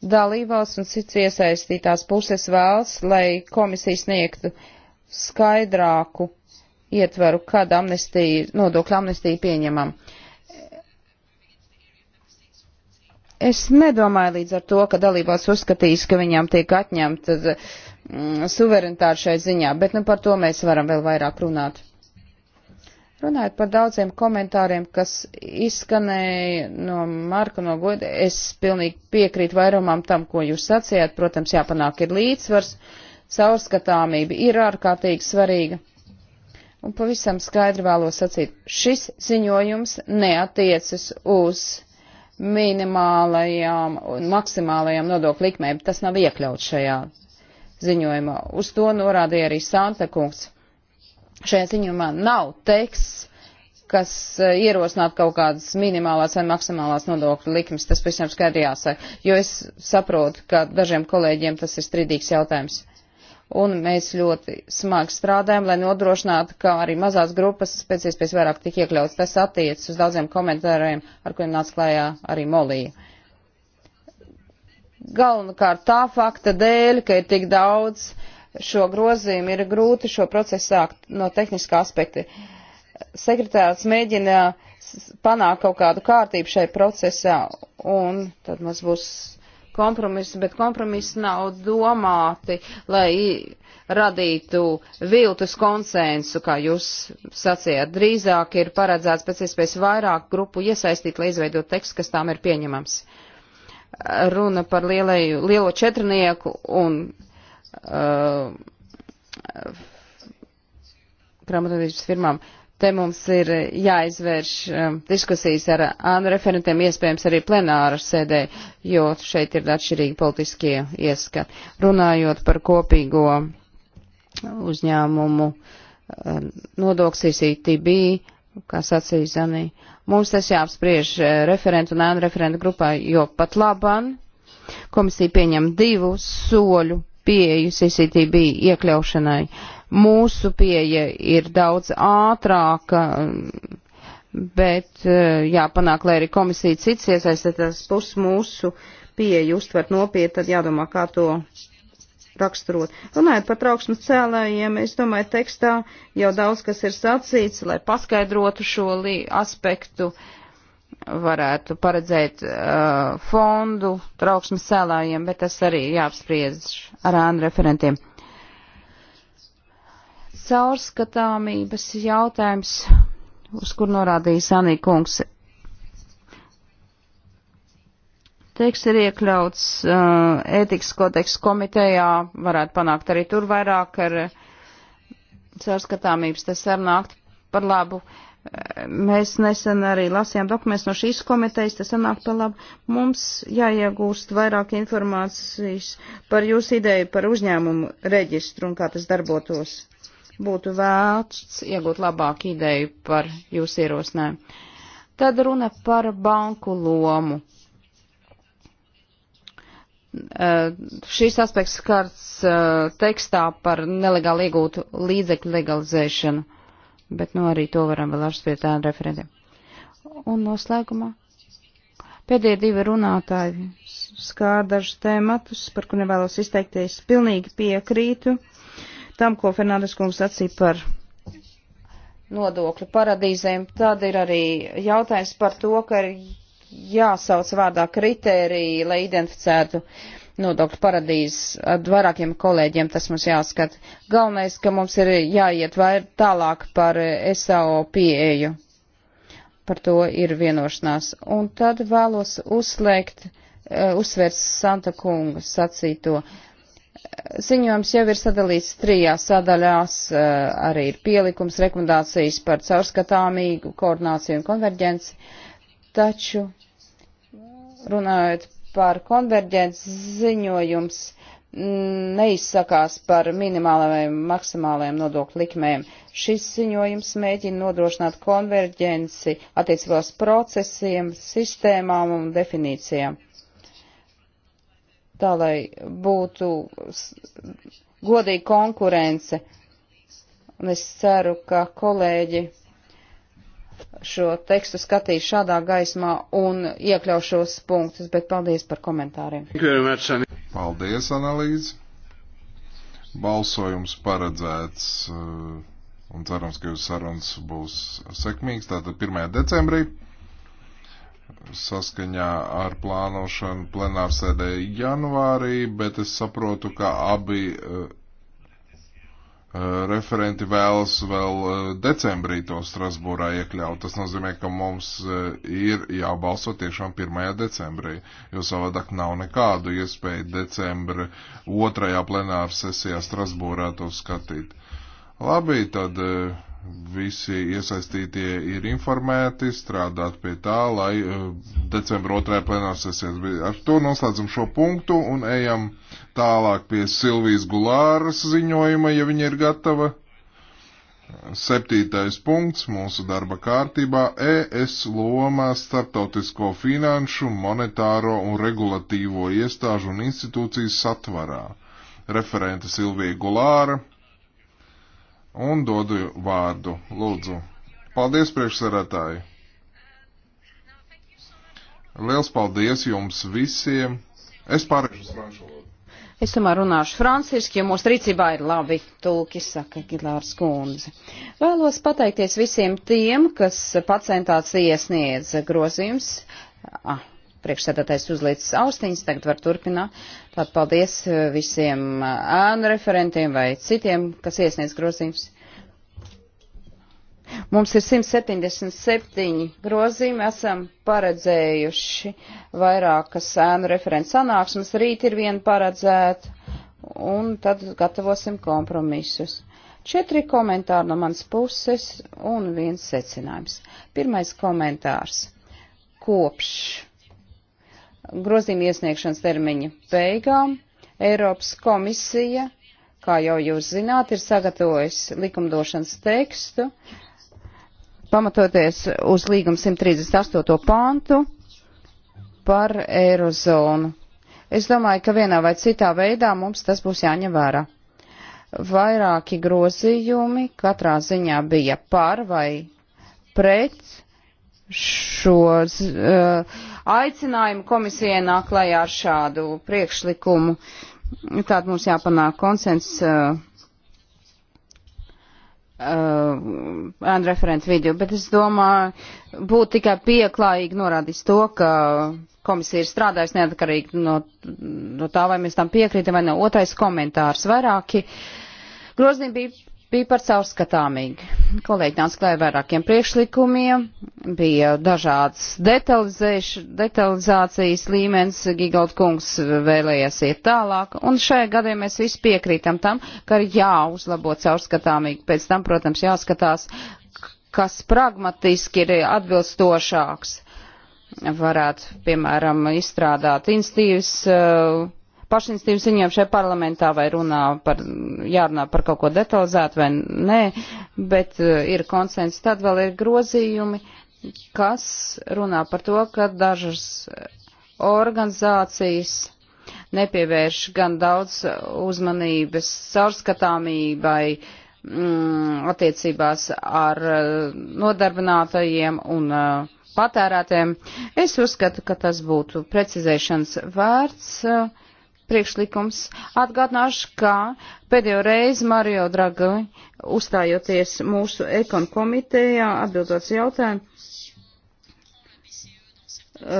dalībās un cits iesaistītās puses vēlas, lai komisija sniegtu skaidrāku ietvaru, kad amnestija, nodokļa amnestija pieņemam. Es nedomāju līdz ar to, ka dalībās uzskatīs, ka viņām tiek atņemta mm, suverenitāte šai ziņā, bet nu par to mēs varam vēl vairāk runāt. Runājot par daudziem komentāriem, kas izskanēja no Marka no goda, es pilnīgi piekrītu vairumam tam, ko jūs sacījāt. Protams, jāpanāk ir līdzsvars, caurskatāmība ir ārkārtīgi svarīga. Un pavisam skaidri vēlos sacīt, šis ziņojums neatiecas uz minimālajām un maksimālajām nodokļu likmēm. Tas nav iekļauts šajā ziņojumā. Uz to norādīja arī Santa kungs. Šajā ziņojumā nav teksts, kas eh, ierosinātu kaut kādas minimālās vai maksimālās nodokļu likmes. Tas visiem skaidri jāsaka, jo es saprotu, ka dažiem kolēģiem tas ir strīdīgs jautājums un mēs ļoti smagi strādājam, lai nodrošinātu, ka arī mazās grupas pēc iespējas vairāk tik iekļauts. Tas attiec uz daudziem komentāriem, ar kuriem nāca klājā arī Molija. Galvenokārt tā fakta dēļ, ka ir tik daudz šo grozījumu, ir grūti šo procesu sākt no tehniskā aspekta. Sekretārs mēģina panākt kaut kādu kārtību šai procesā, un tad mums būs kompromisus, bet kompromisi nav domāti, lai radītu viltus konsensu, kā jūs sacījāt. Drīzāk ir paredzēts pēc iespējas vairāk grupu iesaistīt, lai izveidot tekstu, kas tām ir pieņemams. Runa par lielēju, lielo četrnieku un uh, grāmatvedības firmām. Uh, Te mums ir jāizvērš um, diskusijas ar ANU referentiem, iespējams arī plenāru sēdē, jo šeit ir atšķirīgi politiskie ieskati. Runājot par kopīgo uzņēmumu um, nodoksīs ITB, kā sacīja Zanī, mums tas jāapspriež uh, referentu un ANU referentu grupā, jo pat laban komisija pieņem divu soļu pieeju CCTB iekļaušanai Mūsu pieeja ir daudz ātrāka, bet eh, jāpanāk, lai arī komisija cits iesaistītās puses mūsu pieeju uztvert nopietni, tad jādomā, kā to raksturot. Runājot par trauksmes cēlējiem, es domāju, tekstā jau daudz kas ir sacīts, lai paskaidrotu šo aspektu, varētu paredzēt uh, fondu trauksmes cēlējiem, bet tas arī jāapspriež ar ānu referentiem caurskatāmības jautājums, uz kur norādīja Sanī kungs. Teiks ir iekļauts uh, ētikas kodeksa komitejā, varētu panākt arī tur vairāk ar uh, caurskatāmības, tas var nākt par labu. Uh, mēs nesen arī lasījām dokumentus no šīs komitejas, tas sanāk par labu. Mums jāiegūst vairāk informācijas par jūsu ideju par uzņēmumu reģistru un kā tas darbotos būtu vērts iegūt labāku ideju par jūsu ierosinājumu. Tad runa par banku lomu. Uh, eh, šīs aspekts skarts uh, tekstā par nelegāli iegūtu līdzekļu legalizēšanu, bet nu arī to varam vēl apspriest ar referentiem. Un noslēgumā pēdējie divi runātāji skār dažus tēmatus, par kuriem vēlos izteikties. Pilnīgi piekrītu tam, ko Fernandes kungs sacīja par nodokļu paradīzēm, tad ir arī jautājums par to, ka ir jāsauc vārdā kritēriji, lai identificētu nodokļu paradīzes ar vairākiem kolēģiem, tas mums jāskat. Galvenais, ka mums ir jāiet vair tālāk par SAO pieeju. Par to ir vienošanās. Un tad vēlos uzslēgt, eh, uzsvērt Santa kunga sacīto. Uh, Ziņojums jau ir sadalīts trijās sadaļās, eh, arī ir pielikums rekomendācijas par caurskatāmīgu koordināciju un konverģenci, taču runājot par konverģences ziņojums mm, neizsakās par minimālajiem maksimālajiem nodokļu likmēm. Šis ziņojums mēģina nodrošināt konverģenci attiecībās procesiem, sistēmām un definīcijām tā lai būtu godīga konkurence. Un es ceru, ka kolēģi šo tekstu skatīs šādā gaismā un iekļaušos punktus, bet paldies par komentāriem. Paldies, analīze. Balsojums paredzēts uh, un cerams, ka jūsu sarunas būs sekmīgs. Tātad 1. decembrī saskaņā ar plānošanu plenārsēdē janvārī, bet es saprotu, ka abi uh, referenti vēlas vēl eh, decembrī to Strasbūrā iekļaut. Tas nozīmē, ka mums ir jābalso tiešām 1. decembrī, jo savādāk nav nekādu iespēju decembra otrajā plenāra sesijā Strasbūrā to skatīt. Labi, tad uh, visi iesaistītie ir informēti, strādāt pie tā, lai eh, decembra otrajā plenārs esiet. Ar to noslēdzam šo punktu un ejam tālāk pie Silvijas Gulāras ziņojuma, ja viņa ir gatava. Septītais punkts mūsu darba kārtībā - ES lomā starptautisko finanšu, monetāro un regulatīvo iestāžu un institūcijas satvarā. Referente Silvija Gulāra un dodu vārdu. Lūdzu. Paldies, priekšsarētāji. Liels paldies jums visiem. Es pārēšu uz franču valodu. Es tomēr runāšu franciski, jo mūsu rīcībā ir labi tulki, saka Gilārs Kundze. Vēlos pateikties visiem tiem, kas pacientāts iesniedz grozījums. Ah, priekšsēdētājs uzlīdz austiņas, tagad var turpināt. Tātad paldies eh, visiem eh, ēnu referentiem vai citiem, kas iesniedz grozījums. Mums ir 177 grozījumi, esam paredzējuši vairākas ēnu referents sanāksmes, rīt ir viena paredzēta, un tad gatavosim kompromisus. Četri komentāri no manas puses un viens secinājums. Pirmais komentārs. Kopš grozījuma iesniegšanas termiņa beigām Eiropas komisija, kā jau jūs zināt, ir sagatavojis likumdošanas tekstu, pamatoties uz līguma 138. pantu par Eirozonu. Es domāju, ka vienā vai citā veidā mums tas būs jāņem vērā. Vairāki grozījumi katrā ziņā bija par vai pret šo uh, aicinājumu komisijai nāk klajā ar šādu priekšlikumu. Tātad mums jāpanāk konsens. Uh, uh, referentu video, bet es domāju, būtu tikai pieklājīgi norādīt to, ka komisija ir strādājusi neatkarīgi no, no tā, vai mēs tam piekrītam vai ne. Otrais komentārs vairāki. Grozījumi bija bija par caurskatāmīgi. Kolēģi nāca klāja vairākiem priekšlikumiem, bija dažādas detalizācijas līmenis, Gigalt kungs vēlējās iet tālāk, un šajā gadē mēs visi piekrītam tam, ka ir jāuzlabo caurskatāmīgi, pēc tam, protams, jāskatās, kas pragmatiski ir atbilstošāks. Varētu, piemēram, izstrādāt instīvas uh, pašinstīvu ziņojumu šajā parlamentā vai runā par, jārunā par kaut ko detalizētu vai nē, bet uh, ir konsens. Tad vēl ir grozījumi, kas runā par to, ka dažas organizācijas nepievērš gan daudz uzmanības caurskatāmībai mm, attiecībās ar uh, nodarbinātajiem un uh, patērētājiem. Es uzskatu, ka tas būtu precizēšanas vērts. Uh, priekšlikums. Atgādināšu, ka pēdējo reizi Mario Dragli, uzstājoties mūsu ekon komitejā, atbildot jautājumu,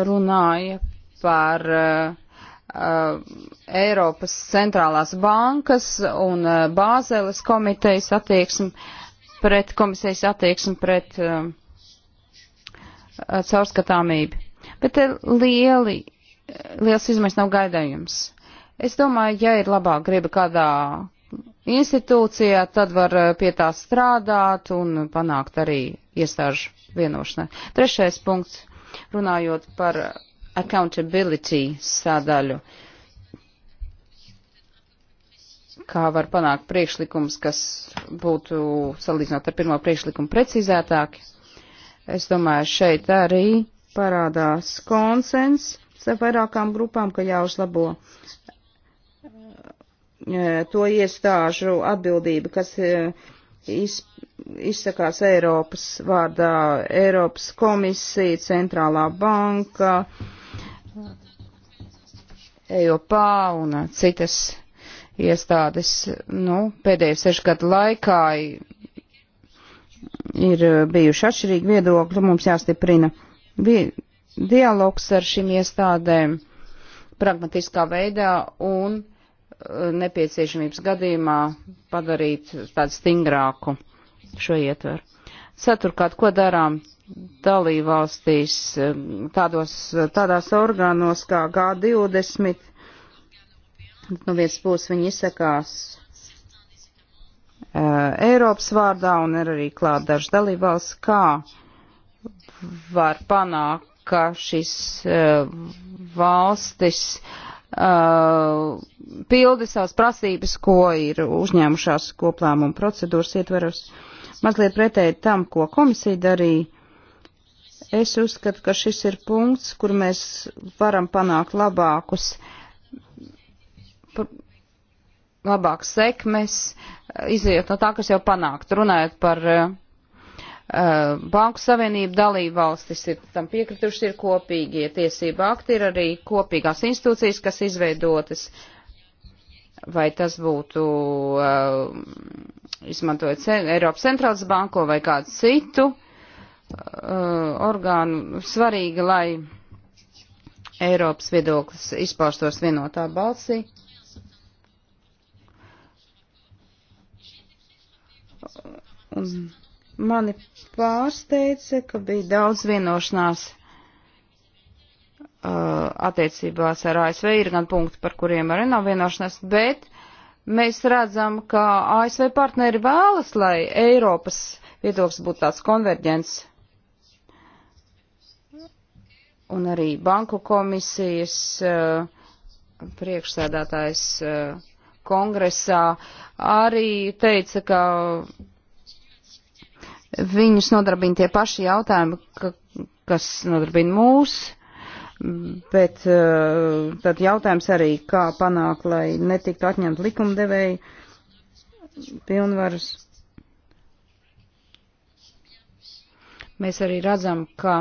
runāja par uh, Eiropas centrālās bankas un uh, Bāzeles komitejas attieksmi pret komisijas attieksmi pret uh, caurskatāmību. Bet te lieli, liels izmaiņas nav gaidājums. Es domāju, ja ir labā griba kādā institūcijā, tad var eh, pie tā strādāt un panākt arī iestāžu vienošanai. Trešais punkts, runājot par accountability sadaļu, kā var panākt priekšlikums, kas būtu salīdzinot ar pirmo priekšlikumu precizētāki. Es domāju, šeit arī parādās konsens starp vairākām grupām, ka jāuzlabo E, to iestāžu atbildība, kas e, iz, izsakās Eiropas vārdā, Eiropas komisija, Centrālā banka, EOPA un citas iestādes. Nu, pēdējo sešu gadu laikā ir bijuši atšķirīgi viedokļi, mums jāstiprina dialogs ar šīm iestādēm pragmatiskā veidā un nepieciešamības gadījumā padarīt tādu stingrāku šo ietveru. Ceturkārt, ko darām dalībvalstīs um, tādos, tādās orgānos kā G20, no nu, vienas puses viņi izsakās uh, Eiropas vārdā un ir arī klāt dažs dalībvalsts, kā var panākt, ka šis uh, valstis uh, uh, pildi savas prasības, ko ir uzņēmušās koplēmuma procedūras ietveros. Mazliet pretēji tam, ko komisija darīja, es uzskatu, ka šis ir punkts, kur mēs varam panākt labākus, labākas sekmes, iziet no tā, kas jau panākt, runājot par uh, Eh, Banku savienība dalība valstis ir tam piekrituši, ir kopīgie tiesība akti, ir arī kopīgās institūcijas, kas izveidotas, vai tas būtu eh, izmantojot Eiropas centrālas banko vai kādu citu eh, orgānu. Svarīgi, lai Eiropas viedoklis izpaustos vienotā balsī. Un Mani pārsteidza, ka bija daudz vienošanās uh, attiecībās ar ASV, ir gan punkti, par kuriem arī nav vienošanās, bet mēs redzam, ka ASV partneri vēlas, lai Eiropas viedoklis būtu tāds konverģents un arī banku komisijas uh, priekšsēdātājs uh, kongresā arī teica, ka viņus nodarbina tie paši jautājumi, ka, kas nodarbina mūs, bet eh, tad jautājums arī, kā panākt, lai netiktu atņemt likumdevēju pilnvaras. Mēs arī redzam, ka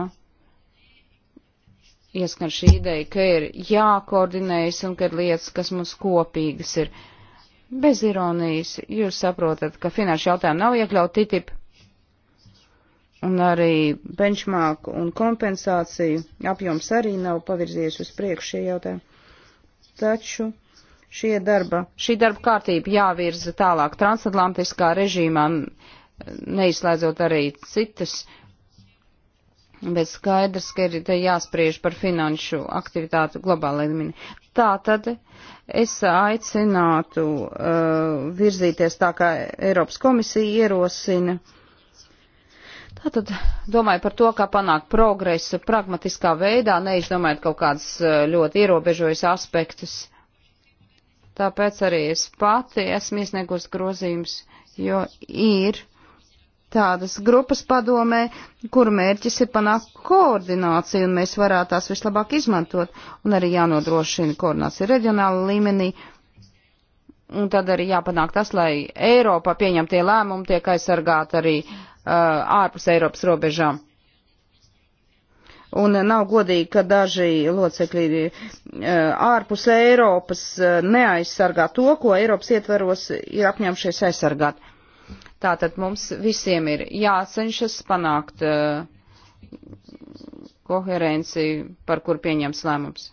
ieskan šī ideja, ka ir jākoordinējas un ka ir lietas, kas mums kopīgas ir. Bez ironijas, jūs saprotat, ka finanšu jautājumu nav iekļaut TTIP un arī benchmark un kompensāciju apjoms arī nav pavirzies uz priekšu šie jautājumi. Taču šie darba, šī darba kārtība jāvirza tālāk transatlantiskā režīmā, neizslēdzot arī citas, bet skaidrs, ka ir jāspriež par finanšu aktivitātu globālā līmenī. Tā tad es aicinātu uh, virzīties tā, kā Eiropas komisija ierosina. Uh, Tātad domāju par to, kā panākt progresu pragmatiskā veidā, neizdomājot kaut kādus eh, ļoti ierobežojas aspektus. Tāpēc arī es pati esmu iesniegus grozījums, jo ir tādas grupas padomē, kuru mērķis ir panākt koordināciju, un mēs varētu tās vislabāk izmantot, un arī jānodrošina koordinācija reģionāla līmenī, un tad arī jāpanāk tas, lai Eiropā pieņemtie lēmumi tiek aizsargāti arī uh, Uh, ārpus Eiropas robežām. Un nav godīgi, ka daži locekļi ir uh, ārpus Eiropas uh, neaizsargā to, ko Eiropas ietveros ir apņemšies aizsargāt. Tātad mums visiem ir jācenšas panākt koherenci, par kur pieņems lēmums.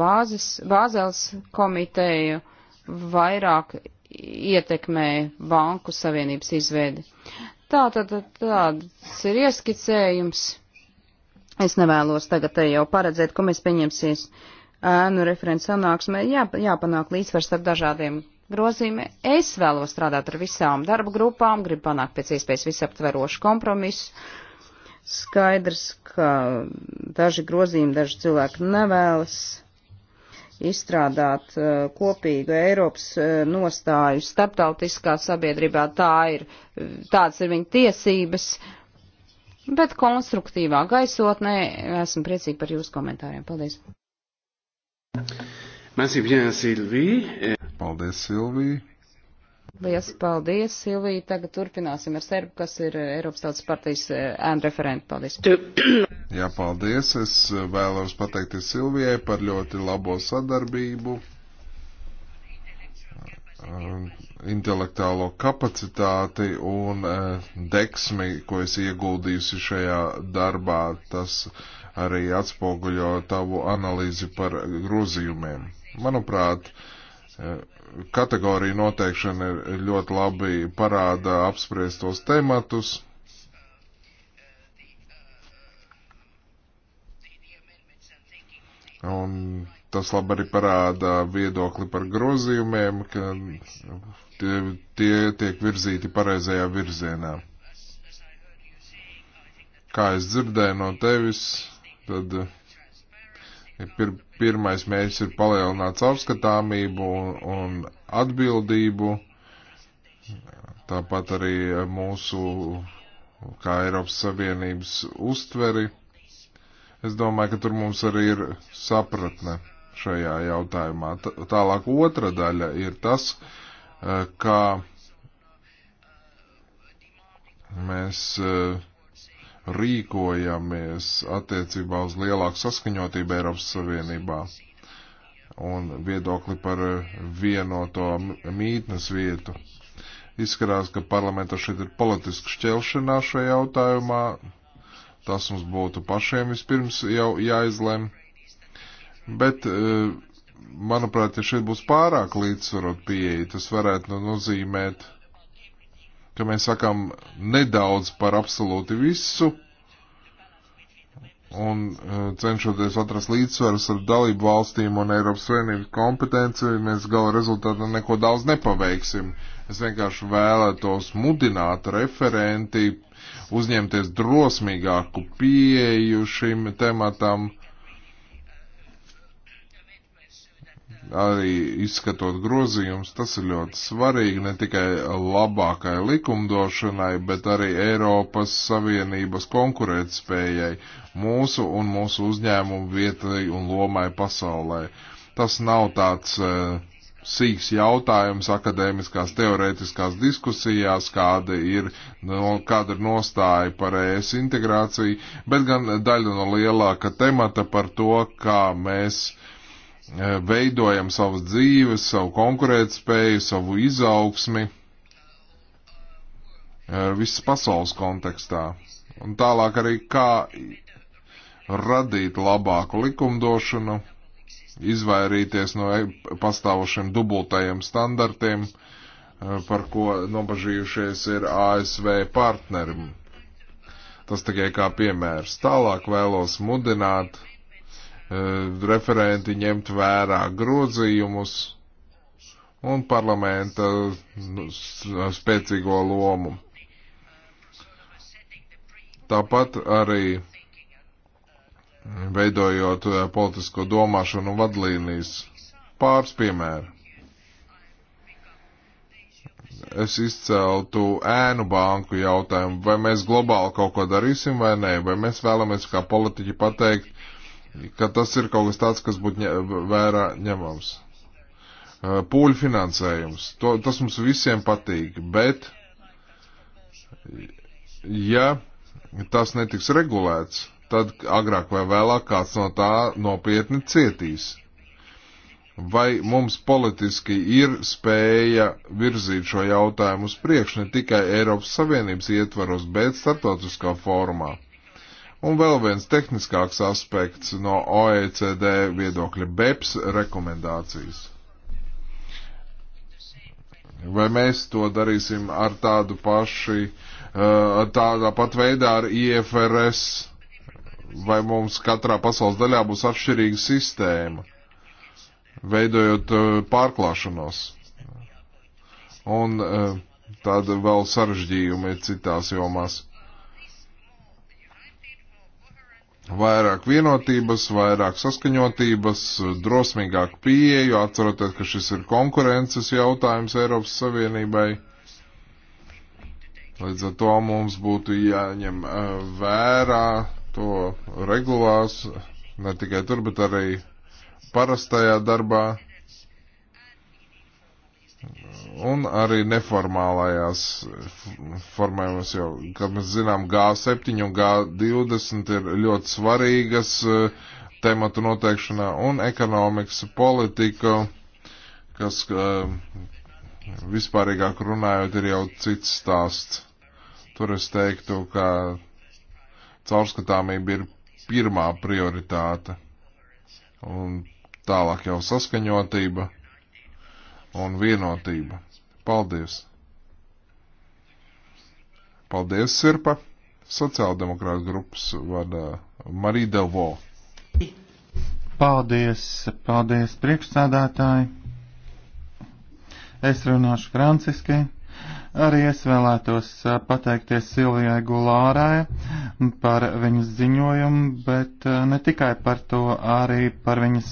Bāzes, Bāzels komiteju vairāk ietekmē banku savienības izveidi. Tā tad tā, tāds ir ieskicējums. Es nevēlos tagad te jau paredzēt, ko mēs pieņemsies ēnu referents sanāksmē. Jā, jāpanāk līdzsvars starp dažādiem grozīme. Es vēlos strādāt ar visām darba grupām, gribu panākt pēc iespējas visaptverošu kompromisu. Skaidrs, ka daži grozījumi, daži cilvēki nevēlas izstrādāt uh, kopīgu Eiropas uh, nostāju starptautiskā sabiedrībā. Tā ir, tāds ir viņa tiesības, bet konstruktīvā gaisotnē esmu priecīgi par jūsu komentāriem. Paldies! Merci bien, Silvija. Paldies, Silvija. Lielas paldies, Silvija. Tagad turpināsim ar Serbu, kas ir eh, Eiropas Tautas partijas eh, ēnu referenta. Paldies. Jā, paldies. Es eh, vēlos pateikties Silvijai par ļoti labo sadarbību, intelektuālo kapacitāti un deksmi, ko es ieguldījusi šajā darbā. Tas arī atspoguļo tavu analīzi par grozījumiem. Manuprāt, uh, Eh, kategorija noteikšana ir ļoti labi parāda apspriestos tematus. Un tas labi arī parāda viedokli par grozījumiem, ka tie, tie tiek virzīti pareizajā virzienā. Kā es dzirdēju no tevis, tad Pir, pirmais mērķis ir palielināt caurskatāmību un, un atbildību, tāpat arī mūsu, kā Eiropas Savienības uztveri. Es domāju, ka tur mums arī ir sapratne šajā jautājumā. Tālāk otra daļa ir tas, eh, kā mēs uh, rīkojamies attiecībā uz lielāku saskaņotību Eiropas Savienībā un viedokli par vienoto mītnes vietu. Izskatās, ka parlamentā šeit ir politiska šķelšanās šajā jautājumā. Tas mums būtu pašiem vispirms jau jāizlem. Bet, eh, manuprāt, ja šeit būs pārāk līdzsvarot pieeja, tas varētu nu nozīmēt ka mēs sakām nedaudz par absolūti visu un e, cenšoties atrast līdzsvarus ar dalību valstīm un Eiropas Savienības kompetenci, mēs gala rezultātā neko daudz nepaveiksim. Es vienkārši vēlētos mudināt referenti uzņemties drosmīgāku pieeju šim tematam arī izskatot grozījums, tas ir ļoti svarīgi ne tikai labākai likumdošanai, bet arī Eiropas Savienības konkurētspējai mūsu un mūsu uzņēmumu vietai un lomai pasaulē. Tas nav tāds uh, sīks jautājums akadēmiskās teorētiskās diskusijās, kāda ir, no, kāda ir nostāja par ES integrāciju, bet gan daļa no lielāka temata par to, kā mēs uh, Eh, veidojam savas dzīves, savu konkurētspēju, savu izaugsmi eh, visas pasaules kontekstā. Un tālāk arī kā radīt labāku likumdošanu, izvairīties no e- pastāvošiem dubultajiem standartiem, eh, par ko nobažījušies ir ASV partnerim. Tas tikai kā piemērs. Tālāk vēlos mudināt uh, E, referenti ņemt vērā grozījumus un parlamenta nu, spēcīgo lomu. Tāpat arī veidojot e, politisko domāšanu un vadlīnijas. Pāris piemēri. Es izceltu ēnu banku jautājumu, vai mēs globāli kaut ko darīsim vai nē, vai mēs vēlamies kā politiķi pateikt, ka tas ir kaut kas tāds, kas būtu ņem, vērā ņemams. Pūļu finansējums. To, tas mums visiem patīk, bet ja tas netiks regulēts, tad agrāk vai vēlāk kāds no tā nopietni cietīs. Vai mums politiski ir spēja virzīt šo jautājumu uz priekšu ne tikai Eiropas Savienības ietvaros, bet starptautiskā formā? Un vēl viens tehniskāks aspekts no OECD viedokļa - BEPS rekomendācijas. Vai mēs to darīsim ar tādu paši, uh, tādā pat veidā ar IFRS? Vai mums katrā pasaules daļā būs atšķirīga sistēma, veidojot uh, pārklāšanos? Un uh, tāda vēl sarežģījumi citās jomās. vairāk vienotības, vairāk saskaņotības, drosmīgāku pieeju, atceroties, ka šis ir konkurences jautājums Eiropas Savienībai. Līdz ar to mums būtu jāņem vērā to regulās, ne tikai tur, bet arī parastajā darbā un arī neformālajās formējumos, jo, kā mēs zinām, G7 un G20 ir ļoti svarīgas eh, tematu noteikšanā un ekonomikas politika, kas eh, vispārīgāk runājot ir jau cits stāsts. Tur es teiktu, ka caurskatāmība ir pirmā prioritāte un tālāk jau saskaņotība un vienotība. Paldies! Paldies, Sirpa! Sociāldemokrāta grupas vada Marija Delvo. Paldies, paldies priekšsādātāji! Es runāšu franciski. Arī es vēlētos pateikties Silvijai Gulārai par viņas ziņojumu, bet ne tikai par to, arī par viņas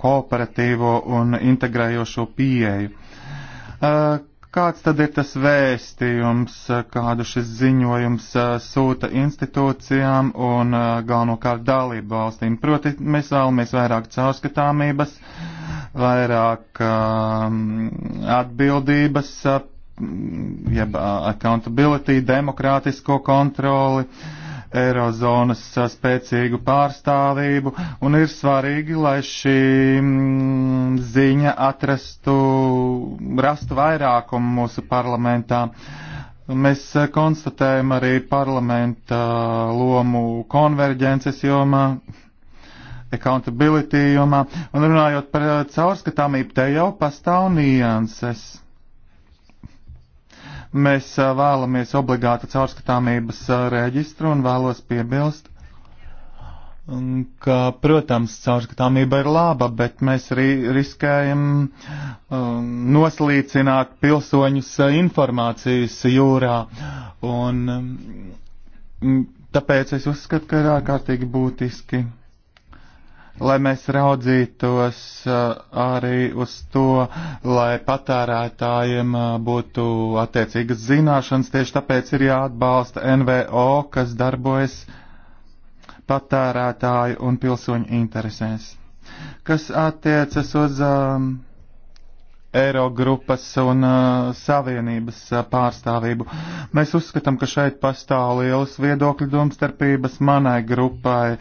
kooperatīvo un integrējošo pieeju. Kāds tad ir tas vēstījums, kādu šis ziņojums sūta institūcijām un galvenokārt dalību valstīm? Proti, mēs vēlamies vairāk caurskatāmības, vairāk um, atbildības jeb accountability, demokrātisko kontroli, eirozonas spēcīgu pārstāvību, un ir svarīgi, lai šī ziņa atrastu, rastu vairākumu mūsu parlamentā. Mēs konstatējam arī parlamenta lomu konverģences jomā, accountability jomā, un runājot par caurskatāmību, te jau pastāv nianses Mēs vēlamies obligātu caurskatāmības reģistru un vēlos piebilst, ka, protams, caurskatāmība ir laba, bet mēs arī riskējam um, noslīcināt pilsoņus informācijas jūrā. Un, um, tāpēc es uzskatu, ka ir ārkārtīgi būtiski lai mēs raudzītos uh, arī uz to, lai patērētājiem uh, būtu attiecīgas zināšanas. Tieši tāpēc ir jāatbalsta NVO, kas darbojas patērētāju un pilsoņu interesēs. Kas attiecas uz um, Eirogrupas un uh, Savienības uh, pārstāvību. Mēs uzskatām, ka šeit pastāv lielas viedokļu domstarpības. Manai grupai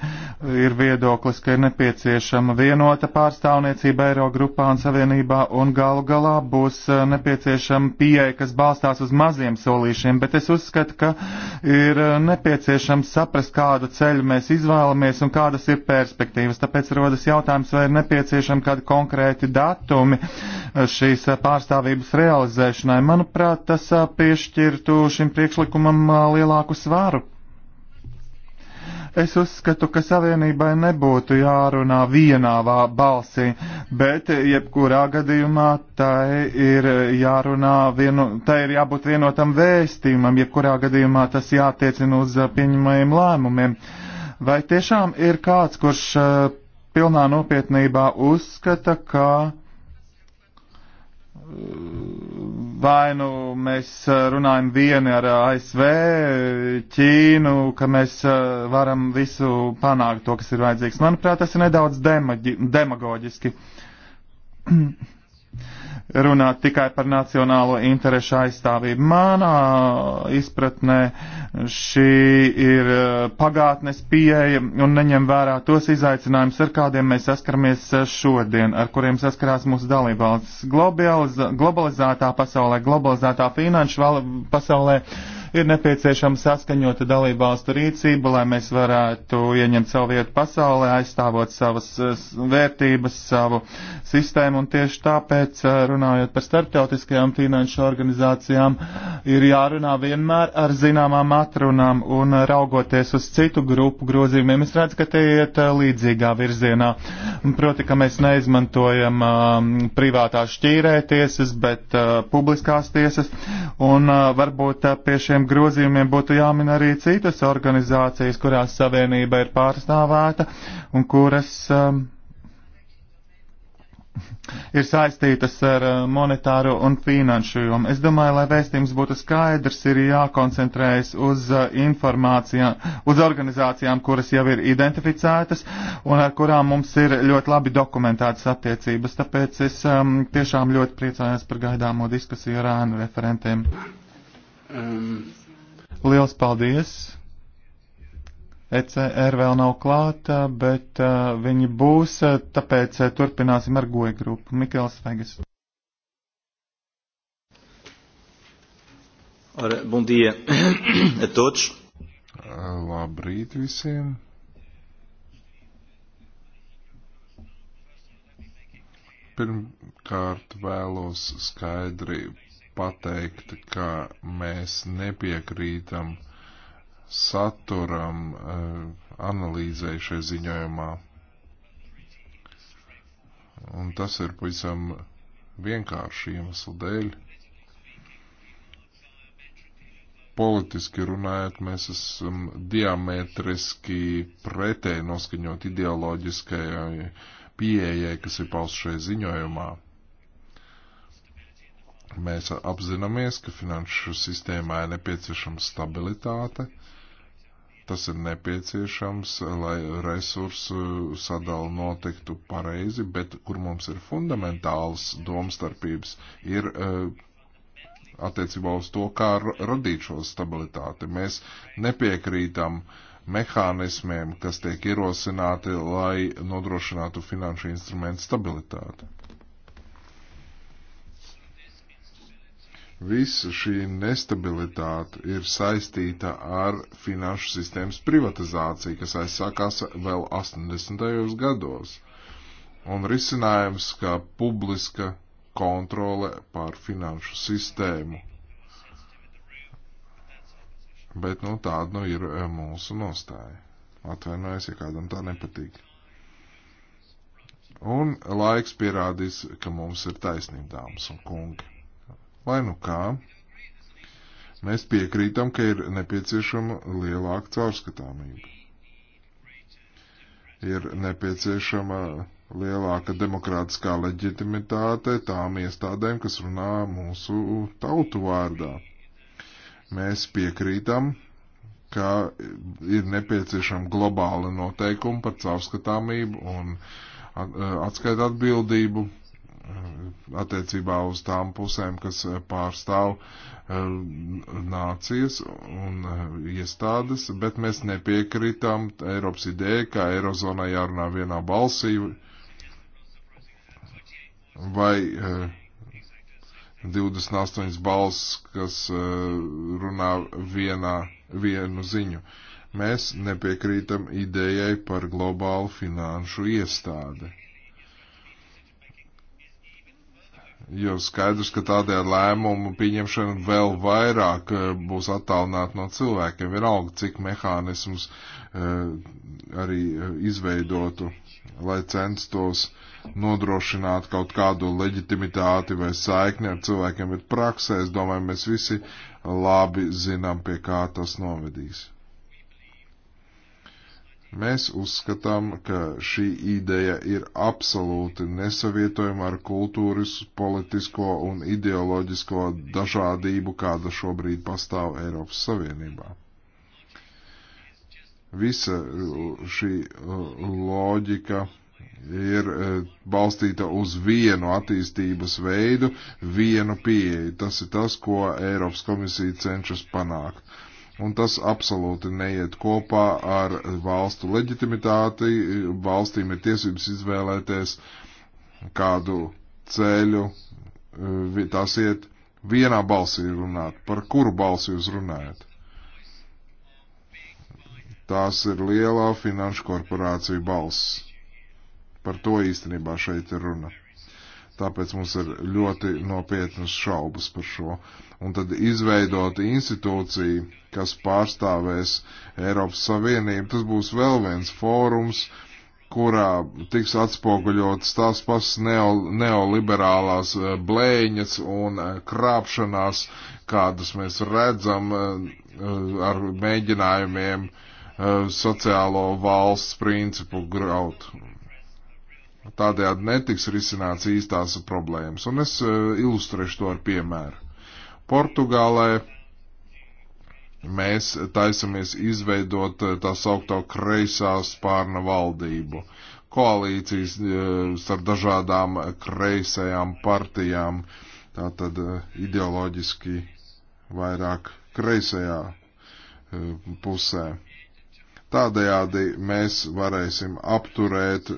ir viedoklis, ka ir nepieciešama vienota pārstāvniecība Eirogrupā un Savienībā, un galu galā būs uh, nepieciešama pieeja, kas balstās uz maziem solīšiem, bet es uzskatu, ka ir uh, nepieciešams saprast, kādu ceļu mēs izvēlamies un kādas ir perspektīvas. Tāpēc rodas jautājums, vai ir nepieciešama kādi konkrēti datumi. Uh, šīs pārstāvības realizēšanai. Manuprāt, tas piešķirtu šim priekšlikumam lielāku svāru. Es uzskatu, ka savienībai nebūtu jārunā vienā balsī, bet jebkurā gadījumā tai ir jārunā, vienu, tai ir jābūt vienotam vēstījumam, jebkurā gadījumā tas jātiecina uz pieņemajiem lēmumiem. Vai tiešām ir kāds, kurš pilnā nopietnībā uzskata, ka vai nu mēs eh, runājam vieni ar eh, ASV, Ķīnu, ka mēs eh, varam visu panākt to, kas ir vajadzīgs. Manuprāt, tas ir nedaudz demagoģiski. [CLEARS THROAT] runāt tikai par nacionālo interešu aizstāvību. Manā izpratnē šī ir eh, pagātnes pieeja un neņem vērā tos izaicinājumus, ar kādiem mēs saskaramies eh, šodien, ar kuriem saskarās mūsu dalībvalsts. Globalizētā pasaulē, globalizētā finanšu pasaulē Ir nepieciešama saskaņota dalībvalstu rīcība, lai mēs varētu ieņemt savu vietu pasaulē, aizstāvot savas vērtības, savu sistēmu, un tieši tāpēc, runājot par starptautiskajām finanšu organizācijām, ir jārunā vienmēr ar zināmām atrunām un raugoties uz citu grupu grozījumiem. Es redzu, ka tie iet līdzīgā virzienā. Proti, ka mēs neizmantojam um, privātās šķīrētiesas, bet uh, publiskās tiesas, un uh, varbūt uh, pie šiem šiem grozījumiem būtu jāmin arī citas organizācijas, kurās savienība ir pārstāvēta un kuras um, ir saistītas ar uh, monetāro un finanšu jomu. Es domāju, lai vēstījums būtu skaidrs, ir jākoncentrējas uz uh, informācijām, uz organizācijām, kuras jau ir identificētas un ar kurām mums ir ļoti labi dokumentētas attiecības. Tāpēc es um, tiešām ļoti priecājos par gaidāmo diskusiju ar ēnu referentiem. Um. Liels paldies! ECR vēl nav klāta, bet uh, viņi būs, uh, tāpēc uh, turpināsim ar goja grupu. Mikls Vegas. Ora, bom dia a todos. Labrīt visiem. Pirmkārt vēlos skaidri pateikt, ka mēs nepiekrītam saturam e, analīzē šajā ziņojumā. Un tas ir pavisam vienkārši iemeslu dēļ. Politiski runājot, mēs esam diametriski pretēji noskaņot ideoloģiskajai pieejai, kas ir paust šajā ziņojumā. Mēs apzināmies, ka finanšu sistēmā ir nepieciešama stabilitāte. Tas ir nepieciešams, lai resursu sadala notiktu pareizi, bet kur mums ir fundamentāls domstarpības, ir uh, attiecībā uz to, kā radīt šo stabilitāti. Mēs nepiekrītam mehānismiem, kas tiek ierosināti, lai nodrošinātu finanšu instrumentu stabilitāti. Visa šī nestabilitāte ir saistīta ar finanšu sistēmas privatizāciju, kas aizsākās vēl 80. gados. Un risinājums kā publiska kontrole pār finanšu sistēmu. Bet nu, tāda nu ir eh, mūsu nostāja. Atvainojos, ja kādam tā nepatīk. Un laiks pierādīs, ka mums ir taisnība, dāmas un kungi. Lai nu kā, mēs piekrītam, ka ir nepieciešama lielāka caurskatāmība. Ir nepieciešama lielāka demokrātiskā leģitimitāte tām iestādēm, kas runā mūsu tautu vārdā. Mēs piekrītam, ka ir nepieciešama globāla noteikuma par caurskatāmību un eh, atskaita atbildību Eh, attiecībā uz tām pusēm, kas eh, pārstāv eh, nācijas un iestādes, bet mēs nepiekritām Eiropas ideja, ka Eirozonā jārunā vienā balsī vai 28 balss, kas runā vienā, vienu ziņu. Mēs nepiekrītam idejai par globālu finanšu iestādi jo skaidrs, ka tādēļ lēmumu pieņemšana vēl vairāk eh, būs attālināta no cilvēkiem, vienalga, cik mehānismus eh, arī eh, izveidotu, lai censtos nodrošināt kaut kādu leģitimitāti vai saikni ar cilvēkiem, bet praksē, es domāju, mēs visi labi zinām, pie kā tas novedīs. Mēs uzskatām, ka šī ideja ir absolūti nesavietojama ar kultūras, politisko un ideoloģisko dažādību, kāda šobrīd pastāv Eiropas Savienībā. Visa uh, šī uh, loģika ir uh, balstīta uz vienu attīstības veidu, vienu pieeju. Tas ir tas, ko Eiropas komisija cenšas panākt un tas absolūti neiet kopā ar valstu leģitimitāti. Valstīm ir tiesības izvēlēties kādu ceļu, eh, tas iet vienā balsī runāt. Par kuru balsi jūs runājat? Tās ir lielā finanšu korporāciju balss. Par to īstenībā šeit ir runa. Tāpēc mums ir ļoti nopietnas šaubas par šo. Uh, un tad izveidot institūciju, kas pārstāvēs Eiropas Savienību. Tas būs vēl viens fórums, kurā tiks atspoguļotas tās pašas neo, neoliberālās eh, blēņas un eh, krāpšanās, kādas mēs redzam eh, ar mēģinājumiem sociālo valsts principu graut. Tādējādi netiks risināts īstās problēmas, un es ilustrēšu to ar piemēru. Portugālē mēs taisamies izveidot eh, tā saukto kreisā spārna valdību. Koalīcijas eh, starp dažādām kreisajām partijām, tātad eh, ideoloģiski vairāk kreisajā pusē. Tādējādi mēs varēsim apturēt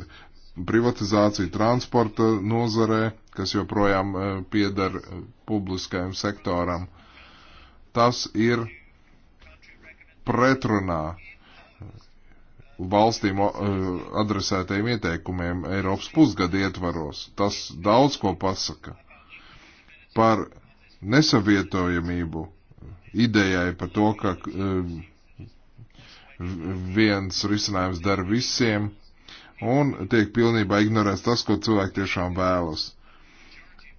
privatizāciju transporta nozarē, kas joprojām eh, piedar eh, publiskajam sektoram. Tas ir pretrunā valstīm eh, adresētajiem ieteikumiem Eiropas pusgada ietvaros. Tas daudz ko pasaka par nesavietojamību idejai par to, ka viens risinājums der visiem un tiek pilnībā ignorēts tas, ko cilvēki tiešām vēlas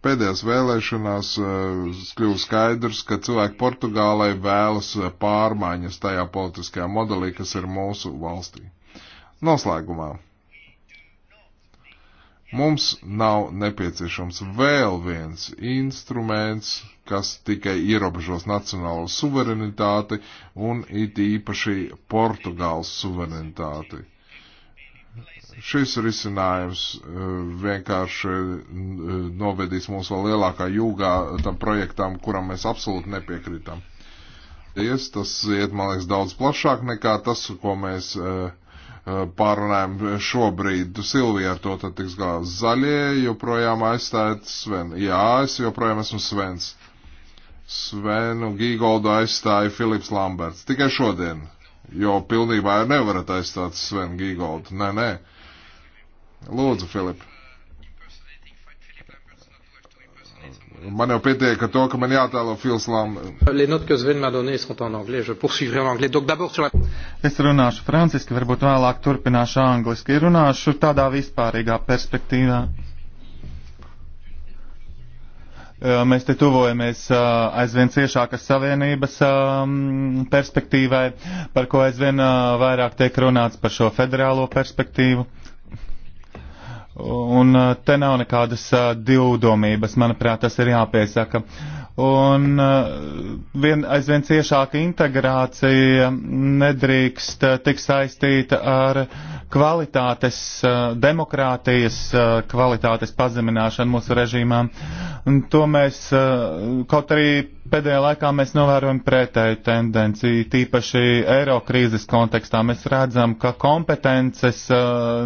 pēdējās vēlēšanās eh, kļuva skaidrs, ka cilvēki Portugālē vēlas eh, pārmaiņas tajā politiskajā modelī, kas ir mūsu valstī. Noslēgumā. Mums nav nepieciešams vēl viens instruments, kas tikai ierobežos nacionālo suverenitāti un it īpaši Portugāles suverenitāti Šis risinājums eh, vienkārši eh, novedīs mūs vēl lielākā jūgā tam projektam, kuram mēs absolūti nepiekritam. Yes, tas iet, man liekas, daudz plašāk nekā tas, ko mēs eh, pārunājam šobrīd. Silvija ar to tad tiks galā. Zaļie joprojām aizstājat Svenu. Jā, es joprojām esmu Svens. Svenu Gīgoldu aizstāja Filips Lamberts. Tikai šodien. Jo pilnībā nevarat aizstāt Svenu Gīgoldu. Nē, nē. Lūdzu, Filip. Man jau pietiek ar to, ka man jātēlo Fils Lam. Es runāšu franciski, varbūt vēlāk turpināšu angliski. Runāšu tādā vispārīgā perspektīvā. Mēs te tuvojamies aizvien ciešākas savienības perspektīvai, par ko aizvien vairāk tiek runāts par šo federālo perspektīvu Un uh, te nav nekādas uh, divdomības, manuprāt, tas ir jāpiesaka un uh, vien, aizvien ciešāka integrācija nedrīkst uh, tik saistīta ar kvalitātes, uh, demokrātijas kvalitātes pazemināšanu mūsu režīmām. Un to mēs, kaut arī pēdējā laikā mēs novērojam pretēju tendenciju, tīpaši eiro krīzes kontekstā. Mēs redzam, ka kompetences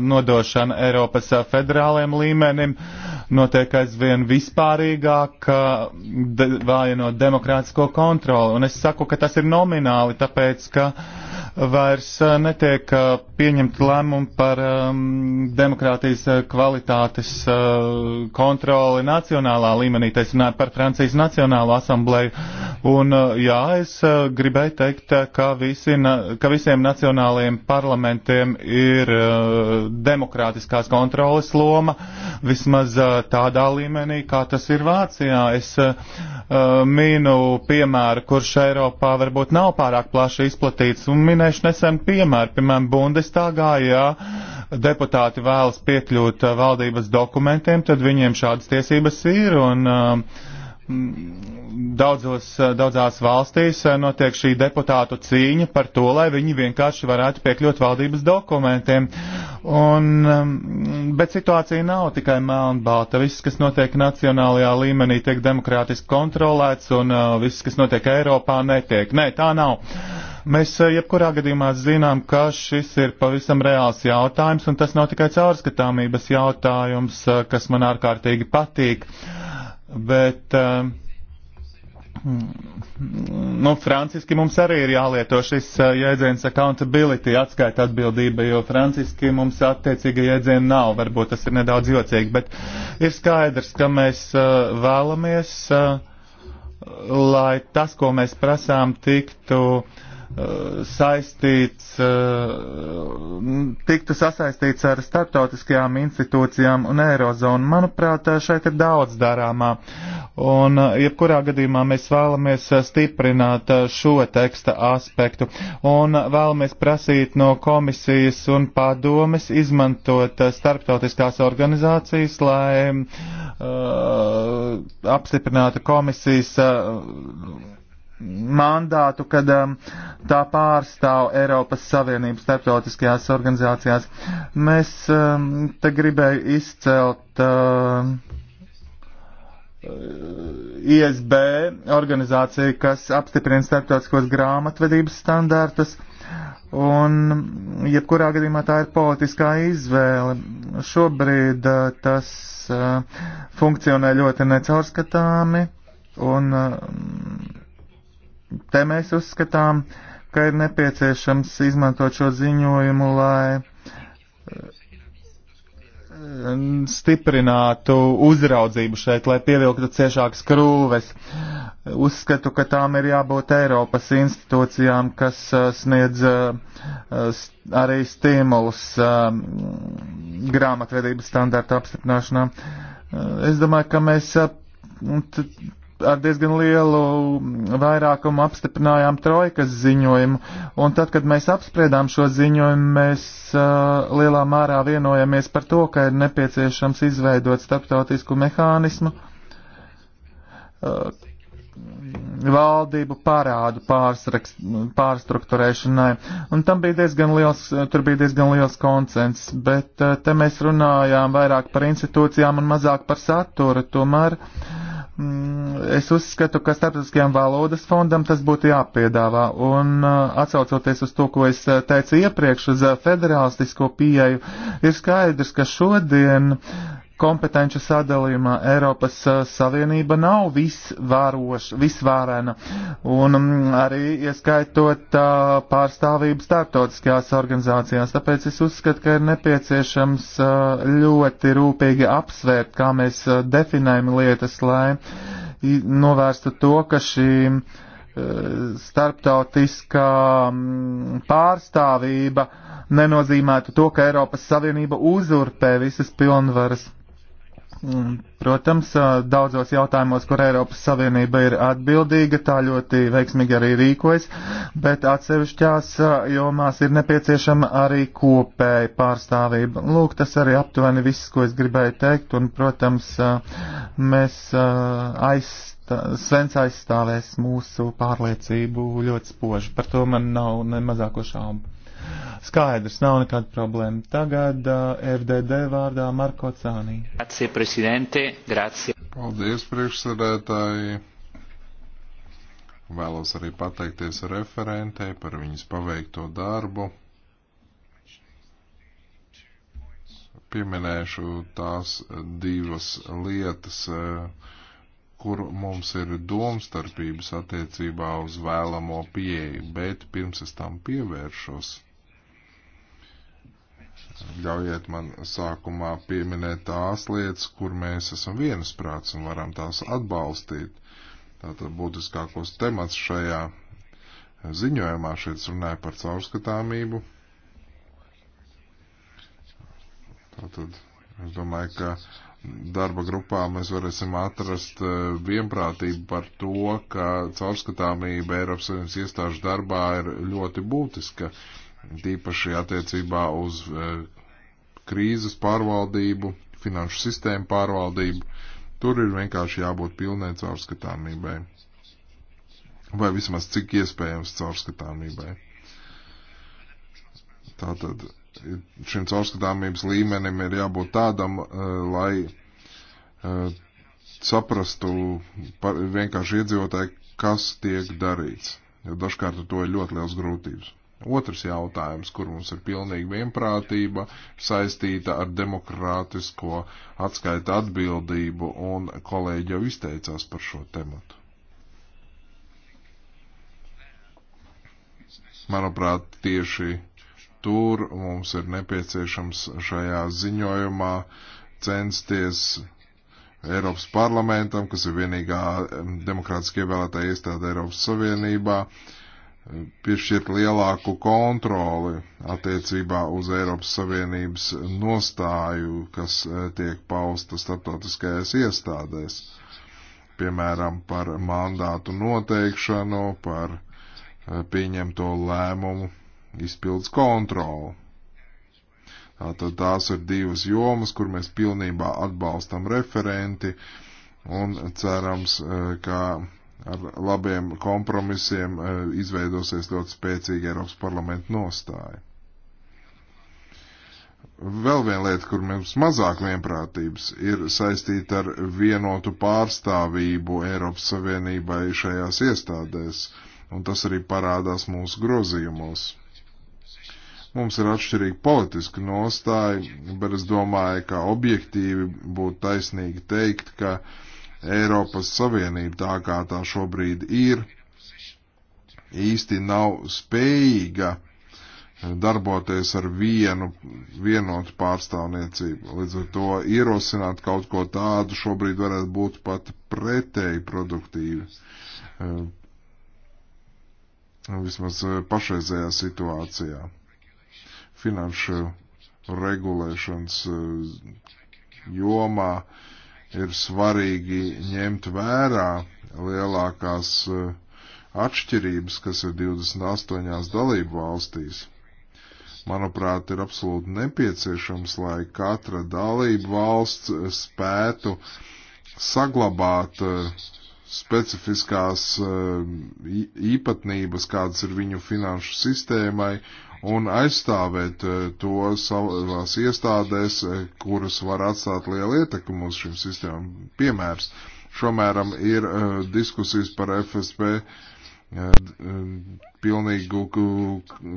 nodošana Eiropas federāliem līmenim notiek aizvien vispārīgāk, de, vājinot demokrātisko kontroli. Un es saku, ka tas ir nomināli, tāpēc, ka vairs eh, netiek eh, pieņemt lēmumu par um, demokrātijas eh, kvalitātes uh, kontroli nacionālā līmenī. Es runāju par Francijas Nacionālo asambleju. Un uh, jā, es uh, gribēju teikt, ka, visi, na, ka visiem nacionālajiem parlamentiem ir uh, demokrātiskās kontroles loma. Vismaz uh, tādā līmenī, kā tas ir Vācijā. Es uh, minu piemēru, kurš Eiropā varbūt nav pārāk plaši izplatīts, un minēšu nesen piemēru, piemēram, Bundestagā, ja deputāti vēlas piekļūt eh, valdības dokumentiem, tad viņiem šādas tiesības ir. Un, uh, daudzos, daudzās valstīs notiek šī deputātu cīņa par to, lai viņi vienkārši varētu piekļūt valdības dokumentiem. Un, um, bet situācija nav tikai melnbalta. Viss, kas notiek nacionālajā līmenī, tiek demokrātiski kontrolēts, un uh, viss, kas notiek Eiropā, netiek. Nē, tā nav. Mēs uh, jebkurā gadījumā zinām, ka šis ir pavisam reāls jautājums, un tas nav tikai caurskatāmības jautājums, uh, kas man ārkārtīgi patīk. Bet, uh, Mm. nu, franciski mums arī ir jālieto šis uh, jēdziens accountability, atskaita atbildība, jo franciski mums attiecīga jēdziena nav, varbūt tas ir nedaudz jocīgi, bet ir skaidrs, ka mēs uh, vēlamies, uh, lai tas, ko mēs prasām, tiktu uh, Eh, saistīts, eh, tiktu sasaistīts ar starptautiskajām institūcijām un Eirozonu. Manuprāt, eh, šeit ir daudz darāmā. Un, jebkurā gadījumā mēs vēlamies stiprināt šo teksta aspektu un vēlamies prasīt no komisijas un padomes izmantot starptautiskās organizācijas, lai uh, apstiprinātu komisijas. Uh, mandātu, kad um, tā pārstāv Eiropas Savienības starptautiskajās organizācijās. Mēs um, te gribēju izcelt uh, um, ISB organizāciju, kas apstiprina starptautiskos grāmatvedības standārtus. Un, jebkurā gadījumā tā ir politiskā izvēle. Šobrīd uh, tas uh, funkcionē ļoti necaurskatāmi un uh, te mēs uzskatām, ka ir nepieciešams izmantot šo ziņojumu, lai eh, stiprinātu uzraudzību šeit, lai pievilktu ciešākas krūves. Uzskatu, ka tām ir jābūt Eiropas institūcijām, kas eh, sniedz eh, arī stimulus grāmatvedības standartu apstiprināšanā. Es domāju, ka mēs ar diezgan lielu vairākumu apstiprinājām trojkas ziņojumu, un tad, kad mēs apspriedām šo ziņojumu, mēs uh, lielā mērā vienojamies par to, ka ir nepieciešams izveidot starptautisku mehānismu uh, valdību parādu pārstrukturēšanai, un tam bija diezgan liels, tur bija diezgan liels koncents, bet uh, te mēs runājām vairāk par institūcijām un mazāk par saturu, tomēr uh, Mm, es uzskatu, ka starptautiskajam valodas fondam tas būtu jāpiedāvā. Un uh, atsaucoties uz to, ko es uh, teicu iepriekš, uz uh, federālistisko pieeju, ir skaidrs, ka šodien uh, kompetenču sadalījumā Eiropas Savienība nav visvāroša, visvārena, un arī ieskaitot pārstāvību starptautiskajās organizācijās. Tāpēc es uzskatu, ka ir nepieciešams ļoti rūpīgi apsvērt, kā mēs definējam lietas, lai novērstu to, ka šī e, starptautiskā pārstāvība nenozīmētu to, ka Eiropas Savienība uzurpē visas pilnvaras Protams, daudzos jautājumos, kur Eiropas Savienība ir atbildīga, tā ļoti veiksmīgi arī rīkojas, bet atsevišķās jomās ir nepieciešama arī kopēja pārstāvība. Lūk, tas arī aptuveni viss, ko es gribēju teikt, un, protams, mēs aizstā, Svens aizstāvēs mūsu pārliecību ļoti spoži. Par to man nav ne mazāko šaubu skaidrs, nav nekāda problēma. Tagad uh, FDD vārdā Marko Cānī. Grazie, prezidente, grazie. Paldies, priekšsēdētāji. Vēlos arī pateikties referentei par viņas paveikto darbu. Pieminēšu tās divas lietas, uh, kur mums ir domstarpības attiecībā uz vēlamo pieeju, bet pirms es tam pievēršos ļaujiet man sākumā pieminēt tās lietas, kur mēs esam vienasprāts un varam tās atbalstīt. Tātad būtiskākos temats šajā ziņojumā šeit runāja par caurskatāmību. Tātad es domāju, ka darba grupā mēs varēsim atrast e, vienprātību par to, ka caurskatāmība Eiropas Savienības iestāžu darbā ir ļoti būtiska. Uh, tīpaši attiecībā uz e, krīzes pārvaldību, finanšu sistēmu pārvaldību. Tur ir vienkārši jābūt pilnai caurskatāmībai. Vai vismaz cik iespējams caurskatāmībai. Tātad šim caurskatāmības līmenim ir jābūt tādam, e, lai e, saprastu vienkārši iedzīvotāji, kas tiek darīts. Jo dažkārt ar to ir ļoti liels grūtības. Otrs jautājums, kur mums ir pilnīga vienprātība, saistīta ar demokrātisko atskaita atbildību, un kolēģi jau izteicās par šo tematu. Manuprāt, tieši tur mums ir nepieciešams šajā ziņojumā censties Eiropas parlamentam, kas ir vienīgā mm, demokrātiski ievēlētā iestāde Eiropas Savienībā, uh, piešķirt lielāku kontroli attiecībā uz Eiropas Savienības nostāju, kas eh, tiek pausta starptautiskajās iestādēs, piemēram, par mandātu noteikšanu, par eh, pieņemto lēmumu izpildus kontroli. Tātad tās ir divas jomas, kur mēs pilnībā atbalstam referenti un cerams, eh, ka ar labiem kompromisiem eh, izveidosies ļoti spēcīga Eiropas parlamenta nostāja. Vēl viena lieta, kur mums mazāk vienprātības, ir saistīta ar vienotu pārstāvību Eiropas Savienībai šajās iestādēs, un tas arī parādās mūsu grozījumos. Mums ir atšķirīga politiska nostāja, bet es domāju, ka objektīvi būtu taisnīgi teikt, ka uh, Eiropas Savienība tā kā tā šobrīd ir, īsti nav spējīga darboties ar vienu vienotu pārstāvniecību. Līdz ar to ierosināt kaut ko tādu šobrīd varētu būt pat pretēji produktīvi. Eh, vismaz eh, pašreizējā situācijā. Finanšu regulēšanas eh, jomā uh, ir svarīgi ņemt vērā lielākās eh, atšķirības, kas ir 28 dalību valstīs. Manuprāt, ir absolūti nepieciešams, lai katra dalība valsts spētu saglabāt eh, specifiskās eh, īpatnības, kādas ir viņu finanšu sistēmai, un aizstāvēt eh, to savās iestādēs, eh, kuras var atstāt lielu ietekmi uz šīm sistēmām. Piemērs šomēram ir uh, diskusijas par FSP uh, pilnīgu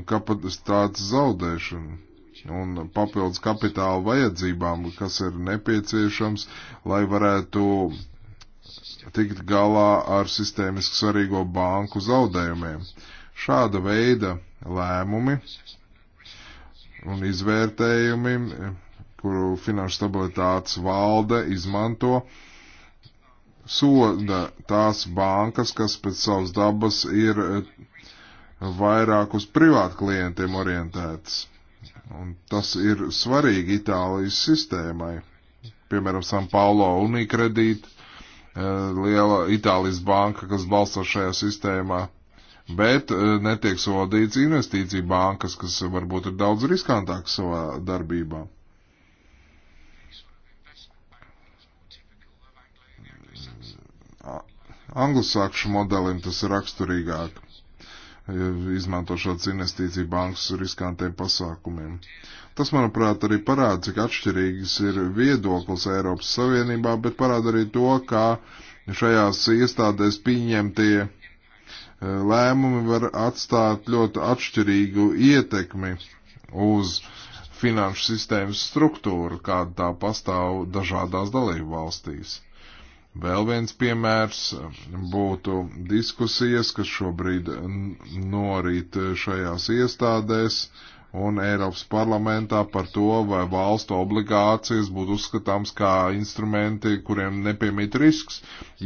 kapacitātes zaudēšanu un papildus kapitāla vajadzībām, kas ir nepieciešams, lai varētu tikt galā ar sistēmiski svarīgo banku zaudējumiem. Šāda veida lēmumi un izvērtējumi, kuru finanšu stabilitātes valde izmanto, soda tās bankas, kas pēc savas dabas ir eh, vairāk uz privātu klientiem orientētas. Un tas ir svarīgi Itālijas sistēmai. Piemēram, San Paulo Unikredīt, eh, liela Itālijas banka, kas balsta šajā sistēmā bet e, netiek sodīts investīcija bankas, kas varbūt ir daudz riskantāks savā darbībā. Anglosākšu modelim tas ir raksturīgāk, izmanto šāds investīcija bankas riskantiem pasākumiem. Tas, manuprāt, arī parāda, cik atšķirīgs ir viedoklis Eiropas Savienībā, bet parāda arī to, kā šajās iestādēs pieņemtie lēmumi var atstāt ļoti atšķirīgu ietekmi uz finanšu sistēmas struktūru, kāda tā pastāv dažādās dalību valstīs. Vēl viens piemērs būtu diskusijas, kas šobrīd norīt šajās iestādēs un Eiropas parlamentā par to, vai valstu obligācijas būtu uzskatāms kā instrumenti, kuriem nepiemīt risks,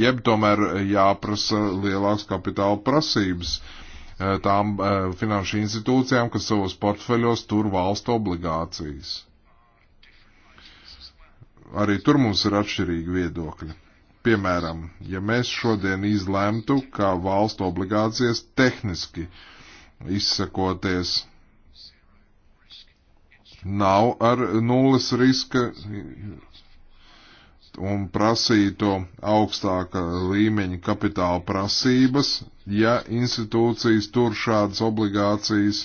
jeb tomēr jāprasa lielāks kapitāla prasības eh, tām eh, finanšu institūcijām, kas savos portfeļos tur valstu obligācijas. Arī tur mums ir atšķirīgi viedokļi. Piemēram, ja mēs šodien izlemtu, ka valstu obligācijas tehniski izsakoties nav ar nulles riska un prasīto augstāka līmeņa kapitāla prasības, ja institūcijas tur šādas obligācijas,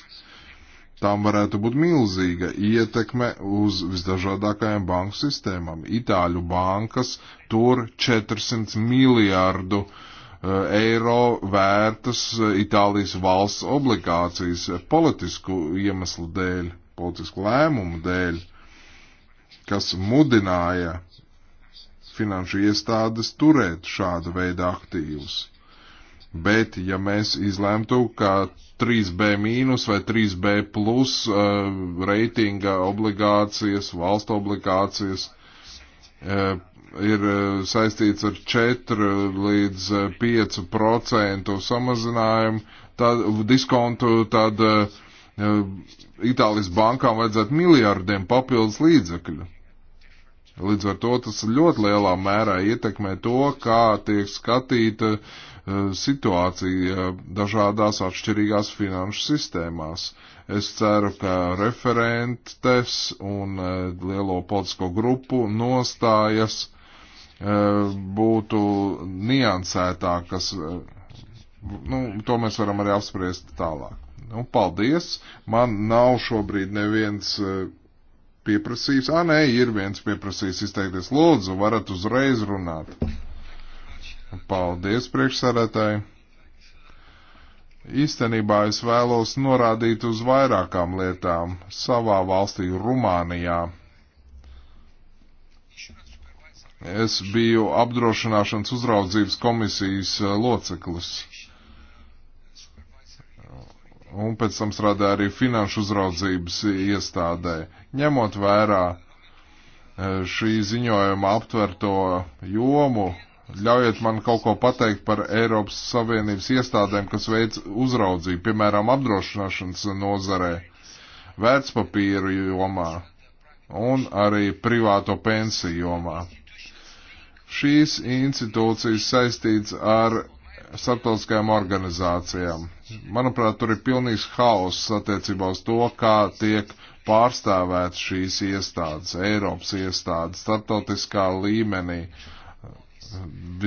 tām varētu būt milzīga ietekme uz visdažādākajām banku sistēmām. Itāļu bankas tur 400 miljārdu e, eiro vērtas Itālijas valsts obligācijas politisku iemeslu dēļ politisku lēmumu dēļ, kas mudināja finanšu iestādes turēt šāda veida aktīvus. Bet, ja mēs izlēmtu, ka 3B mīnus vai 3B plus uh, reitinga obligācijas, valstu obligācijas uh, ir eh, saistīts ar 4 līdz 5 procentu samazinājumu, tad diskontu, tad uh, Eh, Itālijas bankām vajadzētu miljardiem papildus līdzekļu. Līdz ar to tas ļoti lielā mērā ietekmē to, kā tiek skatīta eh, situācija dažādās atšķirīgās finanšu sistēmās. Es ceru, ka referentes un eh, lielo politisko grupu nostājas būtu niansētākas. Nu, to mēs varam arī apspriest tālāk. Nu, paldies. Man nav šobrīd neviens e, pieprasījis. Ā, nē, ir viens pieprasījis izteikties. Lūdzu, varat uzreiz runāt. Paldies, priekšsarētāji. Īstenībā es vēlos norādīt uz vairākām lietām savā valstī, Rumānijā. Es biju apdrošināšanas uzraudzības komisijas e, loceklis un pēc tam strādāja arī finanšu uzraudzības iestādē. Ņemot vērā e, šī ziņojuma aptverto jomu, ļaujiet man kaut ko pateikt par Eiropas Savienības iestādēm, kas veic uzraudzību, piemēram, apdrošināšanas nozarē, vērtspapīru jomā un arī privāto pensiju jomā. Šīs institūcijas saistīts ar starptautiskajām organizācijām, Manuprāt, tur ir pilnīgs haoss attiecībā uz to, kā tiek pārstāvēt šīs iestādes, Eiropas iestādes, starptautiskā līmenī.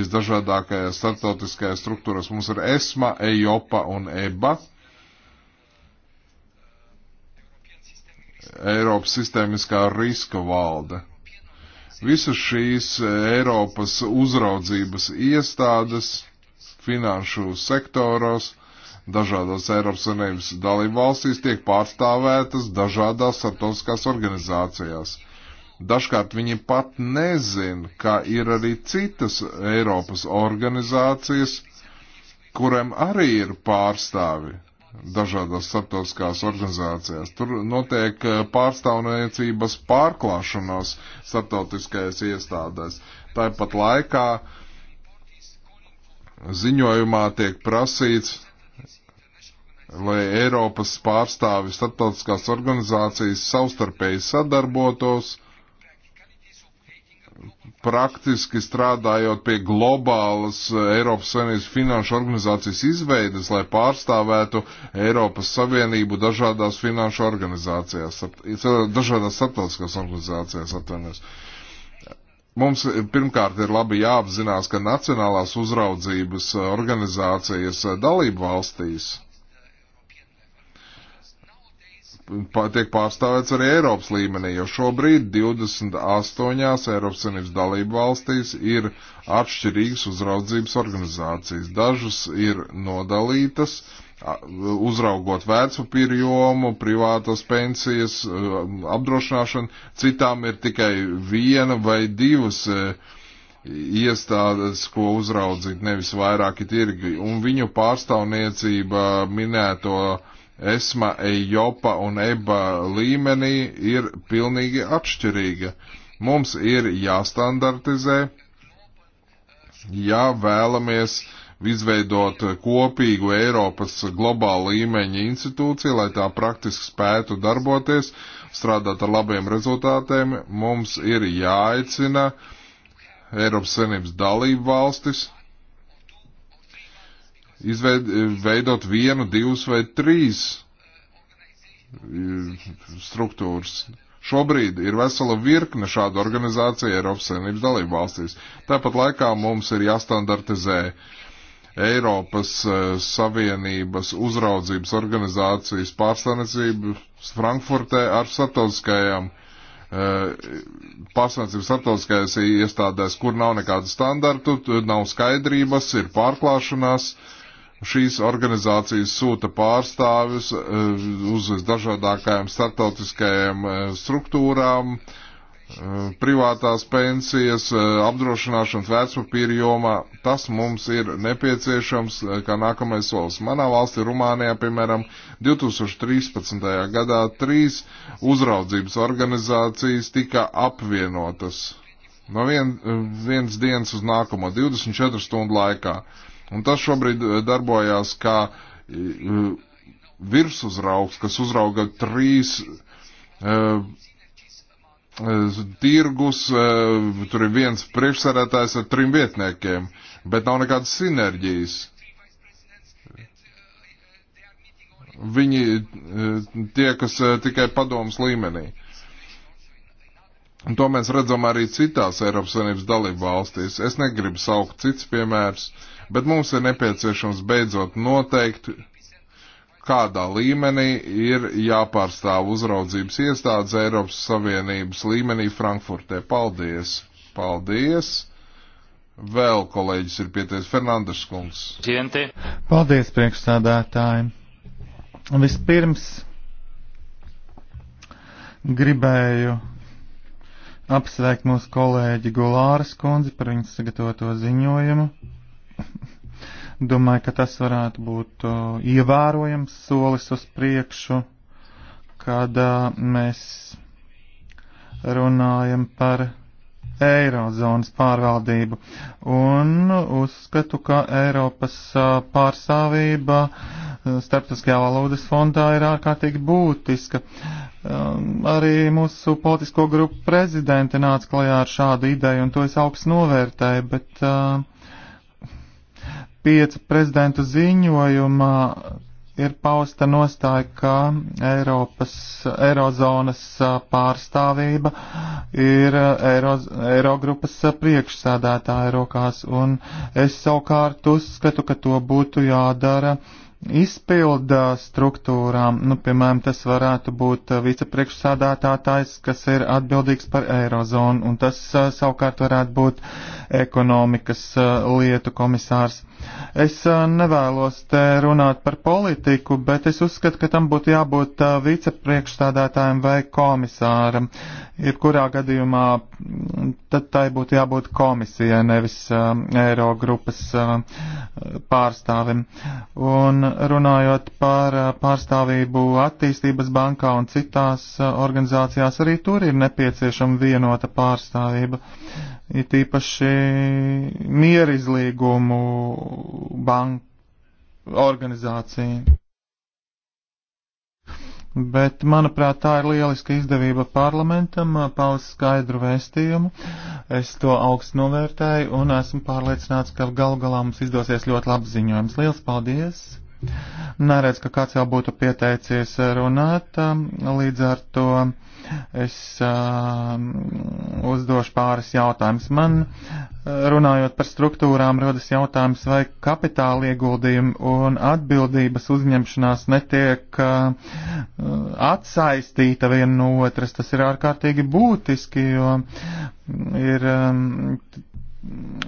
Visdažādākajās starptautiskajās struktūras mums ir ESMA, EIOPA un EBA. Eiropas sistēmiskā riska valde. Visas šīs Eiropas uzraudzības iestādes finanšu sektoros dažādos Eiropas Savienības dalību valstīs tiek pārstāvētas dažādās starptautiskās organizācijās. Dažkārt viņi pat nezin, ka ir arī citas Eiropas organizācijas, kuriem arī ir pārstāvi dažādās starptautiskās organizācijās. Tur notiek eh, pārstāvniecības pārklāšanos starptautiskajās iestādēs. Tāpat laikā ziņojumā tiek prasīts lai Eiropas pārstāvi starptautiskās organizācijas savstarpēji sadarbotos, praktiski strādājot pie globālas Eiropas Savienības finanšu organizācijas izveides, lai pārstāvētu Eiropas Savienību dažādās finanšu organizācijās, dažādās starptautiskās organizācijās atvainojos. Mums pirmkārt ir labi jāapzinās, ka nacionālās uzraudzības organizācijas dalību valstīs tiek pārstāvēts arī Eiropas līmenī, jo šobrīd 28 Eiropas Savienības dalību valstīs ir atšķirīgas uzraudzības organizācijas. Dažas ir nodalītas, uzraugot vērtspapīru jomu, privātas pensijas, apdrošināšanu, citām ir tikai viena vai divas e, iestādes, ko uzraudzīt, nevis vairāki tirgi, un viņu pārstāvniecība minēto uh, ESMA, EIOPA un EBA līmenī ir pilnīgi atšķirīga. Mums ir jāstandartizē, ja vēlamies izveidot kopīgu Eiropas globāla līmeņa institūciju, lai tā praktiski spētu darboties, strādāt ar labiem rezultātiem, mums ir jāaicina Eiropas Savienības dalību valstis izveidot vienu, divas vai trīs struktūras. Šobrīd ir vesela virkne šādu organizāciju Eiropas Savienības dalību valstīs. Tāpat laikā mums ir jāstandartizē Eiropas e, Savienības uzraudzības organizācijas pārstāvniecību Frankfurtē ar starptautiskajām e, pārstāvniecības starptautiskajās iestādēs, kur nav nekādu standartu, nav skaidrības, ir pārklāšanās. Uh, šīs organizācijas sūta pārstāvis eh, uz dažādākajām startautiskajām eh, struktūrām, eh, privātās pensijas, apdrošināšanas vērtspapīra jomā. Tas mums ir nepieciešams kā nākamais solis. Manā valstī Rumānijā, piemēram, 2013. gadā trīs uzraudzības organizācijas tika apvienotas. No vien, viens dienas uz nākamo 24 stundu laikā. Uh, Un tas šobrīd eh, darbojās kā eh, virsuzraugs, kas uzrauga trīs uh, tirgus, uh, tur ir viens priekšsarētājs ar trim vietniekiem, bet nav nekādas sinerģijas. Viņi uh, tie, kas tikai padomas līmenī. Un to mēs redzam arī citās Eiropas Savienības dalību valstīs. Es negribu saukt cits piemērs, bet mums ir nepieciešams beidzot noteikt, kādā līmenī ir jāpārstāv uzraudzības iestādes Eiropas Savienības līmenī Frankfurtē. Paldies! Paldies! Vēl kolēģis ir pieteis Fernandes kungs. Cienti. Paldies, priekšstādātāji. Vispirms gribēju apsveikt mūsu kolēģi Gulāras kundzi par viņas sagatavoto ziņojumu. [LAUGHS] Domāju, ka tas varētu būt uh, ievērojams solis uz priekšu, kad uh, mēs runājam par Eirozonas pārvaldību. Un uzskatu, ka Eiropas uh, pārstāvība uh, starptautiskajā valodas fondā ir ārkārtīgi būtiska. Um, arī mūsu politisko grupu prezidenti nāca klajā ar šādu ideju, un to es augstu novērtēju, bet uh, piecu prezidentu ziņojumā ir pausta nostāja, ka Eiropas, Eirozonas uh, pārstāvība ir uh, Eiro, Eirogrupas priekšsēdētāja rokās, un es savukārt uzskatu, ka to būtu jādara uh, izpilda struktūrām, nu, piemēram, tas varētu būt uh, vicepriekšsādātātājs, kas ir atbildīgs par eirozonu, un tas uh, savukārt varētu būt ekonomikas uh, lietu komisārs. Es eh, nevēlos te runāt par politiku, bet es uzskatu, ka tam būtu jābūt eh, vicepriekšstādātājiem vai komisāram. Ir kurā gadījumā mm, tad tai būtu jābūt komisijai, nevis eh, eiro grupas pārstāvim. Un runājot par pārstāvību attīstības bankā un citās organizācijās, arī tur ir nepieciešama vienota pārstāvība. Uh, it īpaši mierizlīgumu banku organizāciju. Bet, manuprāt, tā ir lieliska izdevība parlamentam paust skaidru vēstījumu. Es to augstu novērtēju un esmu pārliecināts, ka gal galā mums izdosies ļoti labs ziņojums. Liels paldies! Neredz, ka kāds jau būtu pieteicies runāt, līdz ar to Es uh, uzdošu pāris jautājumus. Man, uh, runājot par struktūrām, rodas jautājums, vai kapitāla ieguldījumi un atbildības uzņemšanās netiek uh, atsaistīta viena no otras. Tas ir ārkārtīgi būtiski, jo ir. Um,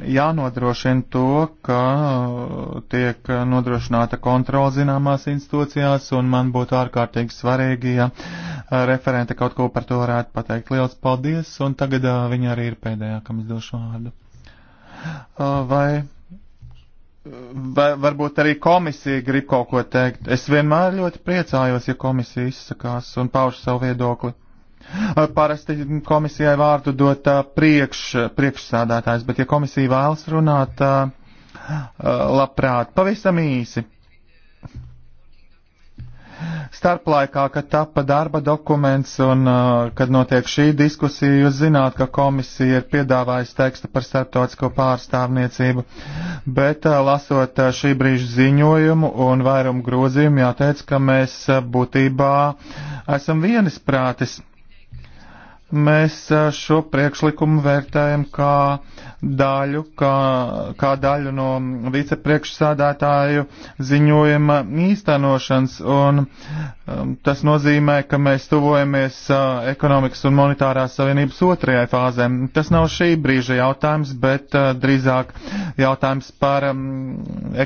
jānodrošina to, ka uh, tiek nodrošināta kontrola zināmās institūcijās, un man būtu ārkārtīgi svarīgi, ja uh, referente kaut ko par to varētu pateikt. Liels paldies, un tagad uh, viņa arī ir pēdējā, kam es došu vārdu. Vai Vai, varbūt arī komisija grib kaut ko teikt. Es vienmēr ļoti priecājos, ja komisija izsakās un pauž savu viedokli. Parasti komisijai vārdu dot priekš, priekšsādātājs, bet ja komisija vēlas runāt, labprāt, pavisam īsi. Starplaikā, kad tapa darba dokuments un uh, kad notiek šī diskusija, jūs zināt, ka komisija ir piedāvājusi tekstu par starptautisko pārstāvniecību, bet uh, lasot uh, šī brīža ziņojumu un vairumu grozījumu, jāteic, ka mēs uh, būtībā esam vienisprātis. Uh, Mēs šo priekšlikumu vērtējam kā daļu, kā, kā daļu no vicepriekšsādātāju ziņojuma īstenošanas, un um, tas nozīmē, ka mēs tuvojamies uh, ekonomikas un monetārās savienības otrajai fāzē. Tas nav šī brīža jautājums, bet uh, drīzāk jautājums par um,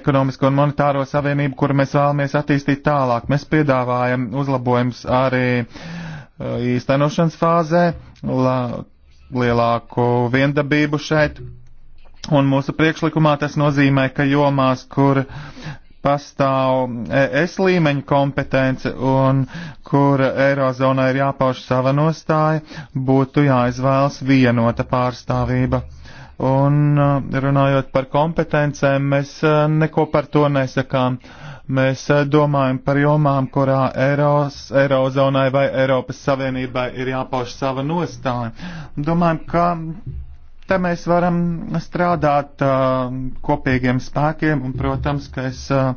ekonomisko un monetāro savienību, kuru mēs vēlamies attīstīt tālāk. Mēs piedāvājam uzlabojums arī uh, Eh, īstenošanas fāzē, la, lielāku viendabību šeit. Un mūsu priekšlikumā tas nozīmē, ka jomās, kur pastāv es līmeņu kompetence un kur Eirozonai ir jāpauž sava nostāja, būtu jāizvēlas vienota pārstāvība. Un eh, runājot par kompetencēm, mēs eh, neko par to nesakām. Uh, Mēs eh, domājam par jomām, kurā Eiros, Eirozonai vai Eiropas Savienībai ir jāpauž sava nostāja. Domājam, ka te mēs varam strādāt uh, kopīgiem spēkiem, un, protams, ka es uh,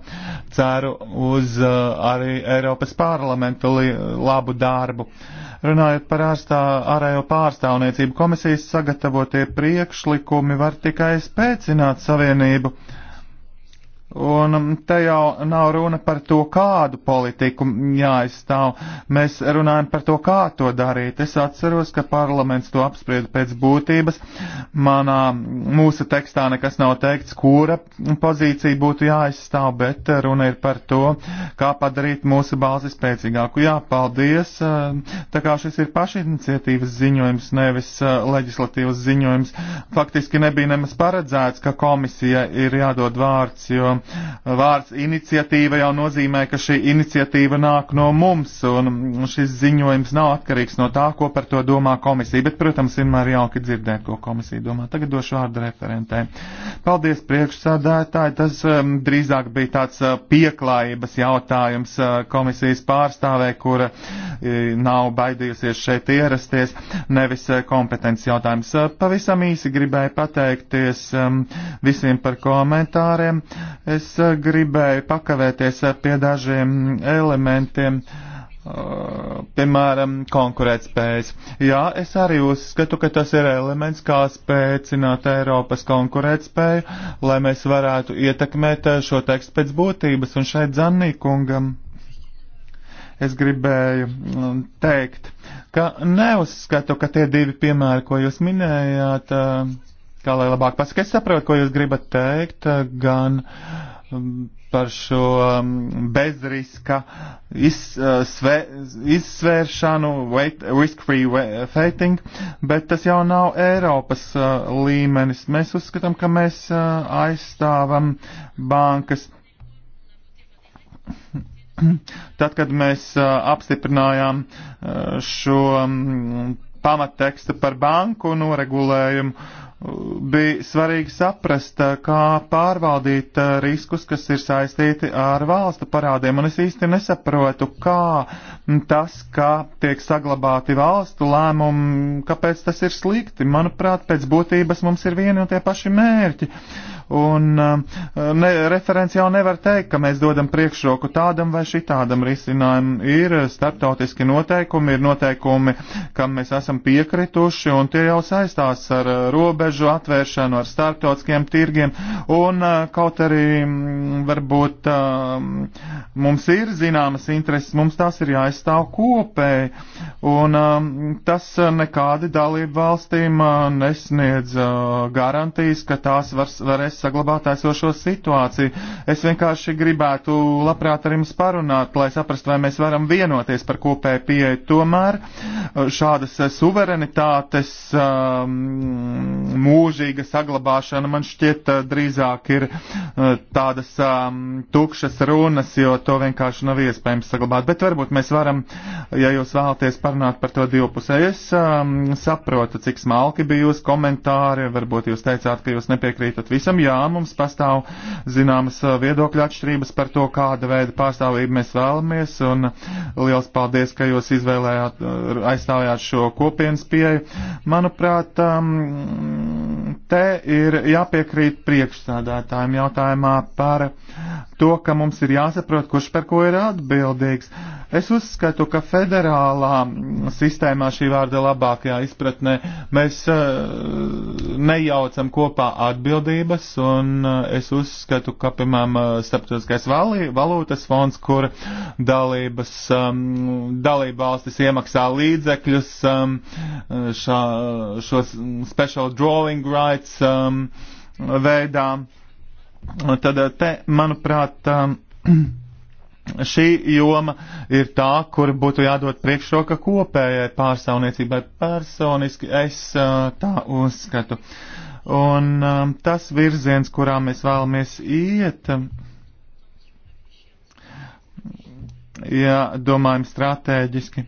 ceru uz uh, arī Eiropas parlamentu labu darbu. Runājot par ārstā, ārējo pārstāvniecību, komisijas sagatavotie priekšlikumi var tikai spēcināt savienību. Uh, Un um, te jau nav runa par to, kādu politiku jāizstāv. Mēs runājam par to, kā to darīt. Es atceros, ka parlaments to apsprieda pēc būtības. Manā mūsu tekstā nekas nav teikts, kura pozīcija būtu jāizstāv, bet uh, runa ir par to, kā padarīt mūsu balsi spēcīgāku. Jā, paldies. Um, tā kā šis ir pašiniciatīvas ziņojums, nevis uh, leģislatīvas ziņojums, faktiski nebija nemaz paredzēts, ka komisija ir jādod vārds, jo vārds iniciatīva jau nozīmē, ka šī iniciatīva nāk no mums, un šis ziņojums nav atkarīgs no tā, ko par to domā komisija, bet, protams, vienmēr jauki dzirdēt, ko komisija domā. Tagad došu vārdu referentē. Paldies, priekšsādātāji, tas um, drīzāk bija tāds uh, pieklājības jautājums uh, komisijas pārstāvē, kura uh, nav baidījusies šeit ierasties, nevis uh, kompetences jautājums. Uh, pavisam īsi gribēju pateikties um, visiem par komentāriem. Uh, Es eh, gribēju pakavēties eh, pie dažiem elementiem, eh, piemēram, konkurētspējas. Jā, es arī uzskatu, ka tas ir elements, kā spēcināt Eiropas konkurētspēju, lai mēs varētu ietekmēt šo tekstu pēc būtības. Un šeit Zannīkungam es gribēju mm, teikt, ka neuzskatu, ka tie divi piemēri, ko jūs minējāt, uh, kā lai labāk pasaka, es saprotu, ko jūs gribat teikt, eh, gan mm, par šo mm, bezriska izsve, eh, izsvēršanu, risk-free fighting, bet tas jau nav Eiropas eh, līmenis. Mēs uzskatām, ka mēs aizstāvam bankas. Tad, kad mēs apstiprinājām šo mm, pamattekstu par banku noregulējumu, bija svarīgi saprast, eh, kā pārvaldīt eh, riskus, kas ir saistīti ar valstu parādiem, un es īsti nesaprotu, kā tas, kā tiek saglabāti valstu lēmumi, kāpēc tas ir slikti. Manuprāt, pēc būtības mums ir vieni un tie paši mērķi, Un eh, ne, referents jau nevar teikt, ka mēs dodam priekšroku tādam vai šitādam risinājumam. Ir eh, starptautiski noteikumi, ir noteikumi, kam mēs esam piekrituši, un tie jau saistās ar eh, robežu atvēršanu, ar starptautiskiem tirgiem. Un kaut arī mm, varbūt mums ir zināmas intereses, mums tās ir jāizstāv kopēji. Un tas nekādi dalību valstīm nesniedz garantijas, ka tās var, varēs saglabāt esošo situāciju. Es vienkārši gribētu labprāt ar jums parunāt, lai saprastu, vai mēs varam vienoties par kopēju pieeju. Tomēr eh, šādas eh, suverenitātes ehm, mūžīga saglabāšana man šķiet eh, drīzāk ir tādas ehm, tukšas runas, jo to vienkārši nav iespējams saglabāt. Bet varbūt mēs varam, ja jūs vēlaties parunāt par to divpusē, es ehm, saprotu, cik smalki bija jūsu komentāri, varbūt jūs teicāt, ka jūs nepiekrītat visam jā, mums pastāv zināmas viedokļa atšķirības par to, kāda veida pārstāvību mēs vēlamies, un liels paldies, ka jūs izvēlējāt, aizstāvjāt šo kopienas pieeju. Manuprāt, te ir jāpiekrīt priekšstādātājiem jautājumā par to, ka mums ir jāsaprot, kurš par ko ir atbildīgs. Es uzskatu, ka federālā sistēmā šī vārda labākajā izpratnē mēs eh, nejaucam kopā atbildības, un eh, es uzskatu, ka, piemēram, eh, starptautiskais valūtas fonds, kur dalības, ehm, dalība valstis iemaksā līdzekļus ehm, šā, šos special drawing rights ehm, veidā, tad eh, te, manuprāt, um, [CLEARS THROAT] šī joma ir tā, kur būtu jādod priekšroka kopējai pārstāvniecībai. Personiski es eh, tā uzskatu. Un um, tas virziens, kurā mēs vēlamies iet, um, ja domājam stratēģiski,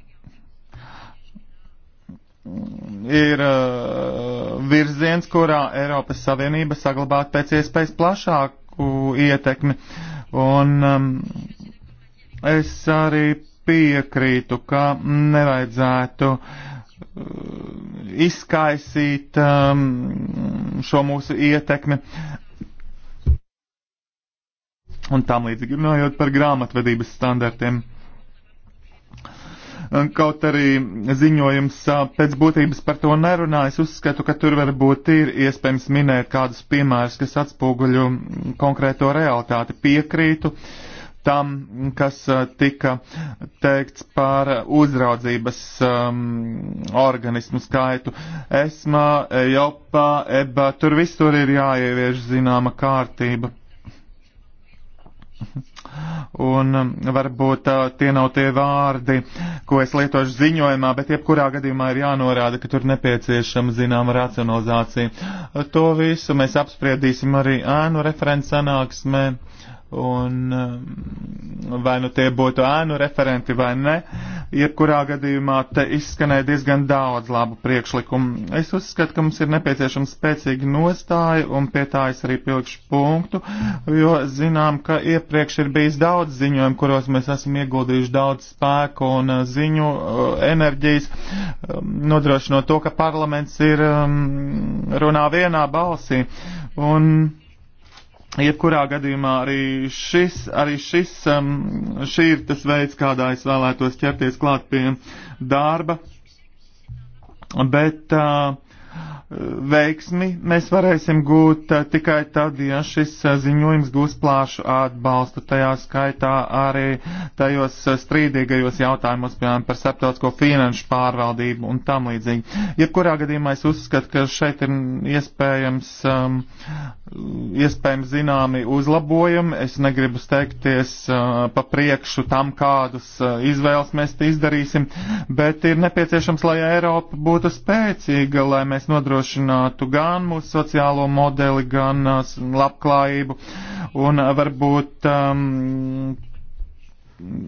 ir uh, virziens, kurā Eiropas Savienība saglabāt pēc iespējas plašāku ietekmi. Un um, es arī piekrītu, ka nevajadzētu uh, izkaisīt um, šo mūsu ietekmi. Un tam līdzīgi runājot par grāmatvedības standartiem. Kaut arī ziņojums pēc būtības par to nerunā, es uzskatu, ka tur varbūt ir iespējams minēt kādus piemērus, kas atspoguļo konkrēto realitāti. Piekrītu tam, kas tika teikts par uzraudzības um, organismu skaitu. ESMA, EJOPA, EBA, tur visur ir jāievieš zināma kārtība. [LAUGHS] un um, varbūt uh, tie nav tie vārdi, ko es lietošu ziņojumā, bet jebkurā gadījumā ir jānorāda, ka tur nepieciešama zināma racionalizācija. To visu mēs apspriedīsim arī ēnu referents sanāksmē un um, vai nu tie būtu ēnu referenti vai ne, jebkurā gadījumā te izskanēja diezgan daudz labu priekšlikumu. Es uzskatu, ka mums ir nepieciešama spēcīga nostāja, un pie tā es arī pilkšu punktu, jo zinām, ka iepriekš ir bijis daudz ziņojumu, kuros mēs esam ieguldījuši daudz spēku un uh, ziņu, uh, enerģijas, um, nodrošinot to, ka parlaments ir um, runā vienā balsī. Un, Jebkurā gadījumā arī šis, arī šis, um, šī ir tas veids, kādā es vēlētos ķerties klāt pie darba, bet uh, veiksmi mēs varēsim gūt eh, tikai tad, ja šis eh, ziņojums gūs plāšu atbalstu, tajā skaitā arī tajos eh, strīdīgajos jautājumos, piemēram, par starptautisko finanšu pārvaldību un tam līdzīgi. Jebkurā gadījumā es uzskatu, ka šeit ir iespējams, um, iespējams zināmi uzlabojumi. Es negribu steigties uh, pa priekšu tam, kādus uh, izvēles mēs izdarīsim, bet ir nepieciešams, lai Eiropa būtu spēcīga, lai mēs nodrošinātu nodrošinātu gan mūsu sociālo modeli, gan uh, labklājību. Un uh, varbūt um,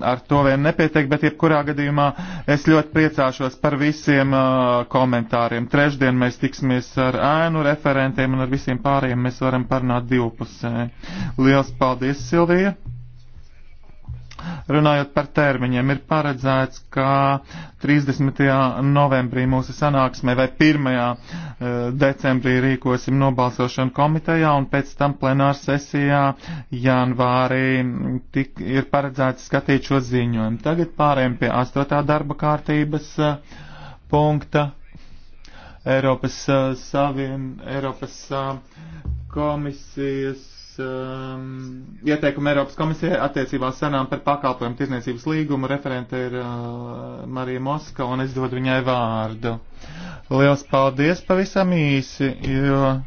ar to vien nepietiek, bet jebkurā gadījumā es ļoti priecāšos par visiem uh, komentāriem. Trešdien mēs tiksimies ar ēnu referentiem un ar visiem pārējiem mēs varam parunāt divpusē. Liels paldies, Silvija! Runājot par termiņiem, ir paredzēts, ka 30. novembrī mūsu sanāksmē vai 1. Eh, decembrī rīkosim nobalsošanu komitejā un pēc tam plenāra sesijā janvārī mm, tik, ir paredzēts skatīt šo ziņojumu. Tagad pārējiem pie 8. darba kārtības eh, punkta. Eiropas, eh, savien, Eiropas komisijas um, ieteikumu Eiropas komisijai attiecībā sanām par pakalpojumu tirzniecības līgumu. Referente ir uh, Marija Moska, un es dodu viņai vārdu. Liels paldies pavisam īsi, jo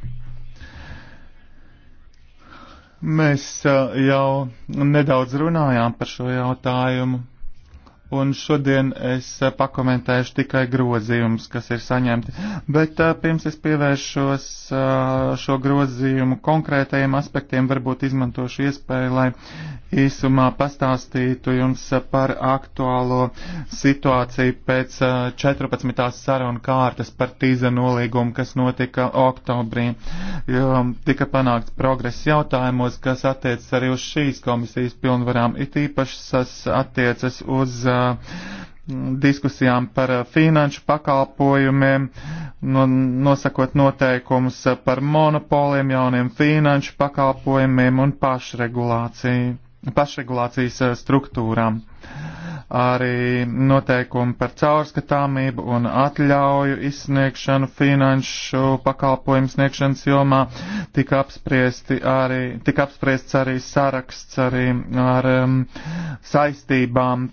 mēs uh, jau nedaudz runājām par šo jautājumu un šodien es eh, pakomentēšu tikai grozījumus, kas ir saņemti. Bet eh, pirms es pievēršos eh, šo grozījumu konkrētajiem aspektiem, varbūt izmantošu iespēju, lai īsumā pastāstītu jums par aktuālo situāciju pēc 14. sarunu kārtas par tīza nolīgumu, kas notika oktobrī. Tika panākts progress jautājumos, kas attiecas arī uz šīs komisijas pilnvarām, it īpaši tas attiecas uz uh, Uh, diskusijām par uh, finanšu pakalpojumiem, no, nosakot noteikumus uh, par monopoliem, jauniem finanšu pakalpojumiem un pašregulāciju, pašregulācijas struktūrām. Arī noteikumi par caurskatāmību un atļauju izsniegšanu finanšu pakalpojumu sniegšanas jomā tika, apspriesti arī, tika apspriests arī saraksts arī ar um, saistībām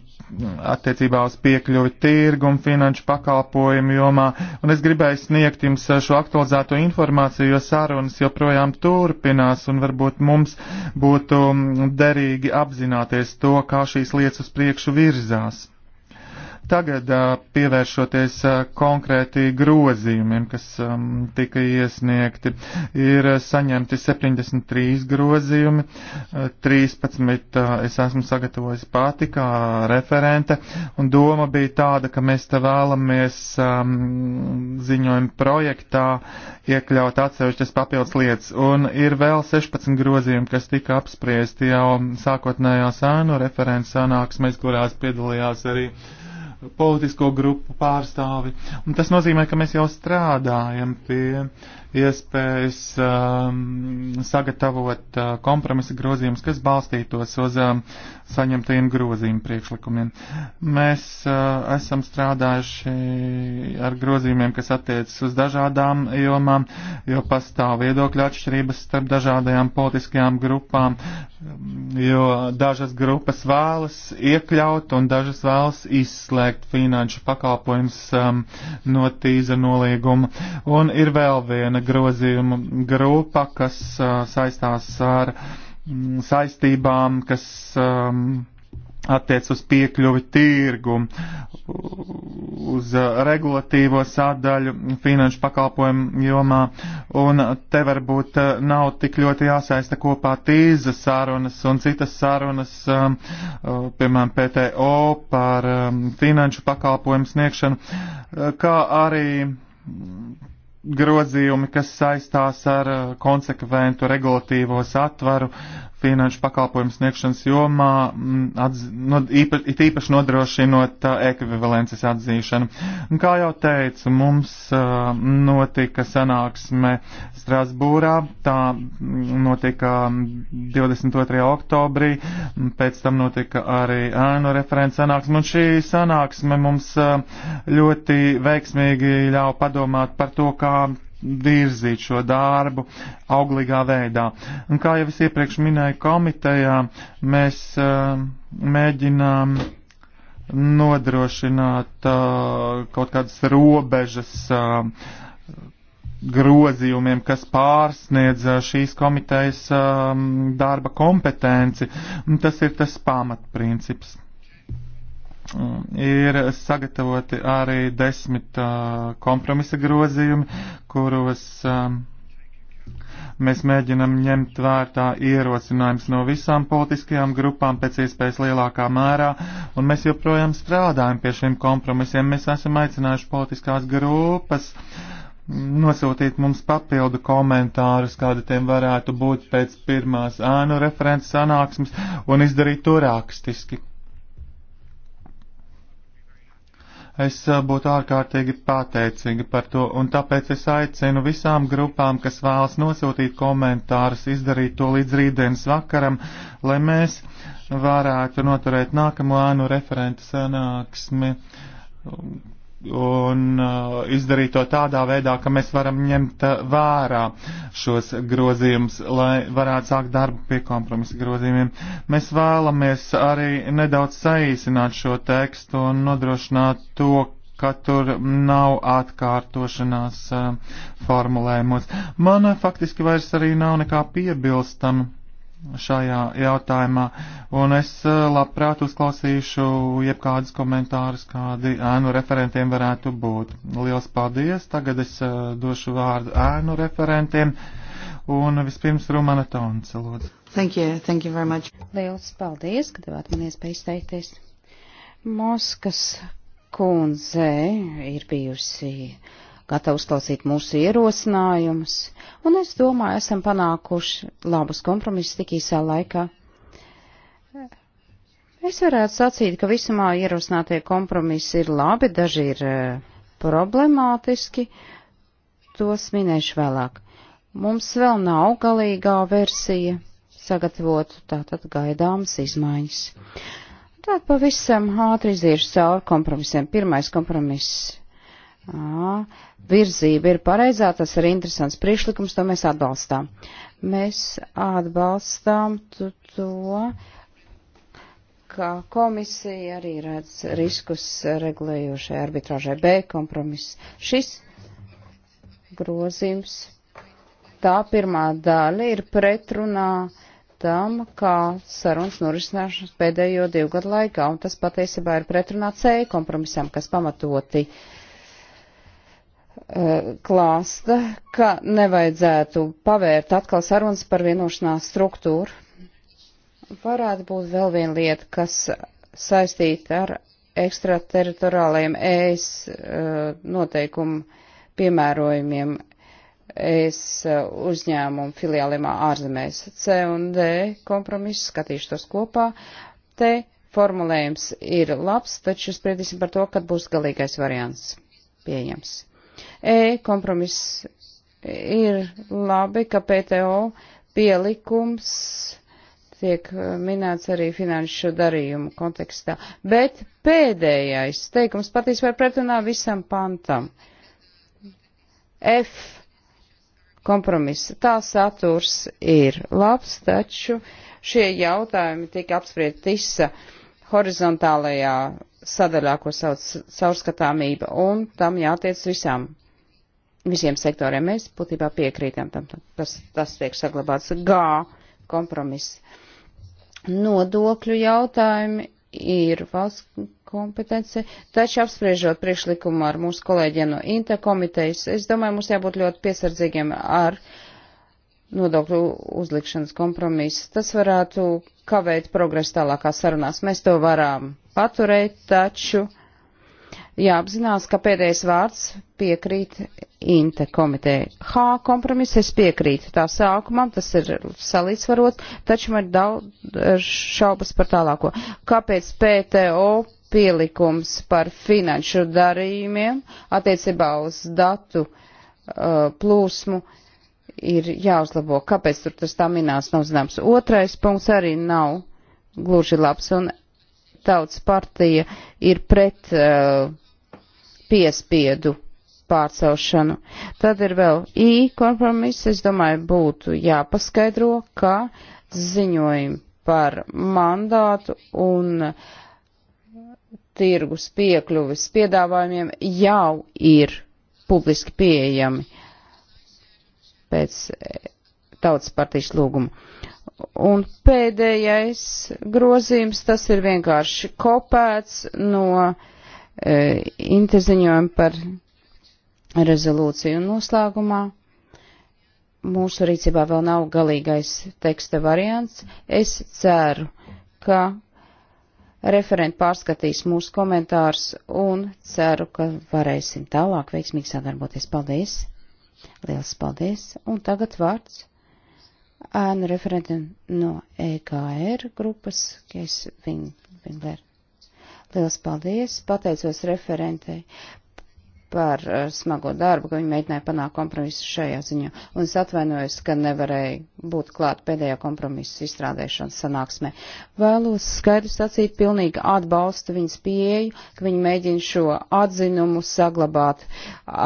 attiecībā uz piekļuvi tirgu un finanšu pakalpojumu jomā, un es gribēju sniegt jums eh, šo aktualizēto informāciju, jo sarunas joprojām turpinās, un varbūt mums būtu mm, derīgi apzināties to, kā šīs lietas uz priekšu virzās. Tagad pievēršoties konkrēti grozījumiem, kas tika iesniegti, ir saņemti 73 grozījumi, 13 es esmu sagatavojis pati kā referente, un doma bija tāda, ka mēs te vēlamies ziņojumu projektā iekļaut atsevišķas papildus lietas, un ir vēl 16 grozījumi, kas tika apspriesti jau sākotnējā sēnu referents sanāksmēs, kurās piedalījās arī. Uh, politisko grupu pārstāvi. Un tas nozīmē, ka mēs jau strādājam pie iespējas um, sagatavot uh, kompromisa grozījumus, kas balstītos uz um, saņemtajiem grozījumu priekšlikumiem. Mēs uh, esam strādājuši ar grozījumiem, kas attiecas uz dažādām jomām, jo pastāv viedokļu atšķirības starp dažādajām politiskajām grupām, jo dažas grupas vēlas iekļaut un dažas vēlas izslēgt finanšu pakalpojums um, no tīza nolieguma. Un ir vēl viena grozījumu grupa, kas uh, saistās ar mm, saistībām, kas um, attiec uz piekļuvi tirgu, uz regulatīvo sādaļu finanšu pakalpojumu jomā, un te varbūt nav tik ļoti jāsaista kopā tīza sarunas un citas sarunas, piemēram, PTO par finanšu pakalpojumu sniegšanu, kā arī grozījumi, kas saistās ar uh, konsekventu regulatīvo satvaru, finanšu pakalpojumu sniegšanas jomā, mm, atz, no, īpa, it īpaši nodrošinot uh, ekvivalences atzīšanu. Un, kā jau teicu, mums uh, notika sanāksme Strasbūrā, tā notika 22. Mm, oktobrī, pēc tam notika arī ēnu referents sanāksme, un šī sanāksme mums uh, ļoti veiksmīgi ļauj padomāt par to, kā virzīt šo darbu auglīgā veidā. Un kā jau es iepriekš minēju komitejā, mēs uh, mēģinām nodrošināt uh, kaut kādas robežas uh, grozījumiem, kas pārsniedz šīs komitejas um, darba kompetenci. Un tas ir tas pamatprincips ir sagatavoti arī desmit uh, kompromisa grozījumi, kuros um, mēs mēģinam ņemt vērtā ierosinājums no visām politiskajām grupām pēc iespējas lielākā mērā, un mēs joprojām strādājam pie šiem kompromisiem. Mēs esam aicinājuši politiskās grupas nosūtīt mums papildu komentārus, kāda tiem varētu būt pēc pirmās ēnu referents sanāksmes, un izdarīt to rakstiski Es uh, būtu ārkārtīgi pateicīga par to, un tāpēc es aicinu visām grupām, kas vēlas nosūtīt komentārus, izdarīt to līdz rītdienas vakaram, lai mēs varētu noturēt nākamo ēnu referentu sanāksmi un uh, izdarīt to tādā veidā, ka mēs varam ņemt uh, vērā šos grozījumus, lai varētu sākt darbu pie kompromisa grozījumiem. Mēs vēlamies arī nedaudz saīsināt šo tekstu un nodrošināt to, ka tur nav atkārtošanās uh, formulējumos. Man uh, faktiski vairs arī nav nekā piebilstama šajā jautājumā, un es eh, labprāt uzklausīšu jebkādus komentārus, kādi ēnu referentiem varētu būt. Liels paldies! Tagad es eh, došu vārdu ēnu referentiem, un vispirms Rumana Tonsa, lūdzu. Thank you, thank you very much. Liels paldies, ka devāt man iespēju izteikties. Moskas kundze ir bijusi gatava uzklausīt mūsu ierosinājumus un es domāju, esam panākuši labus kompromisus tik īsā laikā. Es varētu sacīt, ka visumā ierosinātie kompromisi ir labi, daži ir e, problemātiski, tos minēšu vēlāk. Mums vēl nav galīgā versija sagatavotu, tātad gaidāmas izmaiņas. Tad pavisam ātri iziešu cauri kompromisiem. Pirmais kompromiss Ā, virzība ir pareizā, tas ir interesants priekšlikums, to mēs atbalstām. Mēs atbalstām to, ka komisija arī redz riskus regulējošai arbitrāžai B kompromiss. Šis grozījums, tā pirmā daļa ir pretrunā tam, kā sarunas norisināšanas pēdējo divu gadu laikā, un tas patiesībā ir pretrunā C kompromisam, kas pamatoti uh, E, klāsta, ka nevajadzētu pavērt atkal sarunas par vienošanās struktūru. Varētu būt vēl viena lieta, kas saistīta ar ekstrateritoriālajiem ES e, noteikumu piemērojumiem ES e, uzņēmumu filiāliem ārzemēs. C un D kompromisu skatīšu tos kopā. Te formulējums ir labs, taču spriedīsim par to, kad būs galīgais variants pieejams. E kompromiss ir labi, ka PTO pielikums tiek e, minēts arī finanšu darījumu kontekstā. Bet pēdējais teikums patiesībā ir pretrunā visam pantam. F kompromiss. Tā saturs ir labs, taču šie jautājumi tika apspriest tisa horizontālajā sadaļā, ko sauc caurskatāmība, un tam jātiec visām, visiem sektoriem. Mēs būtībā piekrītam tam, tas, tas tiek saglabāts gā kompromiss. Nodokļu jautājumi ir valsts kompetence, taču apspriežot priekšlikumu ar mūsu kolēģiem no INTA komitejas, es domāju, mums jābūt ļoti piesardzīgiem ar nodokļu uzlikšanas kompromisu. Tas varētu kavēt progresu tālākā sarunās. Mēs to varam paturēt, taču jāapzinās, ka pēdējais vārds piekrīt Inte komitejai. H kompromiss es piekrītu tā sākumam, tas ir salīdzvarot, taču man ir daudz šaubas par tālāko. Kāpēc PTO pielikums par finanšu darījumiem attiecībā uz datu uh, plūsmu ir jāuzlabo? Kāpēc tur tas tā minēts, nav zināms. Otrais punkts arī nav gluži labs, un tautas partija ir pret uh, piespiedu pārcelšanu. Tad ir vēl I kompromiss, es domāju, būtu jāpaskaidro, ka ziņojumi par mandātu un tirgus piekļuvis piedāvājumiem jau ir publiski pieejami pēc tautas partijas lūguma. Un pēdējais grozījums, tas ir vienkārši kopēts no e, interziņojuma par rezolūciju un noslēgumā. Mūsu rīcībā vēl nav galīgais teksta variants. Es ceru, ka referenti pārskatīs mūsu komentārus un ceru, ka varēsim tālāk veiksmīgi sadarboties. Paldies! Liels paldies! Un tagad vārds ēnu referenti no EKR grupas, Keis Vingler. Liels paldies, pateicos referentei par eh, smago darbu, ka viņi mēģināja panākt kompromisu šajā ziņā. Un es atvainojos, ka nevarēju būt klāt pēdējā kompromisa izstrādēšanas sanāksmē. Vēlos skaidri sacīt, pilnīgi atbalsta viņas pieeju, ka viņi mēģina šo atzinumu saglabāt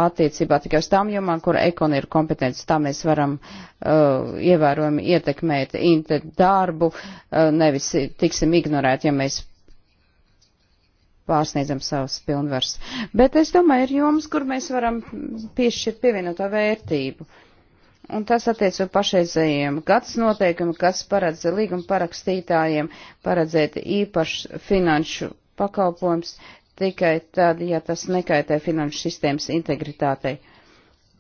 attiecībā tikai uz tām jomām, kur ekon ir kompetence. Tā mēs varam uh, ievērojami ietekmēt darbu, uh, eh, nevis tiksim ignorēt, ja mēs pārsniedzam savus pilnvars. Bet es domāju, ir joms, kur mēs varam piešķirt pievienoto vērtību. Un tas attiec uz pašreizējiem gads noteikumu, kas paredz līguma parakstītājiem paredzēt īpašs finanšu pakalpojums tikai tad, ja tas nekaitē finanšu sistēmas integritātei.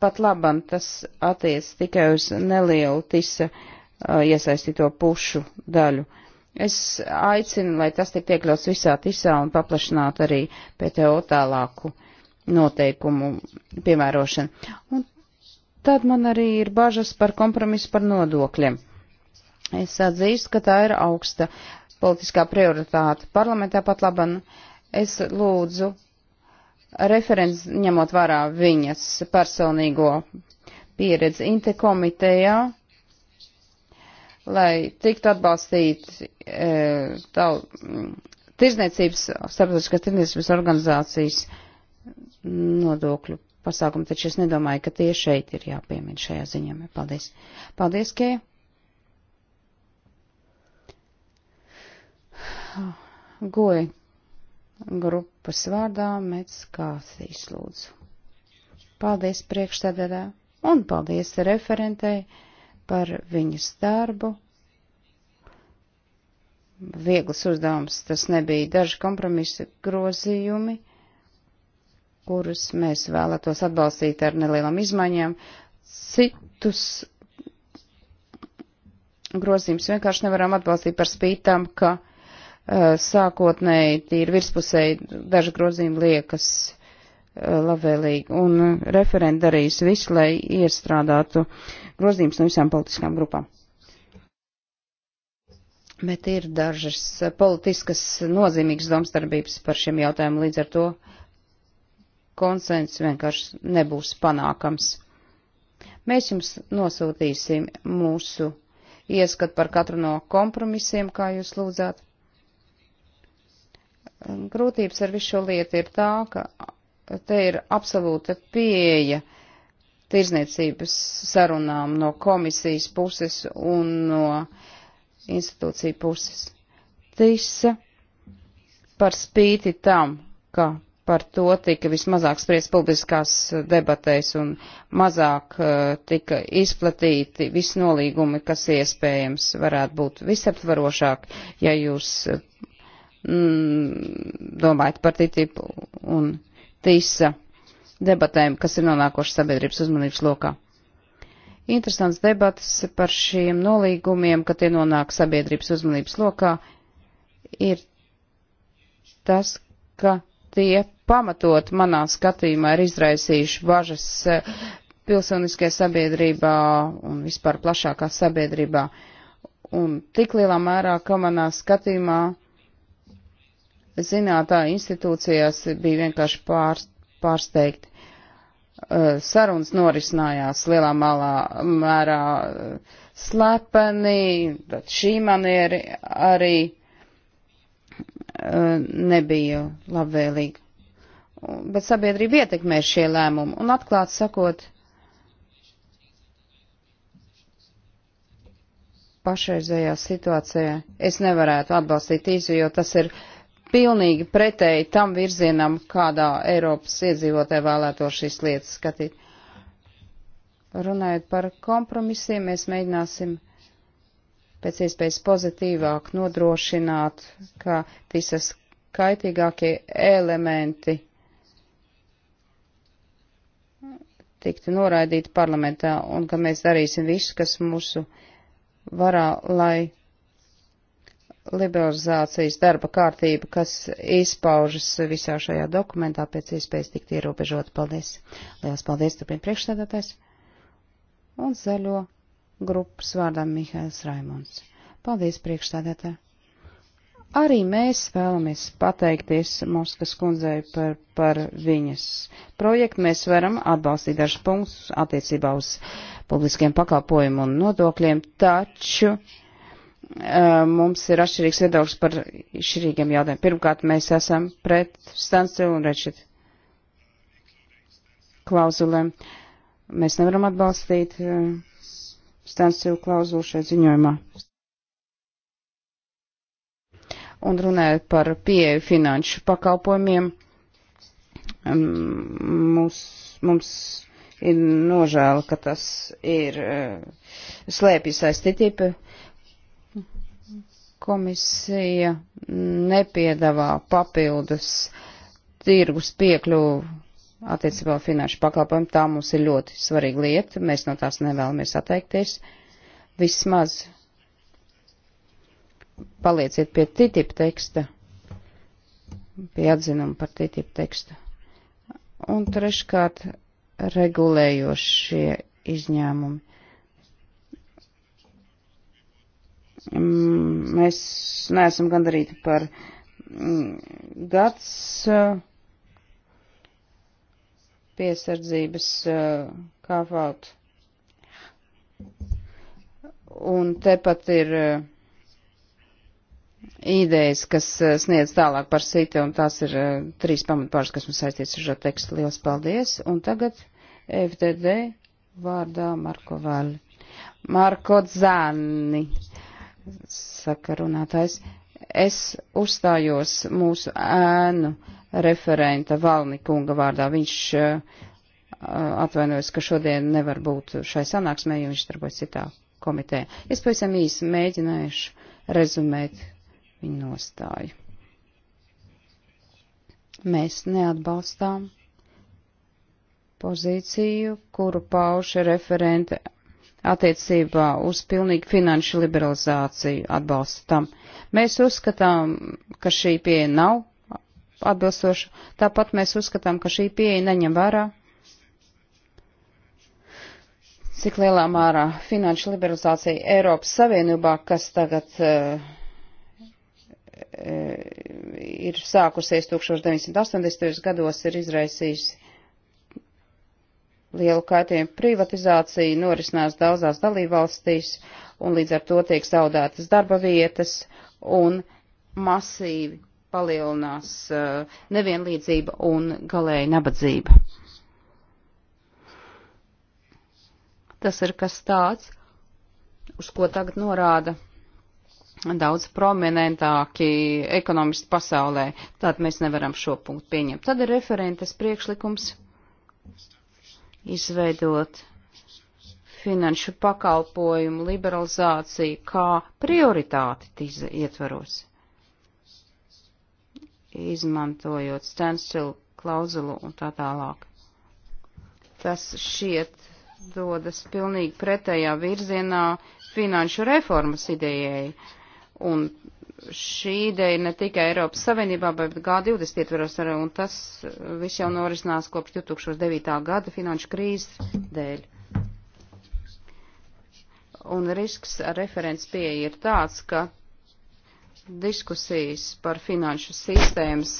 Pat labam tas attiec tikai uz nelielu tisa uh, iesaistīto pušu daļu. Uh, Es aicinu, lai tas tiek iekļauts visā tisā un paplašināt arī PTO tālāku noteikumu piemērošanu. Un tad man arī ir bažas par kompromisu par nodokļiem. Es atzīstu, ka tā ir augsta politiskā prioritāte parlamentā pat laban. Es lūdzu referents, ņemot vērā viņas personīgo pieredzi Inte komitejā, lai tiktu atbalstīti e, tirzniecības, starptautiskās tirzniecības organizācijas nodokļu pasākumu, taču es nedomāju, ka tie šeit ir jāpiemina šajā ziņā. Paldies. Paldies, Kēja. Goja grupas vārdā mēs kāsīs lūdzu. Paldies priekšstādādā un paldies referentei par viņas darbu. Viegls uzdevums tas nebija daži kompromisa grozījumi, kurus mēs vēlētos atbalstīt ar nelielām izmaiņām. Citus grozījums vienkārši nevaram atbalstīt par spītām, ka uh, sākotnēji tīri virspusēji daži grozījumi liekas Eh, labvēlīgi, un eh, referenti darīs visu, lai iestrādātu grozījumus no visām politiskām grupām. Bet ir dažas politiskas nozīmīgas domstarbības par šiem jautājumiem, līdz ar to konsens vienkārši nebūs panākams. Mēs jums nosūtīsim mūsu ieskat par katru no kompromisiem, kā jūs lūdzāt. Grūtības ar visu šo lietu ir tā, ka ka te ir absolūta pieeja tirzniecības sarunām no komisijas puses un no institūciju puses. Tisa par spīti tam, ka par to tika vismazāk spriedz publiskās debatēs un mazāk uh, tika izplatīti visi nolīgumi, kas iespējams varētu būt visaptvarošāk, ja jūs mm, domājat par TTIP un tisa debatēm, kas ir nonākošas sabiedrības uzmanības lokā. Interesants debats par šiem nolīgumiem, ka tie nonāk sabiedrības uzmanības lokā, ir tas, ka tie pamatot manā skatījumā ir izraisījuši bažas eh, pilsoniskajā sabiedrībā un vispār plašākā sabiedrībā. Un tik lielā mērā, ka manā skatījumā zinātāju institūcijās bija vienkārši pār, pārsteigti. Uh, sarunas norisinājās lielā malā, mērā uh, slepeni, tad šī manieri arī uh, nebija labvēlīga. Bet sabiedrība ietekmē šie lēmumi un atklāt sakot, pašreizējā situācijā es nevarētu atbalstīt īzu, jo tas ir uh, pilnīgi pretēji tam virzienam, kādā Eiropas iedzīvotāji vēlēto šīs lietas skatīt. Runājot par kompromisiem, mēs mēģināsim pēc iespējas pozitīvāk nodrošināt, ka visas kaitīgākie elementi tiktu noraidīti parlamentā un ka mēs darīsim visu, kas mūsu varā, lai liberalizācijas darba kārtība, kas izpaužas visā šajā dokumentā, pēc iespējas tikt ierobežot. Paldies! Lielas paldies, turpin priekšstādātais! Un zaļo grupas vārdā Mihails Raimons. Paldies, priekšstādātā! Arī mēs vēlamies pateikties Moskas kundzei par, par viņas projektu. Mēs varam atbalstīt dažus punktus attiecībā uz publiskiem pakalpojumu un nodokļiem, taču uh, Eh, mums ir atšķirīgs viedoklis par šķirīgiem jautājumiem. Pirmkārt, mēs esam pret stanciju un rečit klauzulēm. Mēs nevaram atbalstīt eh, stanciju klauzulu šajā ziņojumā. Un runājot par pieeju finanšu pakalpojumiem, mm, mums, mums ir nožēla, ka tas ir eh, slēpjas aiz citība Komisija nepiedāvā papildus tirgus piekļuvu attiecībā finanšu pakalpojumu. Tā mums ir ļoti svarīga lieta. Mēs no tās nevēlamies atteikties. Vismaz palieciet pie TTIP teksta, pie atzinuma par TTIP tekstu. Un treškārt regulējošie izņēmumi. Mm, mēs neesam gandarīti par mm, gads piesardzības kāpātu. Un tepat ir idejas, kas sniedz tālāk par sīti, un tās ir trīs pamatpārs, kas mums saistīts ar šo tekstu. Liels paldies! Un tagad FDD vārdā Marko Vaļi. Marko Zāni saka runātājs. Es uzstājos mūsu ēnu referenta Valnikunga vārdā. Viņš uh, atvainojas, ka šodien nevar būt šai sanāksmē, jo viņš darbojas citā komitē. Es pavisam īsi mēģinājuši rezumēt viņa nostāju. Mēs neatbalstām pozīciju, kuru pauša referente attiecībā uz pilnīgu finanšu liberalizāciju atbalstu tam. Mēs uzskatām, ka šī pieeja nav atbilstoša, tāpat mēs uzskatām, ka šī pieeja neņem vērā, cik lielā mērā finanšu liberalizācija Eiropas Savienībā, kas tagad uh, ir sākusies 1980. gados, ir izraisījusi lielu kaitējumu privatizācija norisinās daudzās dalībvalstīs, un līdz ar to tiek zaudētas darba vietas, un masīvi palielinās uh, nevienlīdzība un galēji nabadzība. Tas ir kas tāds, uz ko tagad norāda daudz prominentāki ekonomisti pasaulē. Tātad mēs nevaram šo punktu pieņemt. Tad ir referentes priekšlikums izveidot finanšu pakalpojumu liberalizāciju kā prioritāti tīza ietvaros, izmantojot stencilu klauzulu un tā tālāk. Tas šiet dodas pilnīgi pretējā virzienā finanšu reformas idejai un šī ideja ne tikai Eiropas Savienībā, bet G20 ietveros, un tas viss jau norisinās kopš 2009. gada finanšu krīzes dēļ. Un risks ar referents pieeja ir tāds, ka diskusijas par finanšu sistēmas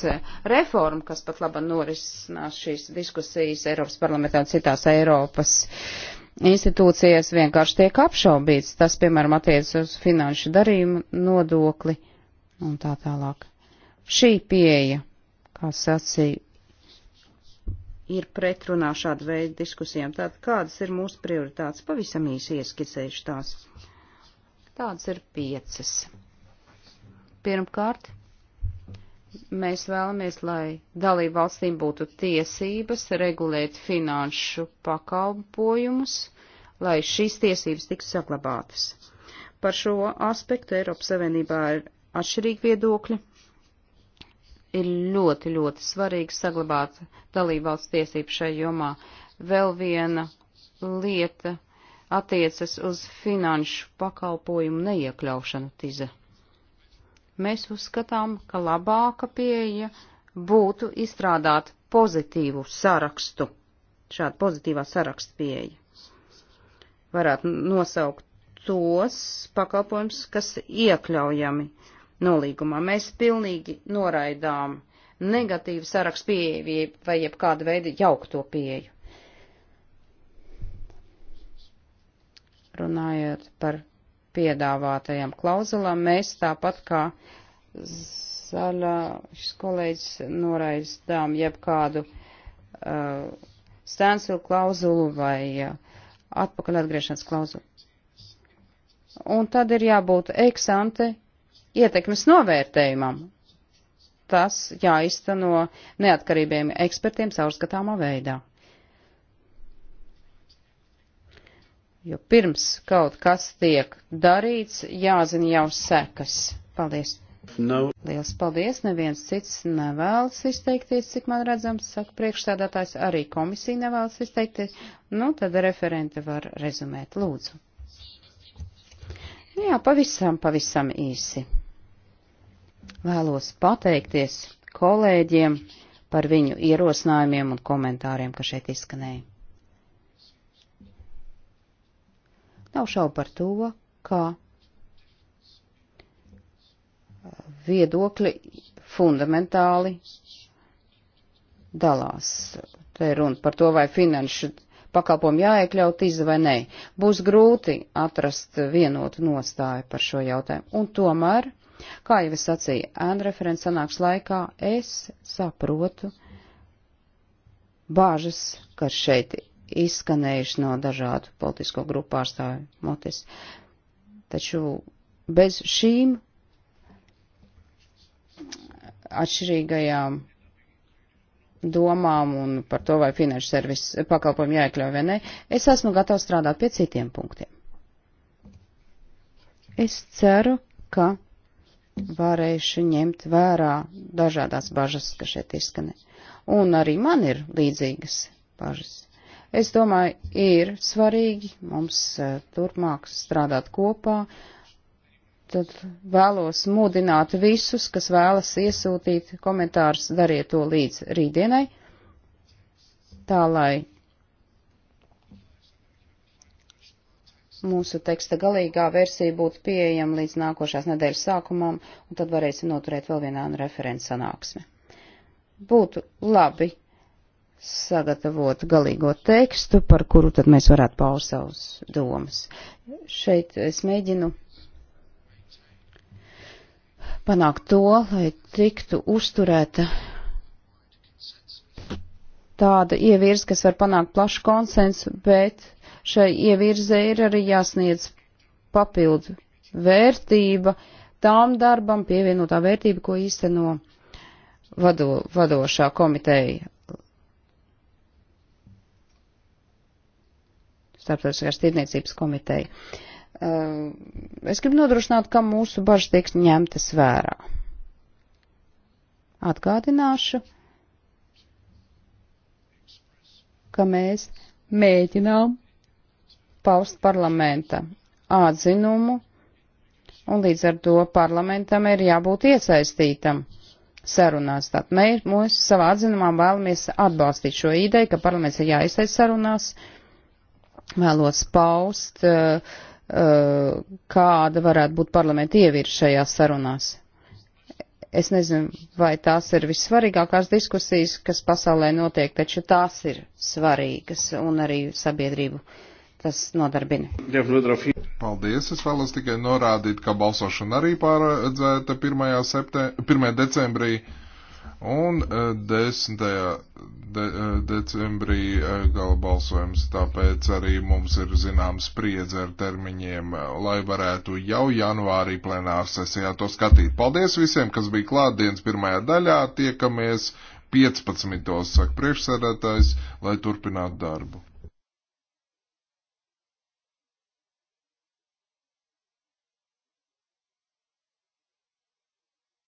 reformu, kas pat laba norisinās šīs diskusijas Eiropas parlamentā un citās Eiropas institūcijās, vienkārši tiek apšaubīts. Tas, piemēram, attiec uz finanšu darījumu nodokli un tā tālāk. Šī pieeja, kā sacīja, ir pretrunā šāda veida diskusijām. Tātad kādas ir mūsu prioritātes? Pavisam īsi ieskicējuši tās. Tādas ir piecas. Pirmkārt, mēs vēlamies, lai dalību valstīm būtu tiesības regulēt finanšu pakalpojumus, lai šīs tiesības tiktu saglabātas. Par šo aspektu Eiropas Savienībā ir atšķirīgi viedokļi. Ir ļoti, ļoti svarīgi saglabāt dalībvalsts tiesību šai jomā. Vēl viena lieta attiecas uz finanšu pakalpojumu neiekļaušanu tize. Mēs uzskatām, ka labāka pieeja būtu izstrādāt pozitīvu sarakstu, šādu pozitīvā sarakstu pieeja. Varētu nosaukt tos pakalpojums, kas iekļaujami nolīgumā. Mēs pilnīgi noraidām negatīvu sarakstu pieeju vai jebkādu veidu jaukto pieeju. Runājot par piedāvātajām klauzulām, mēs tāpat kā zaļā šis kolēģis noraidām jebkādu uh, stēnsilu klauzulu vai uh, atpakaļ atgriešanas klauzulu. Un tad ir jābūt eksante ietekmes novērtējumam. Tas jāizteno neatkarībiem ekspertiem caurskatāmā veidā. Jo pirms kaut kas tiek darīts, jāzina jau sekas. Paldies! No. Liels paldies! Neviens cits nevēlas izteikties, cik man redzams, saka priekšstādātājs, arī komisija nevēlas izteikties. Nu, tad referente var rezumēt, lūdzu. Jā, pavisam, pavisam īsi. Vēlos pateikties kolēģiem par viņu ierosinājumiem un komentāriem, kas šeit izskanēja. Nav šaubu par to, ka viedokļi fundamentāli dalās. Te ir runa par to, vai finanšu pakalpojumu jāiekļaut iza vai nē. Būs grūti atrast vienotu nostāju par šo jautājumu. Un tomēr Kā jau es sacīju, ēnu referents sanāks laikā, es saprotu bāžas, kas šeit izskanējuši no dažādu politisko grupu pārstāvju motis. Taču bez šīm atšķirīgajām domām un par to, vai finanšu servis pakalpojumu jāiekļauj vai nē, es esmu gatavs strādāt pie citiem punktiem. Es ceru, ka varējuši ņemt vērā dažādās bažas, kas šeit izskanē. Un arī man ir līdzīgas bažas. Es domāju, ir svarīgi mums e, turpmāk strādāt kopā. Tad vēlos mudināt visus, kas vēlas iesūtīt komentārus, dariet to līdz rītdienai, tā lai mūsu teksta galīgā versija būtu pieejama līdz nākošās nedēļas sākumam, un tad varēsim noturēt vēl vienādu nu, referents sanāksmi. Būtu labi sagatavot galīgo tekstu, par kuru tad mēs varētu paust savus domas. Šeit es mēģinu panākt to, lai tiktu uzturēta tāda ievirs, kas var panākt plašu konsensu, bet šai ievirzē ir arī jāsniedz papildu vērtība tām darbam, pievienotā vērtība, ko īsteno vado, vadošā komiteja. Starptautiskās tirdzniecības komiteja. Uh, es gribu nodrošināt, ka mūsu bažas tiek ņemtas vērā. Atgādināšu, ka mēs mēģinām paust parlamenta atzinumu, un līdz ar to parlamentam ir jābūt iesaistītam sarunās. Tātad mēs, mēs savā atzinumā vēlamies atbalstīt šo ideju, ka parlaments ir jāiesaist sarunās, vēlos paust, uh, uh, kāda varētu būt parlamenta ievirš šajās sarunās. Es nezinu, vai tās ir vissvarīgākās diskusijas, kas pasaulē notiek, taču tās ir svarīgas un arī sabiedrību uh, tas nodarbina. Paldies, es vēlos tikai norādīt, ka balsošana arī pārredzēta 1. Septe, 1. decembrī un 10. Eh, de, eh, decembrī eh, gala balsojums, tāpēc arī mums ir zināms spriedze ar termiņiem, lai varētu jau janvārī plenāru sesijā to skatīt. Paldies visiem, kas bija klāt dienas pirmajā daļā, tiekamies 15. saka priekšsēdētājs, lai turpinātu darbu.